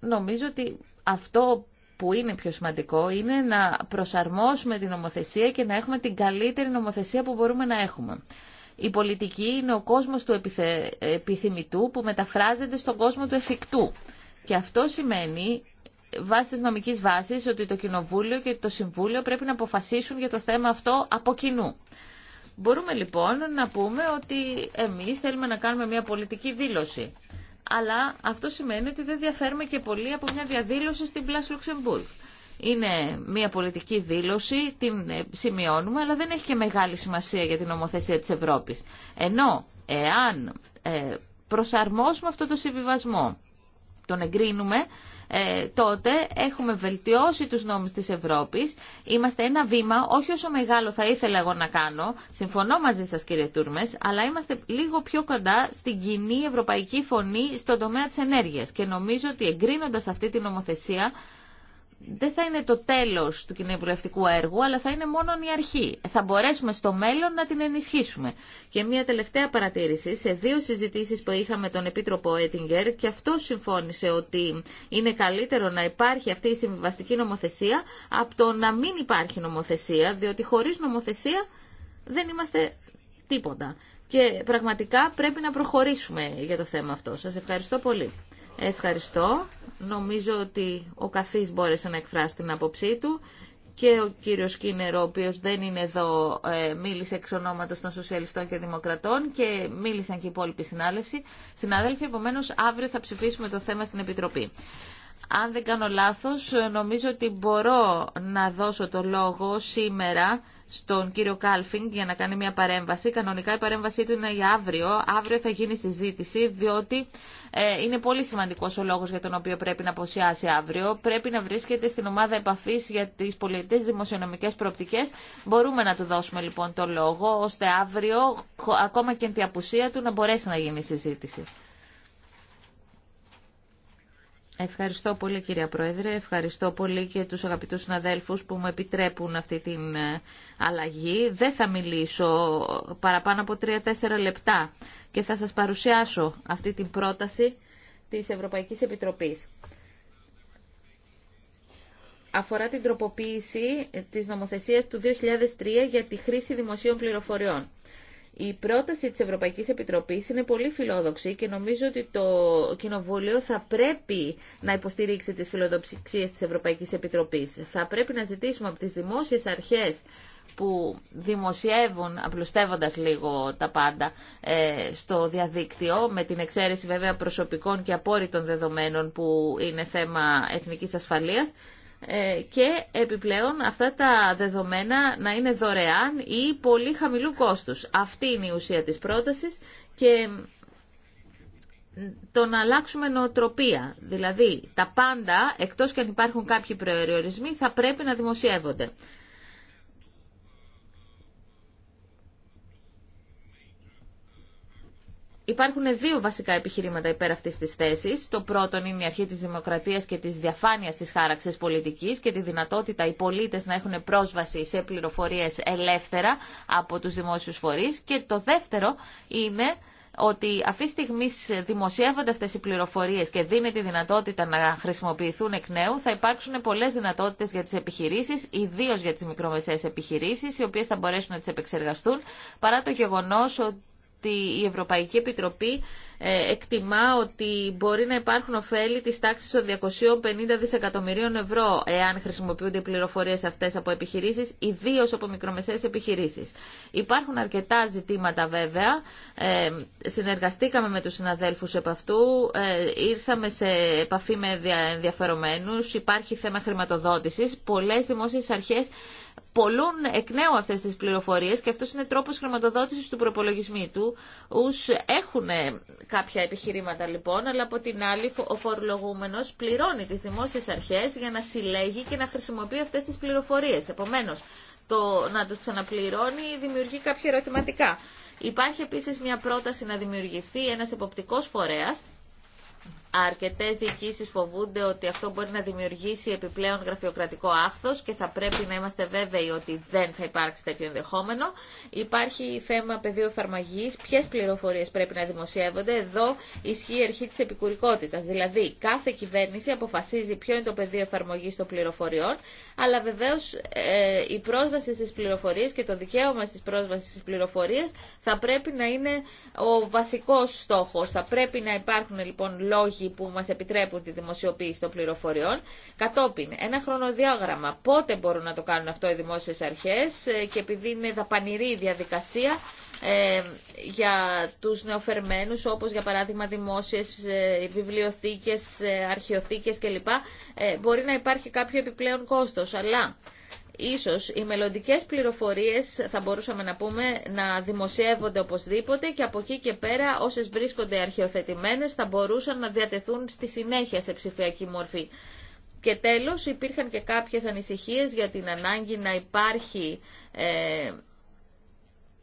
Νομίζω ότι αυτό που είναι πιο σημαντικό είναι να προσαρμόσουμε την νομοθεσία και να έχουμε την καλύτερη νομοθεσία που μπορούμε να έχουμε. Η πολιτική είναι ο κόσμος του επιθυμητού που μεταφράζεται στον κόσμο του εφικτού. Και αυτό σημαίνει βάσει της νομικής βάσης ότι το Κοινοβούλιο και το Συμβούλιο πρέπει να αποφασίσουν για το θέμα αυτό από κοινού. Μπορούμε λοιπόν να πούμε ότι εμείς θέλουμε να κάνουμε μια πολιτική δήλωση. Αλλά αυτό σημαίνει ότι δεν διαφέρουμε και πολύ από μια διαδήλωση στην Πλάση Λουξεμβούργ. Είναι μια πολιτική δήλωση, την ε, σημειώνουμε, αλλά δεν έχει και μεγάλη σημασία για την νομοθεσία της Ευρώπης. Ενώ εάν ε, προσαρμόσουμε αυτό το συμβιβασμό, τον εγκρίνουμε, ε, τότε έχουμε βελτιώσει τους νόμους της Ευρώπης. Είμαστε ένα βήμα, όχι όσο μεγάλο θα ήθελα εγώ να κάνω, συμφωνώ μαζί σας κύριε Τούρμες, αλλά είμαστε λίγο πιο κοντά στην κοινή ευρωπαϊκή φωνή στον τομέα της ενέργειας και νομίζω ότι εγκρίνοντας αυτή την νομοθεσία δεν θα είναι το τέλος του κοινοβουλευτικού έργου, αλλά θα είναι μόνο η αρχή. Θα μπορέσουμε στο μέλλον να την ενισχύσουμε. Και μια τελευταία παρατήρηση, σε δύο συζητήσεις που είχαμε τον Επίτροπο Έτιγκερ, και αυτό συμφώνησε ότι είναι καλύτερο να υπάρχει αυτή η συμβιβαστική νομοθεσία από το να μην υπάρχει νομοθεσία, διότι χωρίς νομοθεσία δεν είμαστε τίποτα. Και πραγματικά πρέπει να προχωρήσουμε για το θέμα αυτό. Σας ευχαριστώ πολύ. Ευχαριστώ. Νομίζω ότι ο καθής μπόρεσε να εκφράσει την άποψή του και ο κύριος Κίνερ, ο οποίος δεν είναι εδώ, ε, μίλησε εξ ονόματος των Σοσιαλιστών και Δημοκρατών και μίλησαν και οι υπόλοιποι συνάδελφοι. Συνάδελφοι, επομένως, αύριο θα ψηφίσουμε το θέμα στην Επιτροπή. Αν δεν κάνω λάθος, νομίζω ότι μπορώ να δώσω το λόγο σήμερα στον κύριο Κάλφινγκ για να κάνει μια παρέμβαση. Κανονικά η παρέμβασή του είναι για αύριο. Αύριο θα γίνει συζήτηση, διότι ε, είναι πολύ σημαντικό ο λόγο για τον οποίο πρέπει να αποσιάσει αύριο. Πρέπει να βρίσκεται στην ομάδα επαφή για τι πολιτικέ δημοσιονομικέ προοπτικέ. Μπορούμε να του δώσουμε λοιπόν το λόγο, ώστε αύριο, ακόμα και εν τη απουσία του, να μπορέσει να γίνει η συζήτηση. Ευχαριστώ πολύ κυρία Πρόεδρε, ευχαριστώ πολύ και τους αγαπητούς συναδέλφους που μου επιτρέπουν αυτή την ε, αλλαγή. Δεν θα μιλήσω παραπάνω από 3-4 λεπτά και θα σας παρουσιάσω αυτή την πρόταση της Ευρωπαϊκής Επιτροπής. Αφορά την τροποποίηση της νομοθεσίας του 2003 για τη χρήση δημοσίων πληροφοριών. Η πρόταση της Ευρωπαϊκής Επιτροπής είναι πολύ φιλόδοξη και νομίζω ότι το Κοινοβούλιο θα πρέπει να υποστηρίξει τις φιλοδοξίες της Ευρωπαϊκής Επιτροπής. Θα πρέπει να ζητήσουμε από τις δημόσιες αρχές που δημοσιεύουν, απλουστεύοντας λίγο τα πάντα, ε, στο διαδίκτυο, με την εξαίρεση βέβαια προσωπικών και απόρριτων δεδομένων που είναι θέμα εθνικής ασφαλείας, ε, και επιπλέον αυτά τα δεδομένα να είναι δωρεάν ή πολύ χαμηλού κόστους. Αυτή είναι η ουσία της πρότασης και το να αλλάξουμε νοοτροπία. Δηλαδή, τα πάντα, εκτός και αν υπάρχουν κάποιοι προεριορισμοί, θα πρέπει να δημοσιεύονται. Υπάρχουν δύο βασικά επιχειρήματα υπέρ αυτή τη θέση. Το πρώτο είναι η αρχή τη δημοκρατία και της διαφάνεια τη χάραξη πολιτική και τη δυνατότητα οι πολίτε να έχουν πρόσβαση σε πληροφορίε ελεύθερα από του δημόσιου φορεί. Και το δεύτερο είναι ότι αυτή τη στιγμή δημοσιεύονται αυτές οι πληροφορίες και δίνεται η δυνατότητα να χρησιμοποιηθούν εκ νέου, θα υπάρξουν πολλές δυνατότητες για τις επιχειρήσεις, ιδίω για τις μικρομεσαίες επιχειρήσεις, οι οποίες θα μπορέσουν να τις επεξεργαστούν, παρά το γεγονός ότι ότι η Ευρωπαϊκή Επιτροπή ε, εκτιμά ότι μπορεί να υπάρχουν ωφέλη της τάξης των 250 δισεκατομμυρίων ευρώ εάν χρησιμοποιούνται οι πληροφορίες αυτές από επιχειρήσεις, ιδίω από μικρομεσαίες επιχειρήσεις. Υπάρχουν αρκετά ζητήματα βέβαια. Ε, συνεργαστήκαμε με τους συναδέλφους επ' αυτού, ε, ήρθαμε σε επαφή με ενδιαφερομένους, υπάρχει θέμα χρηματοδότησης. Πολλές δημόσιες αρχές πολλούν εκ νέου αυτές τις πληροφορίες και αυτό είναι τρόπος χρηματοδότηση του προπολογισμού του. Ούς έχουν ε, κάποια επιχειρήματα λοιπόν, αλλά από την άλλη ο φορολογούμενο πληρώνει τις δημόσιες αρχές για να συλλέγει και να χρησιμοποιεί αυτές τις πληροφορίες. Επομένως, το να τους ξαναπληρώνει δημιουργεί κάποια ερωτηματικά. Υπάρχει επίση μια πρόταση να δημιουργηθεί ένα εποπτικό φορέα. Αρκετέ διοικησει φοβούνται ότι αυτό μπορεί να δημιουργήσει επιπλέον γραφειοκρατικό άχθο και θα πρέπει να είμαστε βέβαιοι ότι δεν θα υπάρξει τέτοιο ενδεχόμενο. Υπάρχει θέμα πεδίο εφαρμογή, ποιε πληροφορίε πρέπει να δημοσιεύονται. Εδώ ισχύει η αρχή τη επικουρικότητα. Δηλαδή, κάθε κυβέρνηση αποφασίζει ποιο είναι το πεδίο εφαρμογή των πληροφοριών, αλλά βεβαίω ε, η πρόσβαση στι πληροφορίε και το δικαίωμα στι πρόσβαση στι πληροφορίε θα πρέπει να είναι ο βασικό στόχο. Θα πρέπει να υπάρχουν λοιπόν λόγοι που μας επιτρέπουν τη δημοσιοποίηση των πληροφοριών. Κατόπιν, ένα χρονοδιάγραμμα. Πότε μπορούν να το κάνουν αυτό οι δημόσιες αρχές ε, και επειδή είναι δαπανηρή η διαδικασία ε, για τους νεοφερμένους, όπως για παράδειγμα δημόσιες ε, βιβλιοθήκες, ε, αρχαιοθήκες κλπ, ε, μπορεί να υπάρχει κάποιο επιπλέον κόστος. Αλλά ίσως οι μελλοντικέ πληροφορίες θα μπορούσαμε να πούμε να δημοσιεύονται οπωσδήποτε και από εκεί και πέρα όσες βρίσκονται αρχαιοθετημένες θα μπορούσαν να διατεθούν στη συνέχεια σε ψηφιακή μορφή. Και τέλος υπήρχαν και κάποιες ανησυχίες για την ανάγκη να υπάρχει ε,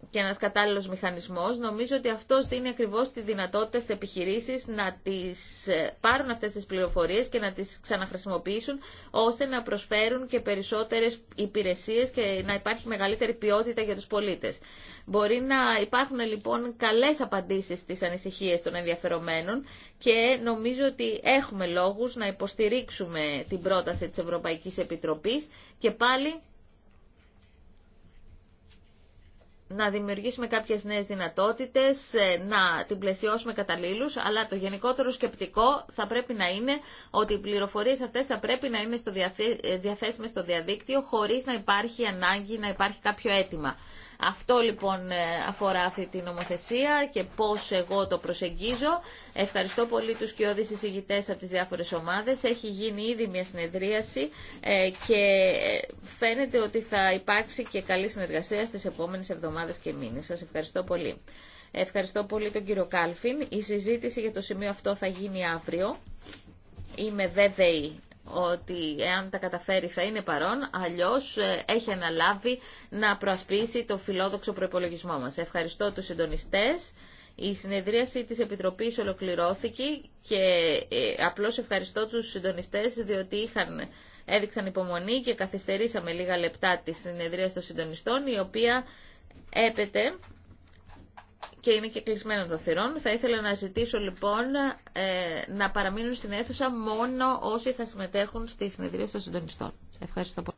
και ένας κατάλληλος μηχανισμός, νομίζω ότι αυτός δίνει ακριβώς τη δυνατότητα στις επιχειρήσεις να τις ε, πάρουν αυτές τις πληροφορίες και να τις ξαναχρησιμοποιήσουν ώστε να προσφέρουν και περισσότερες υπηρεσίες και να υπάρχει μεγαλύτερη ποιότητα για τους πολίτες. Μπορεί να υπάρχουν λοιπόν καλές απαντήσεις στις ανησυχίες των ενδιαφερομένων και νομίζω ότι έχουμε λόγους να υποστηρίξουμε την πρόταση της Ευρωπαϊκής Επιτροπής και πάλι να δημιουργήσουμε κάποιες νέες δυνατότητες, ε, να την πλαισιώσουμε καταλήλους, αλλά το γενικότερο σκεπτικό θα πρέπει να είναι ότι οι πληροφορίες αυτές θα πρέπει να είναι στο ε, διαθέσιμες στο διαδίκτυο χωρίς να υπάρχει ανάγκη, να υπάρχει κάποιο αίτημα. Αυτό λοιπόν ε, αφορά αυτή την νομοθεσία και πώς εγώ το προσεγγίζω. Ευχαριστώ πολύ τους κοιόδης εισηγητές από τις διάφορες ομάδες. Έχει γίνει ήδη μια συνεδρίαση ε, και ε, φαίνεται ότι θα υπάρξει και καλή συνεργασία στις επόμενες εβδομάδες και μήνες. Σας ευχαριστώ πολύ. Ευχαριστώ πολύ τον κύριο Κάλφιν. Η συζήτηση για το σημείο αυτό θα γίνει αύριο. Είμαι βέβαιη ότι εάν τα καταφέρει θα είναι παρόν, αλλιώς ε, έχει αναλάβει να προασπίσει το φιλόδοξο προπολογισμό μας. Ευχαριστώ τους συντονιστές. Η συνεδρίαση της Επιτροπής ολοκληρώθηκε και ε, απλώς ευχαριστώ τους συντονιστές διότι είχαν, έδειξαν υπομονή και καθυστερήσαμε λίγα λεπτά τη συνεδρία των συντονιστών η οποία έπεται και είναι και κλεισμένο το θηρόν. Θα ήθελα να ζητήσω λοιπόν ε, να παραμείνουν στην αίθουσα μόνο όσοι θα συμμετέχουν στη συνεδρία των συντονιστών. Ευχαριστώ πολύ.